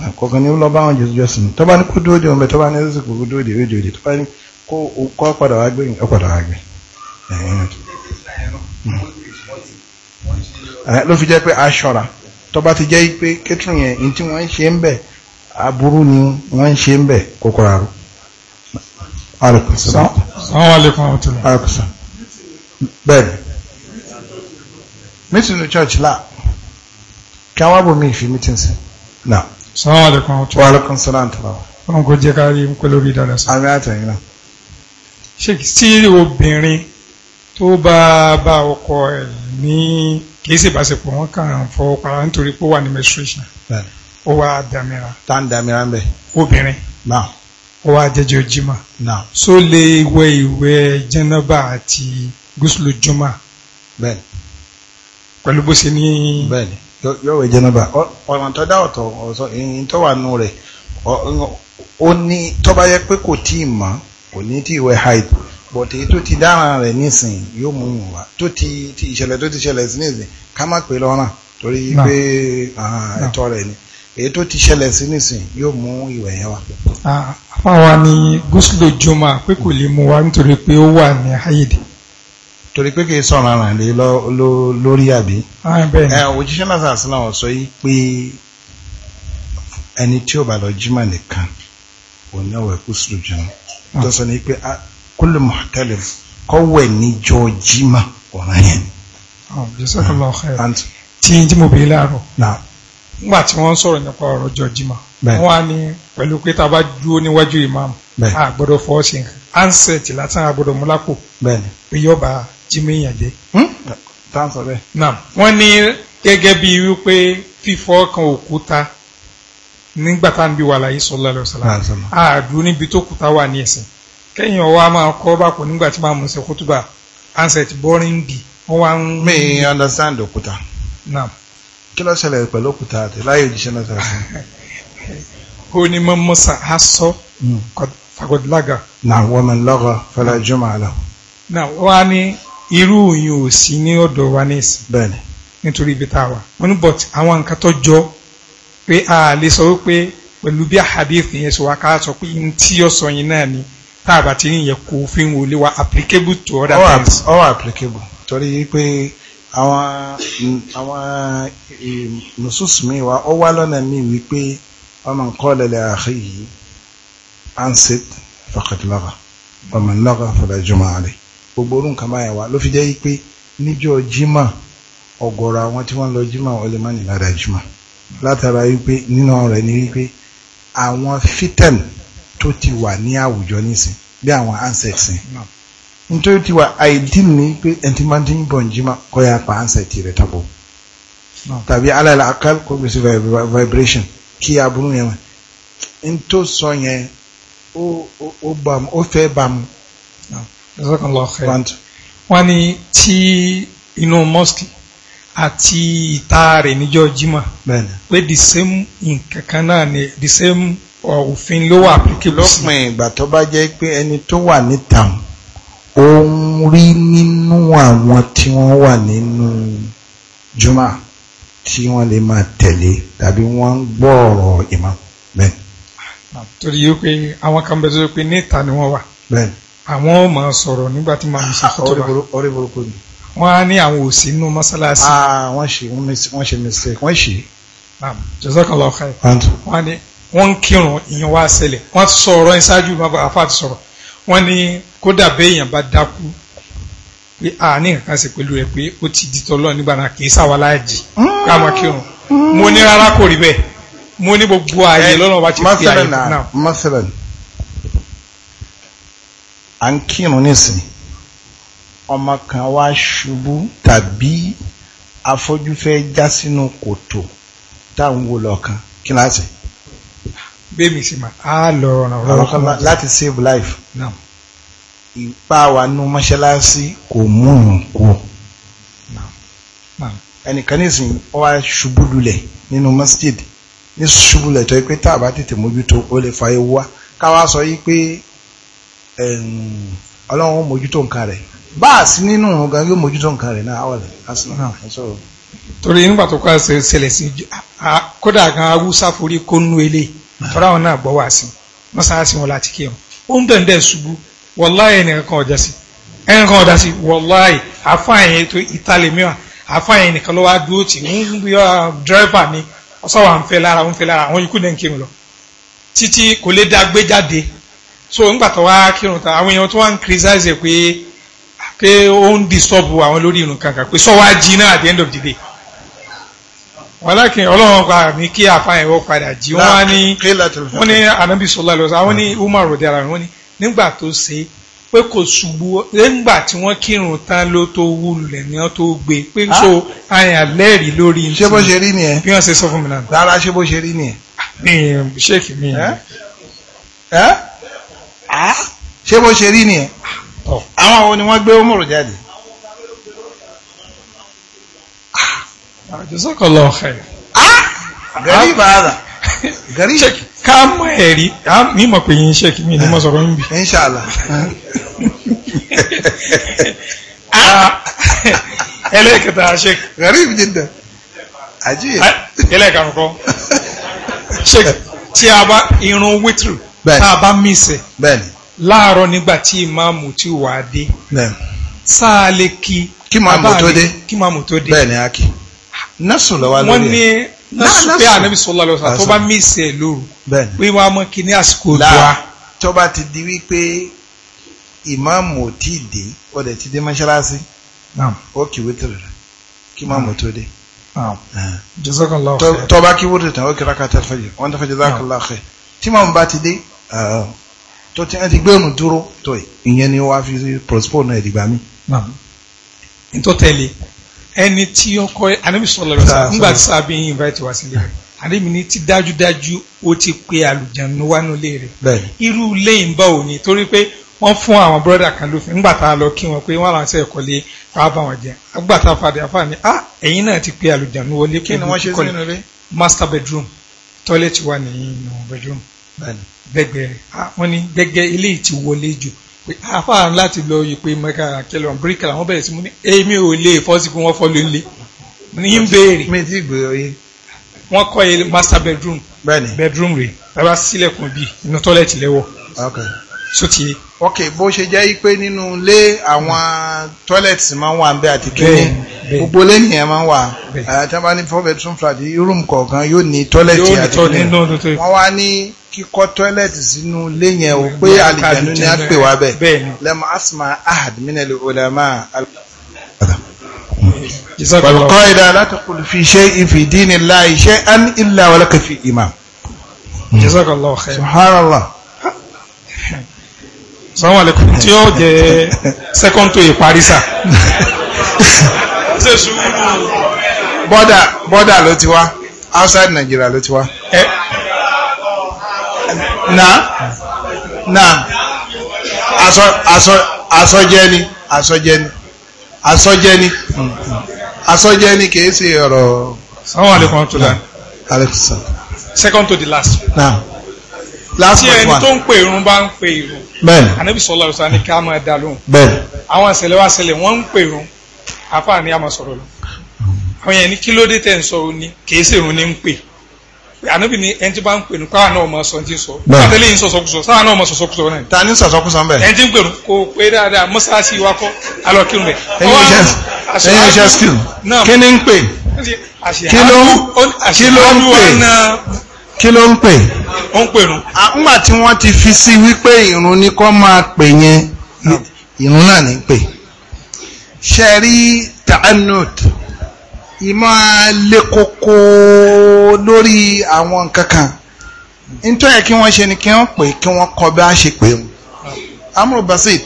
ah, kọ̀ọ̀kan ní lọ bá wọn jésù jọ́sìn tó bá ní kó dóde ọmọ tó bá ní ẹsẹ̀ kó dóde òde òde tó bá ní kó kọ́ padà wá gbé ọ padà wá gbé hmm. eh, ló fi jẹ́ pé aṣọra tó ti jẹ́ pé kétùn yẹn ní tí wọ́n ń ṣe ń bẹ̀ aburú ni wọ́n ń ṣe ń bẹ̀ kókó Àrùkùsá. Àwọn àlekún àwọn tẹ̀lé. Àrùkùsá. Bẹ́ẹ̀ni. Meeting ní church la. Kí àwọn àbò mi fi meeting sí. Nà. Sàwọn àlekún àwọn tẹ̀lé. Wà àlekún sọ́lá ń tẹ̀lé wa. Wọ́n kò jẹ́ ká rí ń pẹ́ lórí dáadáa sí. Àmì àtẹ̀yìn náà. Ṣé tí obìnrin tó bá bá ọkọ ẹ̀ ní kìí sì wọn kàn fọwọ́ para nítorí pé ó wà ní menstruation. Ó wà dàmíra. Tá ń dàmíra ń Obìnrin ó wá jẹjọ jimá náà so lè wẹ ìwẹ̀ jẹnaba àti gúúsùlù jumá bẹ́ẹ̀ni pẹ̀lú bó ṣe ní. bẹ́ẹ̀ni yóò wẹ jẹnaba ọ̀nà tó dá ọ̀tọ̀ ọ̀sọ̀ ìyìn tó wà nù rẹ̀ ó ní tó bá yẹ pé kò tí ì mọ́ kò ní tí ìwẹ̀ haid bọ̀tẹ̀ tó ti dára rẹ̀ nísìn yóò mú un wá tó ti ìṣẹ̀lẹ̀ tó ti ṣẹlẹ̀ sí nísìn ká má pè lọ́ràn torí pé ẹ̀tọ́ rẹ̀ ni èyí tó ti ṣẹlẹ̀ sí nísìn yóò mú ìwẹ̀ yẹn wá. àfáwa ni gúúsùlò jùmọ̀ pé kò lè mú wa nítorí pé ó wà ní ayédè. torí pé kì í sọ̀rọ̀ àràn lé lórí àbí. òjíṣẹ́ náà sàásì náà sọ yìí pé ẹni tí ó bá lọ jímọ̀ nìkan òun náà wẹ̀ gúúsùlò jùmọ̀ tó sọ ni pé kúlù mọ̀tẹ́lẹ̀ kọ́wẹ̀ níjọ jímọ̀ ọ̀ràn yẹn. jésù kò lọ ọ̀hẹ́ mo bèè láàárọ̀ nígbà tí wọ́n sọ̀rọ̀ nípa ọ̀rọ̀ jọjima wọ́n á ní pẹ̀lú pé tá a bá dúró níwájú ìmáàmù a gbọ́dọ̀ fọwọ́ sí nǹkan ansẹ̀tì látàn àgbọ́dọ̀ mú lápò pé yóò bá jimmy yàn dé. wọ́n ní gẹ́gẹ́ bí wípé fífọ́ kan òkúta nígbà tá à ń bí wàhálà yìí sọ àdúró níbi tó kúta kí ló ṣẹlẹ̀ pẹ̀lú òkúta àti láyé òjíṣẹ́ náà sọ̀rọ̀ ó ní mọ́ mọ́sà á sọ hmm. fagodilaga. na wọ́n mi lọ́gọ̀ fẹ́lẹ́ jùmọ̀ àlọ́. na wọ́n á ní irú òyìn ò sí ní ọ̀dọ̀ wa ní ìsìn. bẹ́ẹ̀ni. nítorí ibi tá a wà wọ́n ní but àwọn nǹkan tó jọ pé a lè sọ wípé pẹ̀lú bí ahadith yẹn sọ wa ká sọ pé n tí ó sọ yẹn náà ni tá a bá ti ń yẹ kó fi ń wọlé wa applicable to other things. all applicable torí pé àwọn mm, àwọn eh, nusus wa ó wá lọ́nà mi wípé wọ́n máa ń kọ́ lẹ́lẹ́ àárí yìí ansit faqad lagha wa man lagha fala jum'a alayhi gbogbo orun kan báyẹn wa ló fi jẹ́ pé níjọ́ jimá ọ̀gọ̀rọ̀ àwọn tí wọ́n lọ jimá wọ́n lè má ní lára látara wípé nínú rẹ̀ ni wípé àwọn fitan tó ti wà ní àwùjọ nísìn bí àwọn ancestors nítorí tiwa àìdín ní pé ẹ̀ntì máa ti ń ya pa ánsẹ̀ tirẹ̀ tabo ala la akal kó gbèsè vibration kí aburú yẹn wà ntó o o bam bàmú ó fẹ́ bàmú. wọ́n wani tí inú mosque àti ìta rẹ̀ níjọ́ jimá pé the same nǹkan kan ni the same uh, òfin ló wà applicable sí. lópin ìgbà tó bá jẹ́ pé ẹni tó wà níta ó ń rí nínú àwọn tí wọ́n wà nínú jùmọ̀ tí wọ́n lè máa tẹ̀lé tàbí wọ́n ń gbọ́ ọ̀rọ̀ ìmọ̀ bẹ́ẹ̀. torí yìí pé àwọn kan bẹ tó yẹ pé níta ni wọ́n wà àwọn ò máa sọ̀rọ̀ nígbà tí màá sọ fún tó bá wọ́n á ní àwọn òsì nínú mọ́sálásí. Ah, wọ́n ṣe wọ́n ṣe mistake wọ́n ṣe. jazakallah khair wọ́n á ní wọ́n ń kírun ìyẹn wá ṣẹlẹ̀ wọ́n ti sọ ọ̀rọ̀ yẹn ṣáájú bàbá àfa ti sọ̀rọ̀ wọ́n ní kódà béèyàn bá dákú pé a ní nǹkan ṣe pẹ̀lú rẹ̀ pé ó ti di tọ́lọ́ nígbà náà kì í sàwáláàjì mm. ká máa kírun mo ní rárá kò rí bẹ́ẹ̀ mo ní gbogbo ààyè eh, lọ́nà bá ti fi ààyè náà. masalan à ń kírun nísìn ọmọ kan wá ṣubú tàbí afọ́jú já sínú kòtò táwọn wò lọ́kàn kí láti. bẹ́ẹ̀ mi sì máa á lọ rọrùn. láti save life. No. ìpá wa nú mọ́ṣáláṣí kò k'o kú ẹnìkan nísìn ó wá ṣubú lulẹ̀ nínú masjid ní ṣubú lẹ̀ tó pé táàbá tètè mójútó ó lè fa ewu wá káwá sọ yí pé ọlọ́run ó mójútó nǹkan rẹ̀ báàsì nínú ọ̀gán yóò mójútó nǹkan rẹ̀ náà àwọ̀lẹ̀ asìnà ẹ̀sọ̀rọ̀. torí nígbà tó kọ́ ẹsẹ̀ ṣẹlẹ̀ sí kódà gan awúsá forí kó ilé tọ́ra wọn náà gbọ́ wá sí mọ́ṣáláṣí wọn láti kí wọn ó ń ṣubú wọláyé ẹnìkan kan ọjà sí ẹnìkan ọjà sí wọláyé àfáàyè ètò ìtàlẹmíà àfáàyè nìkan ló wá ah, ni ń fẹ́ lára ń fẹ́ lára àwọn ikú náà ń lọ títí kò lè dá so ńgbà tó wá kírun ta àwọn èèyàn tó wá ń criticize pé ah, pé ó ń àwọn sọ end of the day ọlọ́run pa mí kí àfáàyè padà jí ní ní anabi sọlá àwọn ní umar nígbà tó ṣe pé kò ṣubú nígbà tí wọ́n kírun tán ló tó wú lulẹ̀ ni wọ́n tó gbé pé ah. so àyàn lẹ́rìí lórí ṣé bó ṣe rí nìyẹn bí wọ́n ṣe sọ fún mi náà. rárá ṣé bó ṣe rí nìyẹn. mi ṣé kì mí. ṣé bó ṣe rí nìyẹn. àwọn àwọn ni wọ́n gbé Umaru jáde. àjọṣọ́kọ̀ lọ́ọ̀kẹ́. gẹ̀rí ìbára gẹ̀rí ká mọ̀ ẹ̀rí mi mọ̀ pé yín ṣe kí mi ní mọ̀ sọ̀rọ̀ níbi. inṣàlá. ẹlẹ́kẹta ṣe. gharib jiddan àjíyè. ẹlẹ́kẹta kọ́ ṣe tí a bá irun wítìrì tá a bá mísẹ̀ láàárọ̀ nígbà tí ìmáàmù ti wà á dé sáà lè kí. kí máàmù tó dé bẹ́ẹ̀ ni a kì. násùn lọ́wọ́ lórí ẹ̀ pé ànábì sọlá lọ́sà tó bá mísì ẹ̀ lóru pé wọ́n á mọ kí ní àsìkò dùá. tó bá ti di wípé ìmáàmù ò tí ì dé ó dẹ̀ ti dé mọ́ṣáláṣí ó kì wítìrì rẹ̀ kí máàmù tó dé. tó bá kí wítìrì tán ó kí rákàtà fẹjẹ wọn tó fẹjẹ dákàlá tí máàmù bá ti dé tó ti gbé òun dúró tó ìyẹn ni wọ́n fi postpone ẹ̀ mi. ní tó tẹ̀lé ẹni tí ọkọ anabi sọlọ lọ sáà ńgbà sábẹ yín invite wá sílé rẹ anabi ní ti dájúdájú ó ti pe àlùjánu wánú lé rẹ irú lẹ́yìn bá ò ní torí pé wọ́n fún àwọn brọdà kan lófin ńgbà lọ kí wọn pé wọ́n àwọn àṣẹ ẹ̀kọ́ lé fàá wọn jẹ àgbà fàdé àfà ah ẹ̀yin náà ti pe àlùjánu wọlé kí ni wọ́n ṣe sínú rẹ master bedroom toilet wà ní inú bedroom bẹ́gbẹ̀ẹ́ ah, wọ́n ní gẹ́gẹ́ ilé ìtì wọlé jù pé àfáà láti lọ ìpè mẹ́ka kẹlọ̀n bíríkà làwọn bẹ̀rẹ̀ sí mú ní èmi ò lè fọ́ sí pé wọ́n fọ́ lónìí ní ń béèrè wọ́n kọ́ ilé master bedroom bedroom rẹ̀ bàbá sílẹ̀kùn bíi inú tọ́lẹ̀tì lẹ́wọ̀ sótìyé ok bó ṣe jẹ́ pé nínú ilé àwọn toilets máa ń wà ń bẹ àti kíní gbogbo ilé nìyẹn máa ń wà àti wọn bá ní four bedroom flat room kọ̀ọ̀kan yóò ní toilet àti kíní wọ́n wá ní kíkọ́ toilet sínú ilé yẹn o pé àlìjẹ̀nu ni a pè wá bẹ̀ lẹ́mọ̀ asma ahad minel ulama al. والقاعدة لا تقول في شيء في دين الله شيئا إلا ولك في إمام جزاك الله خير سبحان الله sọ́wọ́n àlẹ́kùn tí ó jẹ́ second to ìparí ṣe sùúrù bọ́dà ló ti wá outside Nigeria ló ti wá ẹ na na asọ asọ asọjẹni asọjẹni asọjẹni asọjẹni kìí ṣe ọ̀rọ̀. sọ́wọ́n àlẹ́kùn tó dá second to the last. Now last point one. tí ẹni tó ń pè irun bá ń pè irun. bẹ́ẹ̀ni anabi sọlá ọsàn ni ká máa dá lóhùn. bẹ́ẹ̀ni àwọn àṣẹlẹ wa ṣẹlẹ̀ wọ́n ń pè irun afa ni a máa sọ̀rọ̀ lọ. àwọn yẹn ní kí ló dé tẹ̀ ń sọ ọ ni kìí ṣe irun ni ń pè anabi ni ẹni tí bá ń pè ní káwọn náà máa sọ ní ti sọ. bẹ́ẹ̀ni àtẹlẹ yìí ń sọsọkùsọ sáwọn náà máa sọsọkùsọ náà. ta ni sọsọkùsọ ń bẹ. ẹni tí ń pèrò kò pé dáadáa mọ́sáàsì wa kọ́ kí ló ń pè ó ń pèrún nígbà tí wọ́n ti fi sí wípé ìrun ni kó máa pè yẹn ìrun náà ní pè ṣe rí ta'anud ìmọ̀ lé kókó lórí àwọn nǹkan kan nítorí kí wọ́n ṣe ni kí wọ́n pè kí wọ́n kọ bí a ṣe pè mu amúrò basit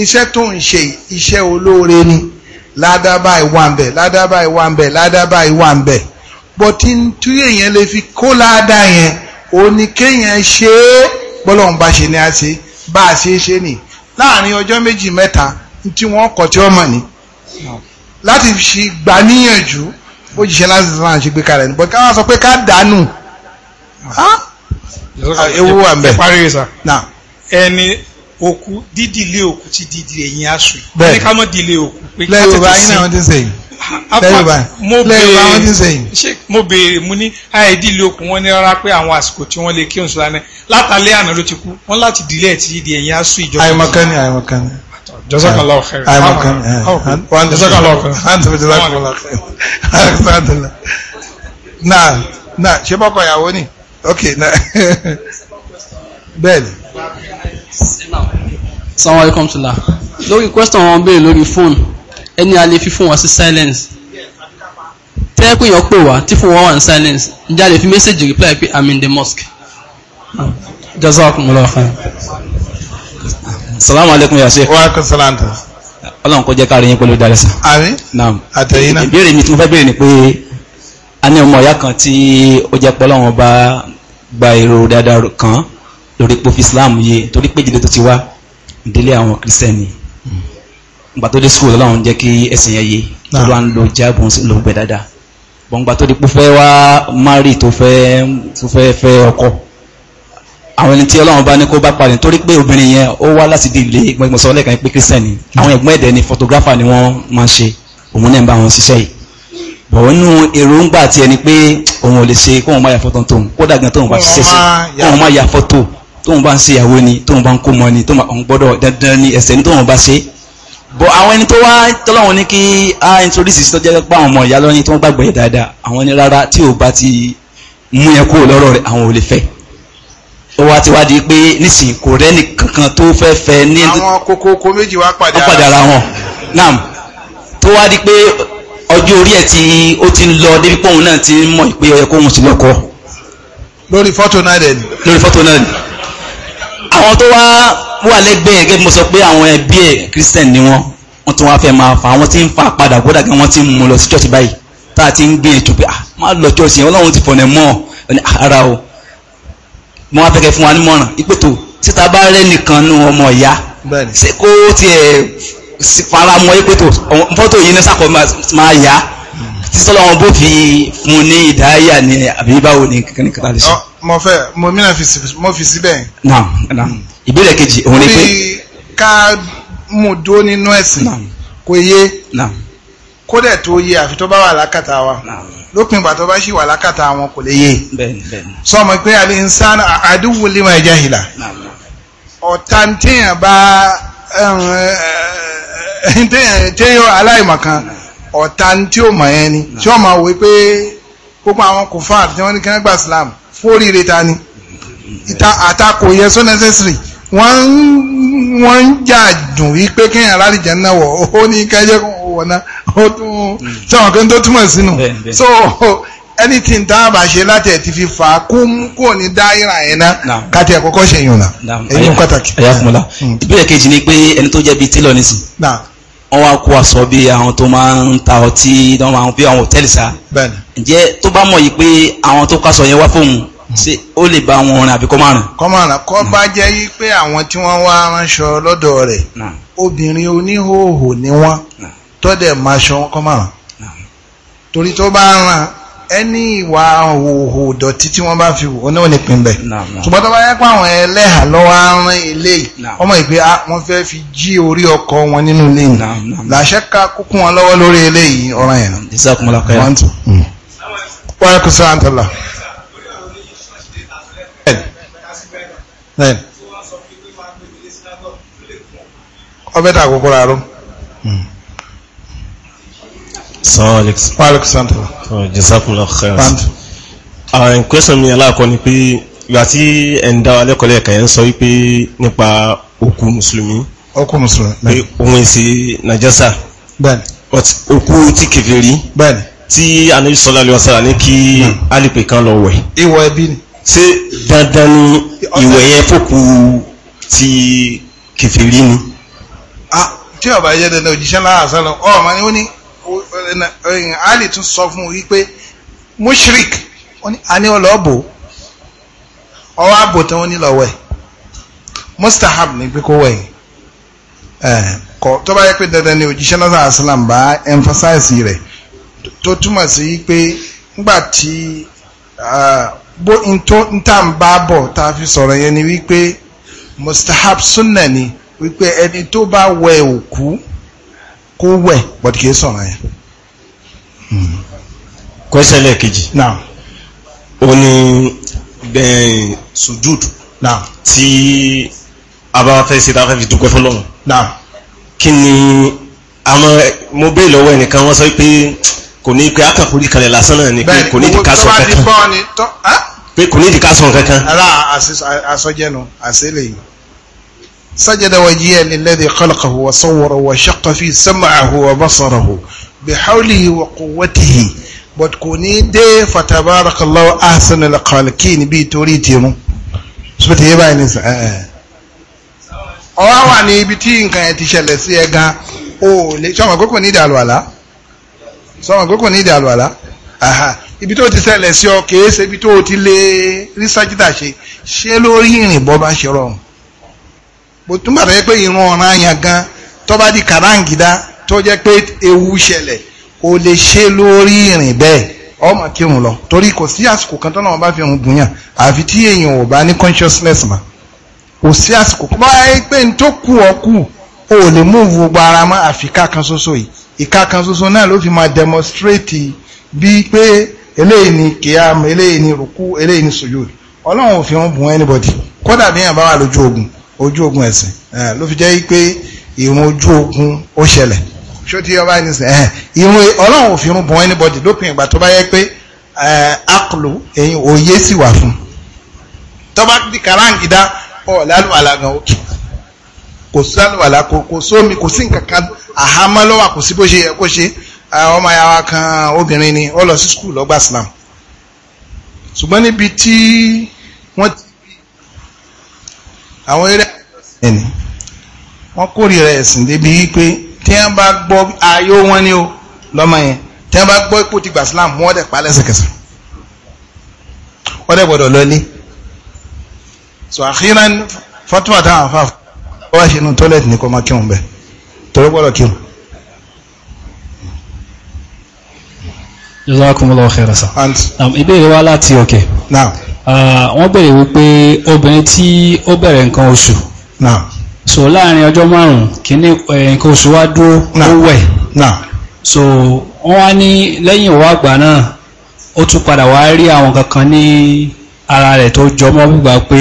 iṣẹ́ tó ń ṣe iṣẹ́ olóore ni ládàbà ìwà ń bẹ̀ ládàbà ìwà ń bẹ̀ ládàbà ìwà ń bẹ̀ bọ̀tí tí èèyàn lè fi kó láadáa yẹn òun ni kéèyàn ṣe é bọ́lọ́hún bá ṣe ni a ṣe bá a ṣe é ṣe nì láàrin ọjọ́ méjì mẹ́ta tí wọ́n kọ̀ tí ó mọ̀ ni láti fi gbà níyànjú ó jìṣẹ́ láti sàn ṣe gbé kalẹ̀ bọ̀tí káwọn sọ pé ká dànù ewu wà ń bẹ̀. ẹni òkú dídìlé òkú ti dìdì ẹ̀yìn aṣù bẹ́ẹ̀ ní ká mọ́ dìlé òkú pé ká tètè sí ah, mo béèrè mo ní àìdílé òkú wọn ní rárá pé àwọn àsìkò tí wọ́n lè kí òǹsùlá náà látàlẹ́ àná ló ti kú wọ́n láti dìlé ẹ̀ ti dìdì ẹ̀yìn aṣù ìjọba. àìmọ̀kánni àìmọ̀kánni. jazakallahu khair. àìmọ̀kánni ah, jazakallahu khair. na. náà ṣé bọ́kọ̀ ìyàwó ni ok na. bẹ́ẹ̀ ni. Assalamu alaikum tula. Lórí question wọn béèrè lórí fóònù, ẹni a lè fi fóònù wá sí silence. Tẹ́ẹ̀kùn yẹn pè wá tí fóònù wá wà ní silence, ǹjẹ́ a lè fi message reply pé I'm in the mosque. Jazakumullahu khair. Assalamu alaikum ya Sheikh. Wa alaikum salam. Ọlọ́run kó jẹ́ ká rí yín pẹ̀lú ìdárẹ́sà. Àmín. Naam. Àtẹ̀yìn náà. Ìbéèrè mi tí mo fẹ́ béèrè ni pé a ní ọmọ ìyá kan tí ó jẹ́ pé Ọlọ́run bá gba èrò dáadáa kan lórí pé fi islam yé torí pé ìdílé tó ti wá ìdílé àwọn kìrìsìtẹ́nì ìgbà tó dé school ọlọ́run jẹ́ kí ẹ̀sìn yẹn yé tó wá ń lo jáàbù ló gbẹ dáadáa gbọ̀ngbà tó di pé fẹ́ wá mari tó fẹ́ tó fẹ́ fẹ́ ọkọ àwọn ẹni tí ọlọ́run bá ní kó bá parí torí pé obìnrin yẹn ó wá láti di ilé ìgbọ̀nsọ̀ lẹ́ẹ̀kan pé kírísítẹ̀nì àwọn ẹ̀gbọ́n ẹ̀dẹ̀ ni photographer ni wọ́n máa ń ṣe òun náà ń bá wọn ṣiṣẹ́ yìí bọ̀wọ́ nínú èròǹgbà tiẹ̀ ni pé òun ò lè ṣe kóun má ya fọ́tò tóun kódà gan tóun bá ṣiṣẹ́ sí kóun má ya fọ́tò tóun bá ń ṣe ìyàwó ni tóun bá ń kó mọ ni tóun gbọ́dọ̀ dandan ni ẹ̀ṣẹ̀ ni tóun bá ṣe bọ́ àwọn ẹni tó wá tọ́lọ́wọ́n ní kí a introduce sí tọ́jẹ́ pé àwọn ọmọ ìyá lọ́ní tó ń gbàgbẹ́ dáadáa àwọn ní rárá tí ò bá ti mú yẹn kúrò lọ́rọ̀ rẹ̀ àwọn ò lè fẹ́ ó wá ti wá di pé nísìnyí kò rẹ́ni kankan tó fẹ́ fẹ́ ní. àwọn kókókó méjì wá pàdé ara wọn nam tó wá di pé ọjọ́ orí ẹ̀ tí ó ti ń lọ débi pọ́hùn náà ti ń mọ̀ ìpè ọyẹ kóhùn sí lọ́kọ. lórí fọ́tò náà dẹ̀ ni. lórí fọ́tò náà ni àwọn tó wá wà lẹ́gbẹ̀ẹ́ gẹ́gẹ́ bí mo sọ pé àwọn ẹbí ẹ̀ christian ni wọ́n wọ́n tún wá fẹ́ máa fà wọ́n ti ń fà padà kódà kí wọ́n ti ń mú lọ sí church báyìí tá a ti ń gbé ètò pé má lọ church yẹn ọlọ́run ti fọ̀nà mọ́ ọ ní ara o mo wá fẹ́kẹ́ fún wa nímọ̀ràn ìpètò títa bá rẹ́ nìkan nú ọmọ ìyá ṣé kó tiẹ̀ faramọ́ ìpètò fọ́tò yìí ní sàkọ́ máa yá títí ọlọ́run bó fi fún ní ìdáyà ní àbí báwo ni kankan ní kàtàlẹ́sọ̀ mo fẹ́ mo mìíràn mo fi síbẹ̀. ìbéèrè kejì òun ni pé. bí ká mú dúró nínú ẹ̀sìn kò yé kódẹ̀ tó yé àfi tó bá wà lákàtà wa lópin ìgbà tó bá sì wà lákàtà wọn kò lè yé sọmọ pé àlè ń sá àdúgbò lè máa ìlà ọ̀tá téèyàn bá téèyàn aláìmọ̀kan ọ̀tá tí ó mọ̀ yẹn ni tí wọ́n máa wò pé gbogbo àwọn kò fà àti wọ́n ní kí wọ́n gbà sílámù fóríire ta ni àtakò yẹn so necessary wọ́n wọ́n ń jà dùn wípé kéèyàn rárá ìjà náà wọ̀ ó ní kẹjẹ́ wọ̀ náà ó tún sọ̀rọ̀ kan tó túmọ̀ sínú so anything tá a bá ṣe láti ẹ̀ ti fi fà á kó kó ní dáìrà yẹn náà káti ẹ̀ kọ́kọ́ ṣe yàn náà èyí ń pàtàkì. ẹ̀yà kùmọ̀lá hmm. ìbílẹ̀ kejì ni pé ẹni tó jẹ́ bíi tailor nísìn wọ́n wá kó aṣọ bí àwọn tó máa ń ta ọtí bí àwọn hòtẹ́ẹ̀lì sá ǹjẹ́ tó bá mọ̀ yìí pé àwọn tó kásọ yẹn wá fóun se o lè bá wọn rìn àbí kọ́ máa rìn. kọ́ máa rìn kọ́ bá hmm. jẹ́ yí pé àwọn tí wọ́n wá ránṣọ lọ́dọ̀ rẹ̀ hmm. obìnrin oníhòòhò ni wọ́n hmm. tọ́dẹ̀ máa ṣọ wọn kọ́ máa rìn. torí tó bá ràn ẹni ìwà òhòhò dọ̀tí tí wọ́n bá fi wò ní òní pin bẹ̀. ṣùgbọ́n tó bá yẹ pé àwọn ẹlẹ́hà lọ́wọ́ rán ilé yìí ọmọ ìgbé wọn fẹ́ fi jí orí ọkọ wọn nínú ilé yìí làṣẹ ká kúkú wọn lọ́wọ́ lórí ilé yìí ọ̀ràn yẹn. ìsàkùnmọ́lá kẹ́yà. wọ́n á kó sáà ń ọbẹ̀ tà kókó rárú. sàn alex. alex santo. jesakunla khairas. àwọn kwesàn mi aláàkọ́ ni pé ìgbà tí ẹ̀ ń dá wa lẹ́kọ̀ọ́ lẹ́ẹ̀kan ẹ̀ ń sọ wípé nípa òkú mùsùlùmí. òkú mùsùlùmí. pé òun èsì nàjẹ́sà. bẹ́ẹ̀ni. òkú tí kèfèrí. bẹ́ẹ̀ni. tí anabi sọlá lè wá sára ní kí hmm. alìpè kan lọ wẹ̀. ìwọ ẹbí ni ṣé dandan ni ìwẹ̀ yẹn fòkù ti kèfèrí ni. tí ọba yẹ dandan òjíṣẹ́ láàásá lọ ọmọ ni ó ní Ali tún sọ fún un wípé mushrik a ní ọlọ́ọ̀bù ọwọ́ àbò tí wọ́n ní lọ́wọ́ ẹ̀ mustahab ní pé kó wẹ̀ yìí tó bá yẹ pé dandan ni òjíṣẹ́ náà sàásìlám bá emphasize rẹ̀ tó túmọ̀ sí pé nígbà tí bó n tá n bá bọ̀ tá a fi sọ̀rọ̀ yẹn ni wípé mustahab sunna ni wípé ẹni tó bá wẹ òkú kó wẹ̀ bọ̀dì kìí sọ̀rọ̀ yẹn. kwẹ́sẹ̀lẹ̀ kejì. náà. ó ní bẹ́ẹ̀ eh, sujúd. náà. tí a bá fẹ́ ṣe tá a fẹ́ fi dúpẹ́ fọlọ́run. náà. kí ni àmọ́ mo bẹ́ẹ̀ lọ́wọ́ ẹnìkan wọ́n sọ pé kò ní pé akàkùrí kalẹ̀ lásán náà ni pé kò ní kásọ̀ kankan. bẹ́ẹ̀ni tó bá ní bọ́ọ̀ ni tó pé kò ní ìdíkà sọ kankan. ara àsọjẹnu àṣẹlẹ yìí sajada wajiya lilladhi khalaqahu wa sawwarahu wa shaqqa fi sam'ahu wa basarahu bi hawlihi wa quwwatihi but kò ní dé fatabarakallahu ahsanul khaliqin bíi torí tìrún sọ́tẹ̀ yé báyìí nìsà ẹ̀ẹ́ ọwọ́ wà ní ibi tí nǹkan ẹ̀ ti ṣẹlẹ̀ sí ẹ gan o lè sọmọ kókò ní ìdàlù àlá sọmọ kókò ní ìdàlù àlá aha ibi tó ti ṣẹlẹ̀ sí ọ kìí ṣe ibi tó ti lé rí sájítà ṣe ṣé lórí ìrìn bọ́ bá ṣe rọrùn bó túmọ̀ rẹ pé ìrun ọ̀ràn àyàn gan tó bá di kàráǹgídá tó jẹ́ pé ewu ṣẹlẹ̀ kò lè ṣe lórí ìrìn bẹ́ẹ̀ ọmọ kírun lọ torí kò sí àsìkò kan tọ́nà wọn bá fi hùn bùnyàn àfi tí èèyàn ò bá ní consciousness ma kò sí àsìkò kan báyìí pé n tó kù ọ kù o ò lè mú gbogbo ara mọ́ àfi ká kan ṣoṣo yìí ìka kan ṣoṣo náà ló fi máa demonstrate bíi pé eléyìí ni kìyàmù eléyìí ni rùkú eléyìí ni sùjúd ọlọ́run ò fi wọn bùn anybody kódà bí yàn bá wà lójú ogun ojú ogun ẹ̀sìn ló fi jẹ́ pé ìrun ojú ogun ó ṣẹlẹ̀ ṣó ọba ẹni sìn ọlọ́run fi wọn bùn anybody lópin ìgbà tó bá yẹ pé akulu ẹ̀yìn òye sì wà fún tọ́ba di karangida ọ̀ lálùwàlà gan òkè kò sálùwàlà kò sómi kò sí nǹkan kan àhámọ́ lọ́wọ́ kò sí bó ṣe yẹ kó ṣe. Ah, ọmọ ayáwa kan obìnrin ni ó lọ sí skul lọ́gbà islam ṣùgbọ́n níbi tí wọ́n ti bí àwọn eré ẹni wọ́n kórìíra ẹ̀sìn débi wípé tí wọ́n bá gbọ́ ayé wọn ni ó lọ́mọ yẹn tí wọ́n bá gbọ́ ipò ti gbà islam wọ́n dẹ̀ pa lẹ́sẹ̀kẹsẹ̀ wọ́n dẹ̀ gbọ́dọ̀ lọ́lé so àkíran fọ́túmọ̀ táwọn afáfọ́ wọ́n ṣe inú tọ́lẹ̀tì ní kọ́ máa kírun bẹ́ẹ̀ torí gbọ́dọ̀ kírun. Jazakumullahu khairan sir. Um, ìbéèrè wá láti òkè. Uh, wọ́n béèrè wípé obìnrin tí ó bẹ̀rẹ̀ nǹkan oṣù. so láàrin ọjọ́ márùn-ún kíní eh, nǹkan oṣù wá dúró ó wẹ̀. so wọ́n wá ní lẹ́yìn òwò àgbà náà ó tún padà wá rí àwọn kankan ní ara rẹ̀ tó jọmọ́ gbígbà pé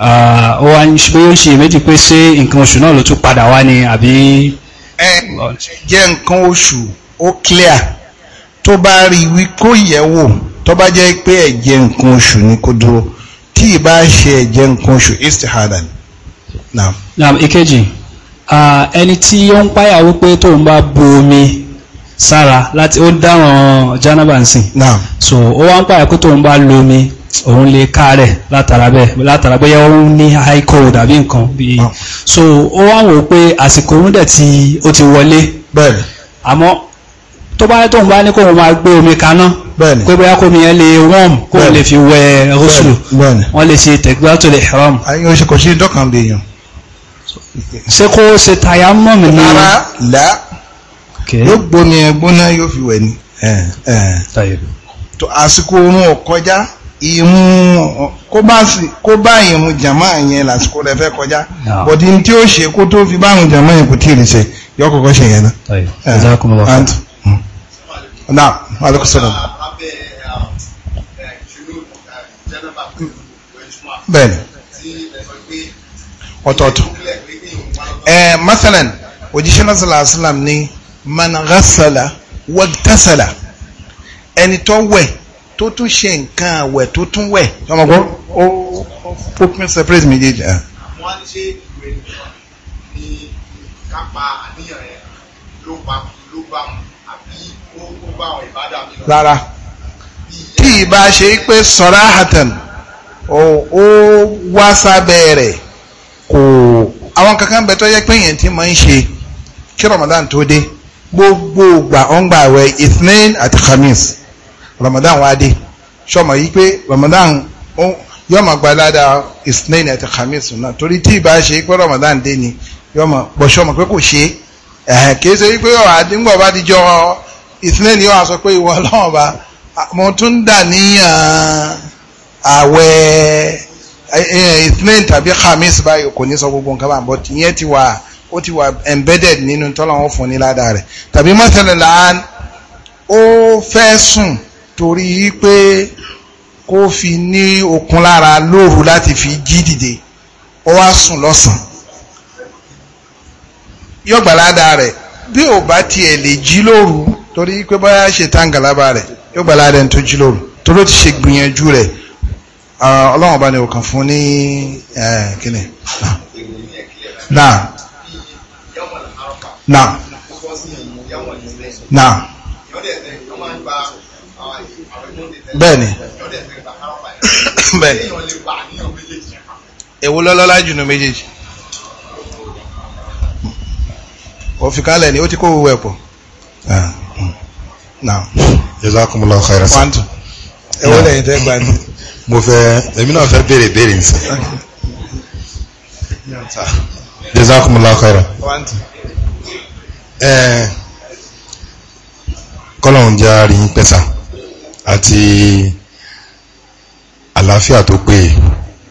uh, ó wá ń ṣe ó ṣe méjì pé ṣé nǹkan oṣù náà ló tún padà wá ni àbí. ẹ eh, jẹ́ nǹkan oṣù ó clear tó bá rí wí kó yẹ̀wò tó bá jẹ́ pé ẹ̀jẹ̀ nǹkan oṣù ni kó dúró tí ìbá ṣe ẹ̀jẹ̀ nǹkan oṣù istihada ni. naam. naam ìkejì ẹni tí ó ń páyà wípé tóun bá bu omi sára láti ó dáhùn janaba nsìn. so ó wá ń páyà pé tóun bá lo omi òun lè kárẹ̀ látara bẹ́ẹ̀ látara bóyá ní high cold àbí nǹkan bíi so ó wá wò pé àsìkò òun dẹ̀ tí ó ti wọlé. bẹ́ẹ̀ni. àmọ́ tó bá tóun bá ní kóun máa gbé omi kaná pé bóyá kómi yẹn lè wọ́n kóun lè fi wẹ rọ́ṣùlù wọ́n lè ṣe takbiratul ihram. ayé o ṣe kò sí dọ́kàn lè yàn. ṣé kó o ṣe tayammum ni. rárá là yóò gbomi ẹgbóná yóò fi wẹ̀ ni. àsìkò oorun ò kọjá ìmú kó bá ìmú jàmá yẹn lásìkò rẹ̀ fẹ́ kọjá bọ̀dí tí ó ṣe kó tó fi báhùn jàmá yẹn kò tí ì rí ṣe yọ́kọ̀ọ́kọ́ ṣe yẹn náà. Naam, alaikum salaam. Bẹ́ẹ̀ni. Ọ̀tọ̀ọ̀tọ̀. Ẹ masalan, òjíṣẹ́ náà sọ̀rọ̀ àṣìlám ní man ghassala wagtasala. Ẹni tó wẹ̀ tó tún ṣe nǹkan àwẹ̀ tó tún wẹ̀. Ọmọ gbọ́, ó ó pín separate méjèèjì. Ah. Wọ́n á rárá tí ìbá ṣe pé sọ̀ráhàtàn ó wá sábẹ́ rẹ̀ kò àwọn kankan bẹ tó yẹ pé yẹn tí mo ń ṣe kí Ramadan tó dé gbogbo ìgbà ó ń gbà wẹ̀ ithnain àti khamis Ramadan wá dé sọmọ yìí pé Ramadan yóò máa gba ládàá ithnain àti khamis náà torí tí ìbá ṣe pé Ramadan dé ni yóò máa bọ̀ sọmọ pé kò ṣe é kì í ṣe pé ọ̀ àdíngbò bá ti jọ ọ́ ìsìnlẹ̀ ni ó wà sọ pé ìwọ ọlọ́run ọba mo tún dà níyàn àwẹ̀ ìsìnlẹ̀ tàbí khamis báyìí kò ní sọ gbogbo nǹkan báyìí but ìyẹn ti wà ó ti wà embedded nínú tọ́lọ́wọ́ fún ní ládàá rẹ̀ tàbí mọ́sálẹ̀ làán ó fẹ́ sùn torí pé kó fi ní okun lára lóru láti fi jí dìde ó wá sùn lọ́sàn-án yọ̀gbàládà rẹ̀ bí ò bá tiẹ̀ lè jí lóru torí pé bóyá ṣètàn gàlábà rẹ̀ yóò gbà ládẹ́ tó jí lóru tó ló ti ṣe gbìyànjú rẹ̀ ah, ọlọ́run ọba ni ò kàn fún ní eh, kíni. na na na bẹ́ẹ̀ni bẹ́ẹ̀ni èwo lọ́lọ́lá jùlọ méjèèjì òfìkálẹ̀ ni ó ti kó wúwo ẹ̀ pọ̀. Ah naam jazakumullahu khairan sàn. ẹ wọ́n lẹ́yìn tẹ́ gbà ní. mo fẹ́ èmi náà fẹ́ béèrè béèrè nsà. jazakumullahu khairan. ẹ kọ́lọ́hún jẹ́ àárín pẹ́sà àti àlàáfíà tó péye.